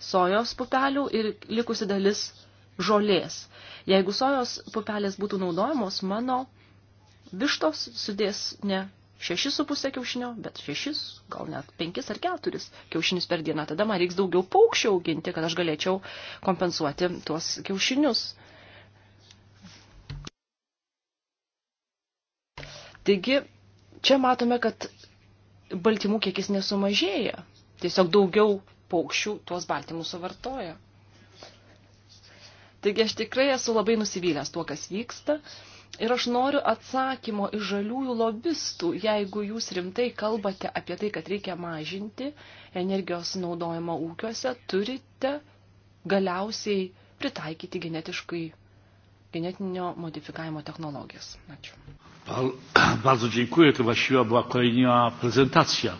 sojos pupelių ir likusi dalis žolės. Jeigu sojos pupelės būtų naudojamos, mano vištos sudės ne 6,5 kiaušinio, bet 6, gal net 5 ar 4 kiaušinius per dieną. Tada man reiks daugiau paukščių auginti, kad aš galėčiau kompensuoti tuos kiaušinius. Taigi, čia matome, kad baltymų kiekis nesumažėja. Tiesiog daugiau paukščių tuos baltymus suvartoja. Taigi aš tikrai esu labai nusivylęs tuo, kas vyksta. Uh, Ir aš noriu atsakymo iš žaliųjų lobistų, jeigu jūs rimtai kalbate apie tai, kad reikia mažinti energijos naudojimą ūkiuose, turite galiausiai pritaikyti genetiškai genetinio modyfikavimo technologijas. Ačiū. Bardzo dziękuję. To właściwie była kolejna prezentacja.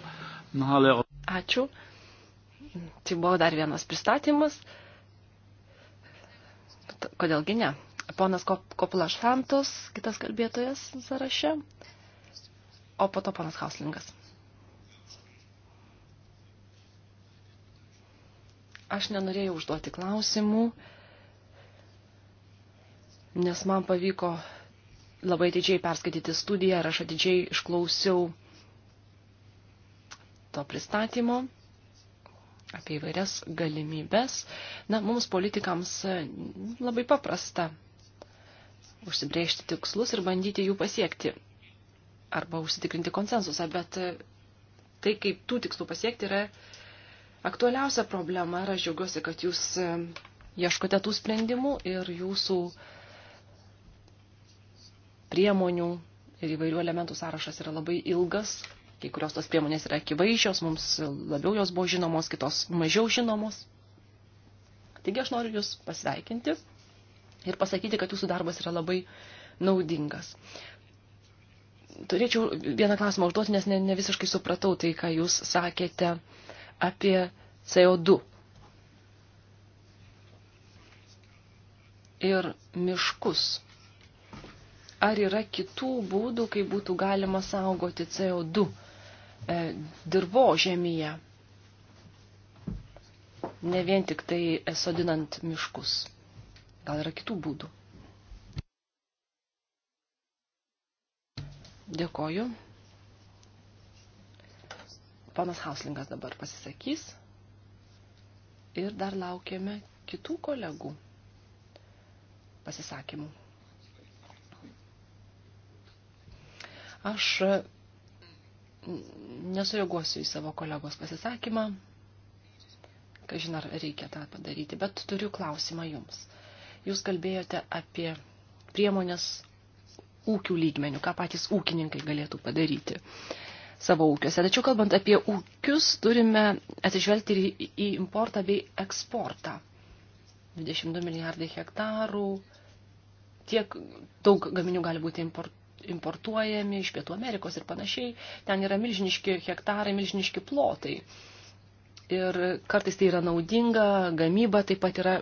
No, ale... Ačiū. Tai buvo dar vienas pristatymas. Kodėlgi ne? ponas Kopulas Šantos, kitas kalbėtojas sąraše, o po to ponas Hauslingas. Aš nenorėjau užduoti klausimų, nes man pavyko labai didžiai perskaityti studiją ir aš atidžiai išklausiau to pristatymo apie įvairias galimybės. Na, mums politikams labai paprasta užsibrėžti tikslus ir bandyti jų pasiekti arba užsitikrinti konsensusą, bet e, tai, kaip tų tikslų pasiekti, yra aktualiausia problema ir aš džiaugiuosi, kad jūs e, ieškote tų sprendimų ir jūsų priemonių ir įvairių elementų sąrašas yra labai ilgas. Kai kurios tos priemonės yra akivaizdžios, mums labiau jos buvo žinomos, kitos mažiau žinomos. Taigi aš noriu Jūs pasveikinti ir pasakyti, kad jūsų darbas yra labai naudingas. Turėčiau vieną klausimą užduoti, nes ne, ne visiškai supratau tai, ką jūs sakėte apie CO2 ir miškus. Ar yra kitų būdų, kaip būtų galima saugoti CO2 e, dirbožėmyje, ne vien tik tai sodinant miškus? Gal yra kitų būdų? Dėkoju. Ponas Hauslingas dabar pasisakys. Ir dar laukiame kitų kolegų pasisakymų. Aš nesureaguosiu į savo kolegos pasisakymą, kažin ar reikia tą padaryti, bet turiu klausimą jums. Jūs kalbėjote apie priemonės ūkių lygmenių, ką patys ūkininkai galėtų padaryti savo ūkiuose. Tačiau kalbant apie ūkius, turime atsižvelgti ir į importą bei eksportą. 22 milijardai hektarų, tiek daug gaminių gali būti importuojami iš Pietų Amerikos ir panašiai. Ten yra milžiniški hektarai, milžiniški plotai. Ir kartais tai yra naudinga, gamyba taip pat yra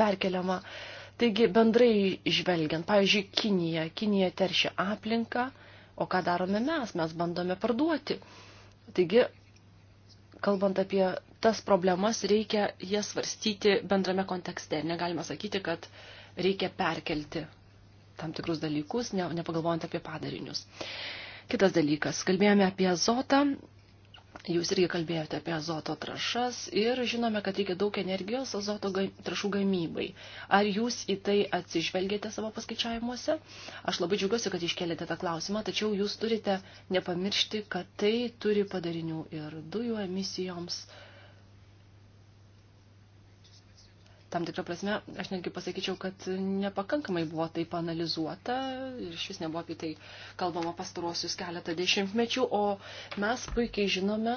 perkeliama. Taigi bendrai žvelgiant, pavyzdžiui, Kinija. Kinija teršia aplinką, o ką darome mes? Mes bandome parduoti. Taigi, kalbant apie tas problemas, reikia jas svarstyti bendrame kontekste. Ir negalime sakyti, kad reikia perkelti tam tikrus dalykus, ne, nepagalvojant apie padarinius. Kitas dalykas. Kalbėjome apie azotą Jūs irgi kalbėjote apie azoto trašas ir žinome, kad reikia daug energijos azoto trašų gamybai. Ar jūs į tai atsižvelgėte savo paskaičiavimuose? Aš labai džiugiuosi, kad iškelėte tą klausimą, tačiau jūs turite nepamiršti, kad tai turi padarinių ir dujų emisijoms, uh, tam tikrą prasme, aš netgi pasakyčiau, kad nepakankamai buvo tai analizuota ir šis nebuvo apie tai kalbama pastaruosius keletą dešimtmečių, o mes puikiai žinome,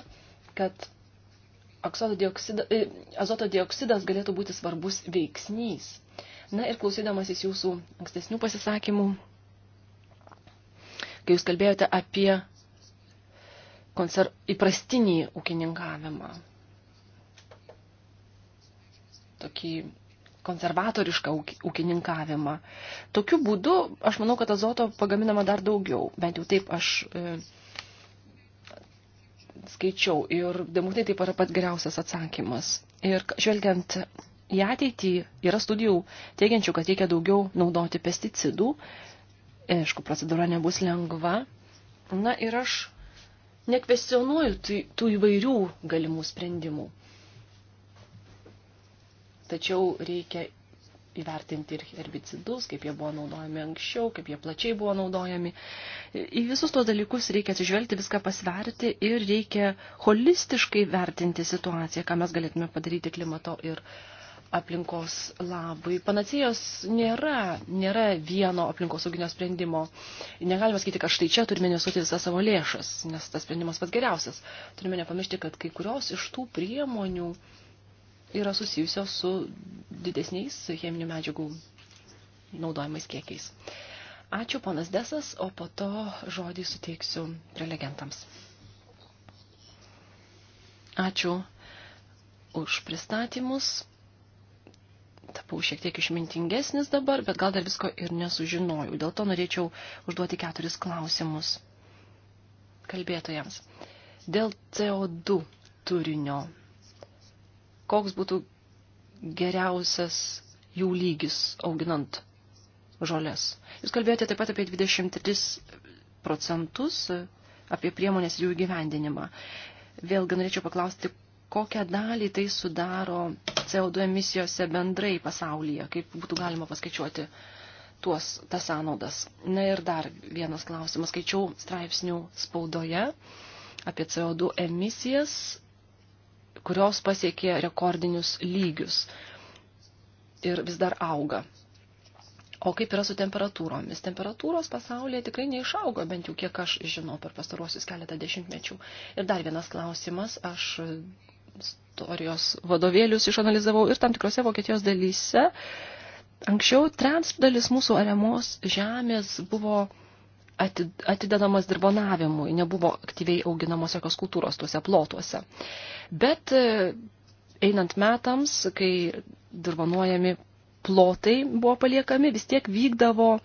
kad dioksida, e, azoto dioksidas galėtų būti svarbus veiksnys. Na ir klausydamasis jūsų ankstesnių pasisakymų, kai jūs kalbėjote apie konser... įprastinį ūkininkavimą, tokį konservatorišką ūkininkavimą. Tokiu būdu aš manau, kad azoto pagaminama dar daugiau. Bent jau taip aš e, skaičiau. Ir demutai taip yra pat geriausias atsakymas. Ir žvelgiant į ateitį, yra studijų teigiančių, kad reikia daugiau naudoti pesticidų. E, aišku, procedūra nebus lengva. Na ir aš nekvestionuoju tų, tų įvairių galimų sprendimų. Tačiau reikia įvertinti ir herbicidus, kaip jie buvo naudojami anksčiau, kaip jie plačiai buvo naudojami. Į visus tos dalykus reikia atsižvelgti, viską pasverti ir reikia holistiškai vertinti situaciją, ką mes galėtume padaryti klimato ir aplinkos labui. Panacijos nėra, nėra vieno aplinkosauginio sprendimo. Negalima sakyti, kad štai čia turime nesuoti visą savo lėšas, nes tas sprendimas pats geriausias. Turime nepamiršti, kad kai kurios iš tų priemonių yra susijusios su didesniais cheminių medžiagų naudojimais kiekiais. Ačiū, ponas Desas, o po to žodį suteiksiu prelegentams. Ačiū už pristatymus. Tapau šiek tiek išmintingesnis dabar, bet gal dar visko ir nesužinojau. Dėl to norėčiau užduoti keturis klausimus kalbėtojams. Dėl CO2 turinio koks būtų geriausias jų lygis auginant žolės. Jūs kalbėjote taip pat apie 23 procentus, apie priemonės jų gyvendinimą. Vėlgi norėčiau paklausti, kokią dalį tai sudaro CO2 emisijose bendrai pasaulyje, kaip būtų galima paskaičiuoti tuos tas sąnaudas. Na ir dar vienas klausimas. Skaičiau straipsnių spaudoje apie CO2 emisijas kurios pasiekė rekordinius lygius ir vis dar auga. O kaip yra su temperatūromis? Temperatūros pasaulyje tikrai neišaugo, bent jau kiek aš žinau per pastaruosius keletą dešimtmečių. Ir dar vienas klausimas, aš istorijos vadovėlius išanalizavau ir tam tikrose Vokietijos dalyse. Anksčiau trečdalis mūsų ariamos žemės buvo atidedamas dirbonavimui, nebuvo aktyviai auginamos jokios kultūros tuose plotuose. Bet e, einant metams, kai dirbonuojami plotai buvo paliekami, vis tiek vykdavo e,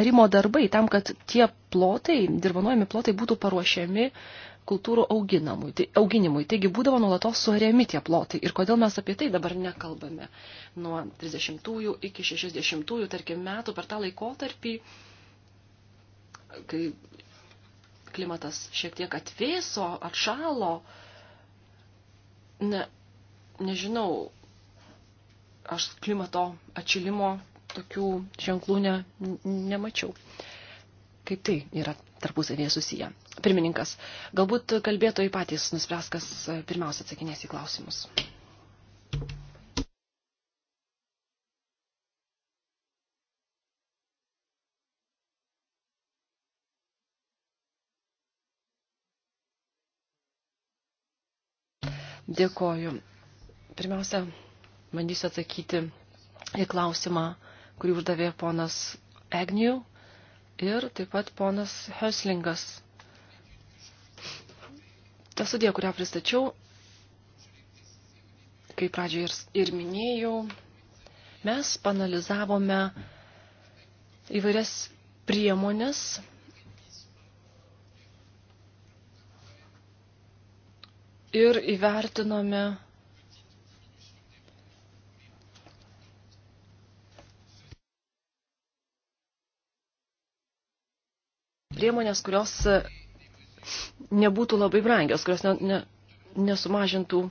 arimo darbai tam, kad tie plotai, dirbonuojami plotai būtų paruošiami kultūrų auginamui, tai, auginimui. Taigi būdavo nuolatos suariami tie plotai. Ir kodėl mes apie tai dabar nekalbame? Nuo 30-ųjų iki 60-ųjų, tarkim, metų per tą laikotarpį uh, kai klimatas šiek tiek atvėso, atšalo, ne, nežinau, aš klimato atšilimo tokių ženklų ne, nemačiau. Kaip tai yra tarpusavėje susiję. Pirmininkas, galbūt kalbėtojai patys nuspręs, kas pirmiausia atsakinės į klausimus. Dėkoju. Pirmiausia, bandysiu atsakyti į klausimą, kurį uždavė ponas Agnew ir taip pat ponas Höslingas. Ta studija, kurią pristačiau, kaip pradžioje ir, ir minėjau, mes panalizavome įvairias priemonės ir įvertinome priemonės, kurios nebūtų labai brangios, kurios ne, ne, nesumažintų,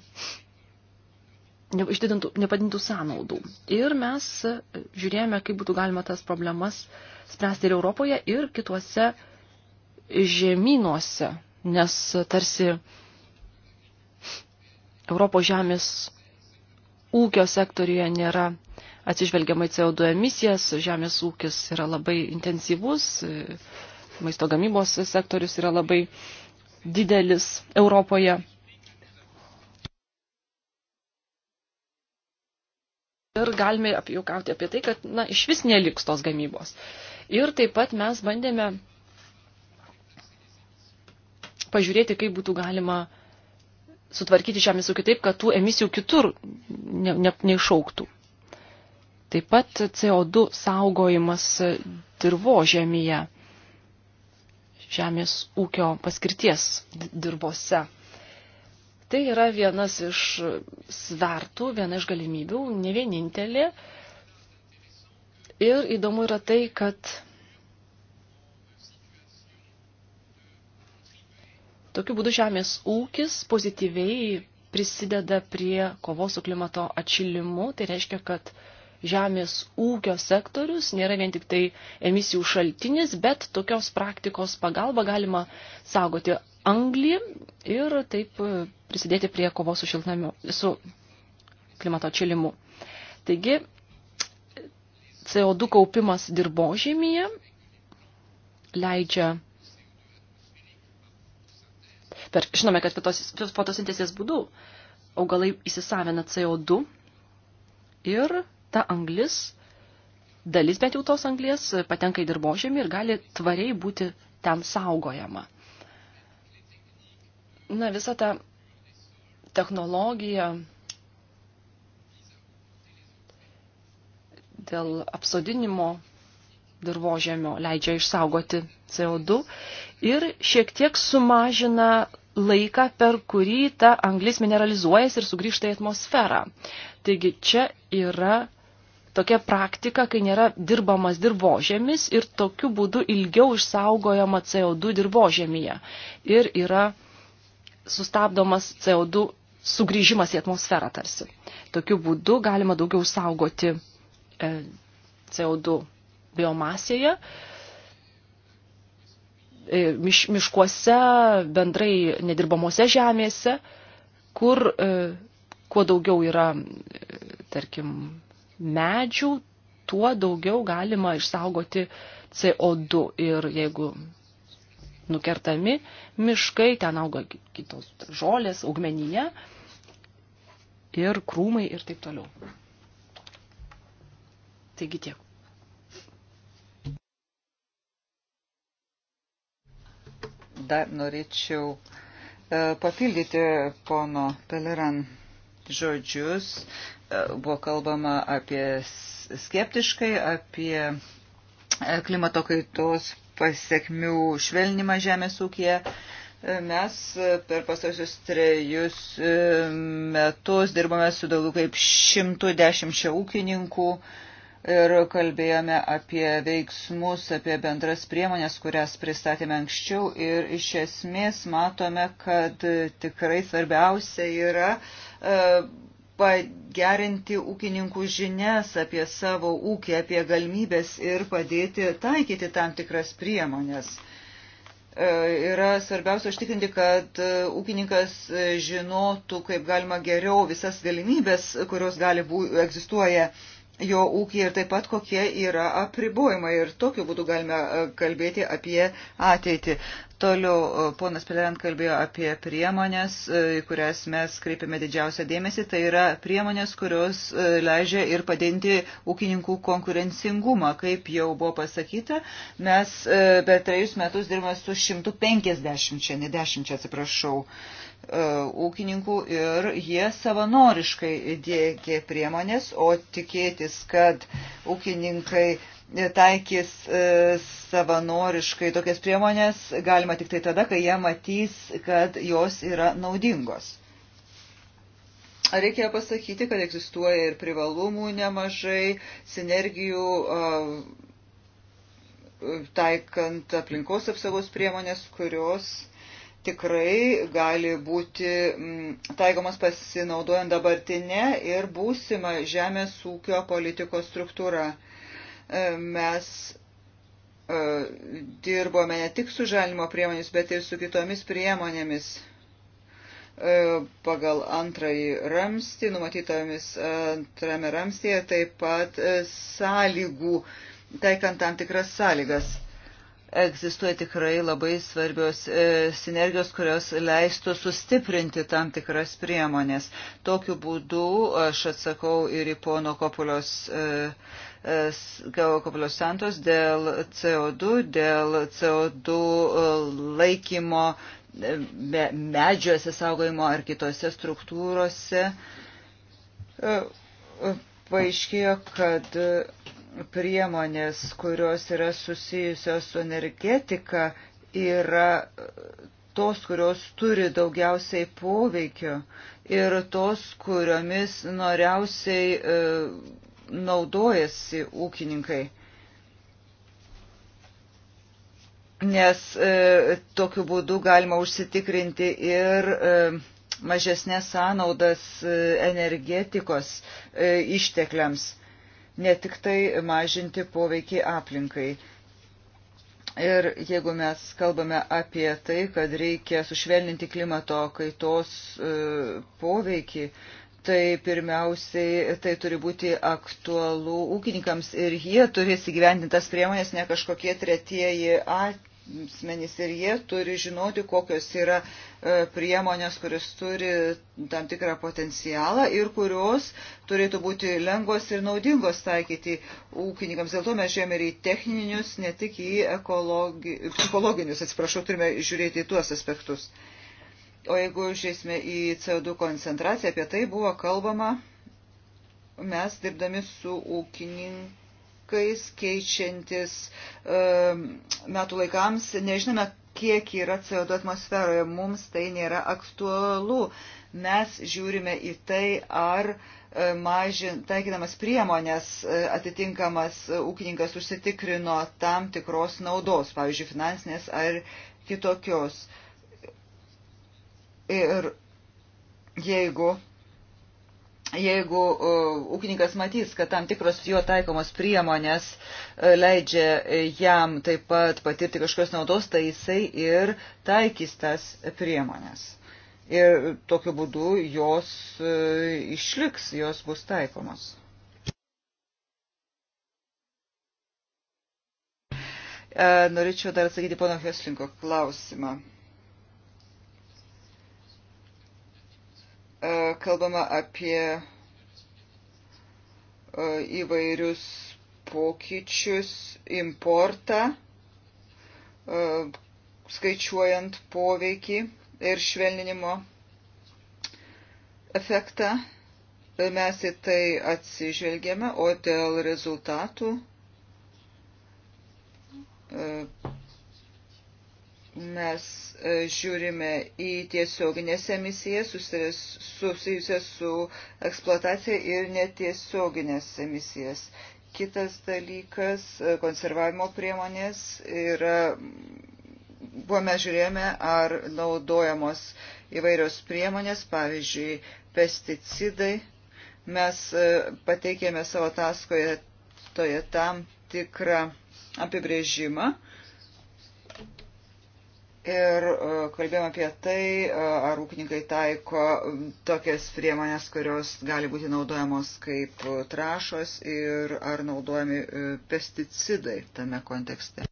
ne, išdidintų, nepadintų sąnaudų. Ir mes žiūrėjome, kaip būtų galima tas problemas spręsti ir Europoje, ir kituose žemynuose, nes tarsi Europos žemės ūkio sektoriuje nėra atsižvelgiama į CO2 emisijas, žemės ūkis yra labai intensyvus, maisto gamybos sektorius yra labai didelis Europoje. Ir galime apjaukauti apie tai, kad na, iš vis neliks tos gamybos. Ir taip pat mes bandėme pažiūrėti, kaip būtų galima uh, sutvarkyti žemės ūkį taip, kad tų emisijų kitur ne, ne, neišauktų. Taip pat CO2 saugojimas dirbožėmyje, žemės ūkio paskirties dirbose. Tai yra vienas iš svertų, viena iš galimybių, ne vienintelė. Ir įdomu yra tai, kad Tokiu būdu žemės ūkis pozityviai prisideda prie kovos su klimato atšilimu. Tai reiškia, kad žemės ūkio sektorius nėra vien tik tai emisijų šaltinis, bet tokios praktikos pagalba galima saugoti anglį ir taip prisidėti prie kovos su, šiltnamiu, su klimato atšilimu. Taigi, CO2 kaupimas dirbožėmyje leidžia Per, žinome, kad fotosintezės būdu augalai įsisavina CO2 ir ta anglis, dalis bent jau tos anglies, patenka į dirbožėmį ir gali tvariai būti ten saugojama. Na, visa ta technologija dėl apsodinimo dirbožėmio leidžia išsaugoti CO2 ir šiek tiek sumažina laiką, per kurį ta anglis mineralizuojasi ir sugrįžta į atmosferą. Taigi čia yra tokia praktika, kai nėra dirbamas dirbožėmis ir tokiu būdu ilgiau išsaugojama CO2 dirbožėmyje ir yra sustabdomas CO2 sugrįžimas į atmosferą tarsi. Tokiu būdu galima daugiau saugoti e, CO2 biomasėje. E, E, miš, miškuose, bendrai nedirbamose žemėse, kur e, kuo daugiau yra, e, tarkim, medžių, tuo daugiau galima išsaugoti CO2. Ir jeigu nukertami miškai, ten auga kitos žolės, augmenyje ir krūmai ir taip toliau. Taigi tiek. dar norėčiau e, papildyti pono Peleran žodžius. E, buvo kalbama apie skeptiškai, apie e, klimato kaitos pasiekmių švelnimą žemės ūkėje. Mes per pastarosius trejus metus dirbame su daugiau kaip 110 ūkininkų ir kalbėjome apie veiksmus, apie bendras priemonės, kurias pristatėme anksčiau ir iš esmės matome, kad tikrai svarbiausia yra e, pagerinti ūkininkų žinias apie savo ūkį, apie galimybės ir padėti taikyti tam tikras priemonės. E, yra svarbiausia užtikrinti, kad e, ūkininkas žinotų, kaip galima geriau visas galimybės, kurios gali būti egzistuoja jo ūkija ir taip pat kokie yra apribojimai. Ir tokiu būdu galime e, kalbėti apie ateitį. Toliau e, ponas Pelerant kalbėjo apie priemonės, e, į kurias mes kreipiame didžiausią dėmesį. Tai yra priemonės, kurios leidžia ir padinti ūkininkų konkurencingumą. Kaip jau buvo pasakyta, mes per trejus metus dirbame su 150, ne 10 atsiprašau, E, ūkininkų ir jie savanoriškai dėkė priemonės, o tikėtis, kad ūkininkai taikys e, savanoriškai tokias priemonės galima tik tai tada, kai jie matys, kad jos yra naudingos. Reikia pasakyti, kad egzistuoja ir privalumų nemažai, sinergijų e, taikant aplinkos apsaugos priemonės, kurios tikrai gali būti mm, taikomas pasinaudojant dabartinę ir būsimą žemės ūkio politikos struktūrą. E, mes e, dirbome ne tik su žalimo priemonės, bet ir su kitomis priemonėmis e, pagal antrąjį ramstį, numatytomis antrame ramstėje, taip pat sąlygų, taikant tam tikras sąlygas egzistuoja tikrai labai svarbios e, sinergijos, kurios leistų sustiprinti tam tikras priemonės. Tokiu būdu aš atsakau ir į pono Kopulios, e, e Kopulios santos dėl CO2, dėl CO2 e, laikymo e, medžiuose saugojimo ar kitose struktūrose. E, paaiškėjo, kad e, priemonės, kurios yra susijusios su energetika, yra tos, kurios turi daugiausiai poveikio ir tos, kuriomis noriausiai e, naudojasi ūkininkai. Nes e, tokiu būdu galima užsitikrinti ir e, mažesnės sąnaudas e, energetikos e, ištekliams. E, ne tik tai mažinti poveikį aplinkai. Ir jeigu mes kalbame apie tai, kad reikia sušvelninti klimato kaitos e, poveikį, tai pirmiausiai tai turi būti aktualu ūkininkams ir jie turės įgyvendintas priemonės, ne kažkokie tretieji at asmenys ir jie turi žinoti, kokios yra e, priemonės, kuris turi tam tikrą potencialą ir kurios turėtų būti lengvos ir naudingos taikyti ūkininkams. Dėl to mes žiūrėjome ir į techninius, ne tik į ekologi, psichologinius, atsiprašau, turime žiūrėti į tuos aspektus. O jeigu žiūrėsime į CO2 koncentraciją, apie tai buvo kalbama mes dirbdami su ūkininkai laikais, keičiantis metų laikams. Nežinome, kiek yra CO2 atmosferoje, mums tai nėra aktualu. Mes žiūrime į tai, ar e, mažin, taikinamas priemonės e, atitinkamas e, ūkininkas užsitikrino tam tikros naudos, pavyzdžiui, finansinės ar kitokios. Ir jeigu jeigu e, ūkininkas matys, kad tam tikros jo taikomos priemonės e, leidžia jam taip pat patirti kažkokios naudos, tai jisai ir taikys tas priemonės. Ir tokiu būdu jos e, išliks, jos bus taikomos. Norėčiau dar atsakyti pono Heslinko klausimą. E, kalbama apie e, įvairius pokyčius, importą, e, skaičiuojant poveikį ir švelninimo efektą. Mes į tai atsižvelgėme, o dėl rezultatų mes e, žiūrime į tiesioginės emisijas susijusias su eksploatacija ir netiesioginės emisijas. Kitas dalykas e, - konservavimo priemonės yra, buvo mes žiūrėjome, ar naudojamos įvairios priemonės, pavyzdžiui, pesticidai. Mes e, pateikėme savo taskoje toje tam tikrą apibrėžimą ir e, kalbėjom apie tai, e, ar ūkininkai taiko tokias priemonės, kurios gali būti naudojamos kaip e, trašos ir ar naudojami pesticidai tame kontekste.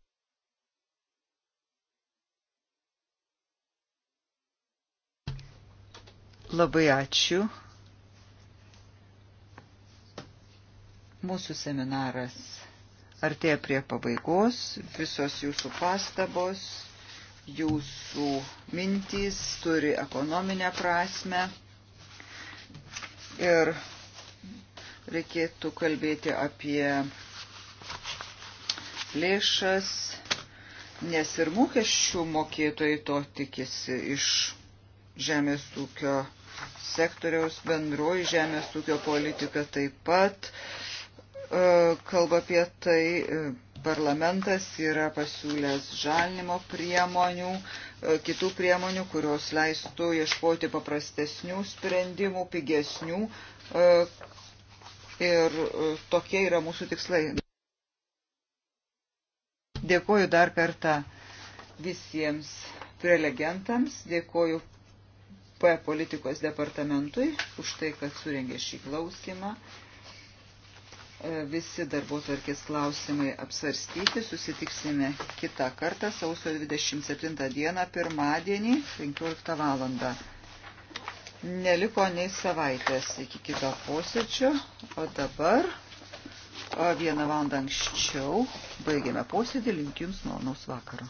Labai ačiū. Mūsų seminaras artėja prie pabaigos. Visos jūsų pastabos jūsų mintys turi ekonominę prasme ir reikėtų kalbėti apie lėšas, nes ir mokesčių mokėtojai to tikisi iš žemės ūkio sektoriaus bendroji žemės ūkio politika taip pat e, kalba apie tai e, parlamentas yra pasiūlęs žalinimo priemonių, e, kitų priemonių, kurios leistų ieškoti paprastesnių sprendimų, pigesnių. E, ir e, tokie yra mūsų tikslai. Dėkoju dar kartą visiems prelegentams, dėkoju P politikos departamentui už tai, kad surengė šį klausimą. E, visi darbo tvarkės klausimai apsvarstyti. Susitiksime kitą kartą, sausio 27 dieną, pirmadienį, 15 valandą. Neliko nei savaitės iki kito posėdžio, o dabar o vieną valandą anksčiau baigėme posėdį, linkiu Jums malonaus vakaro.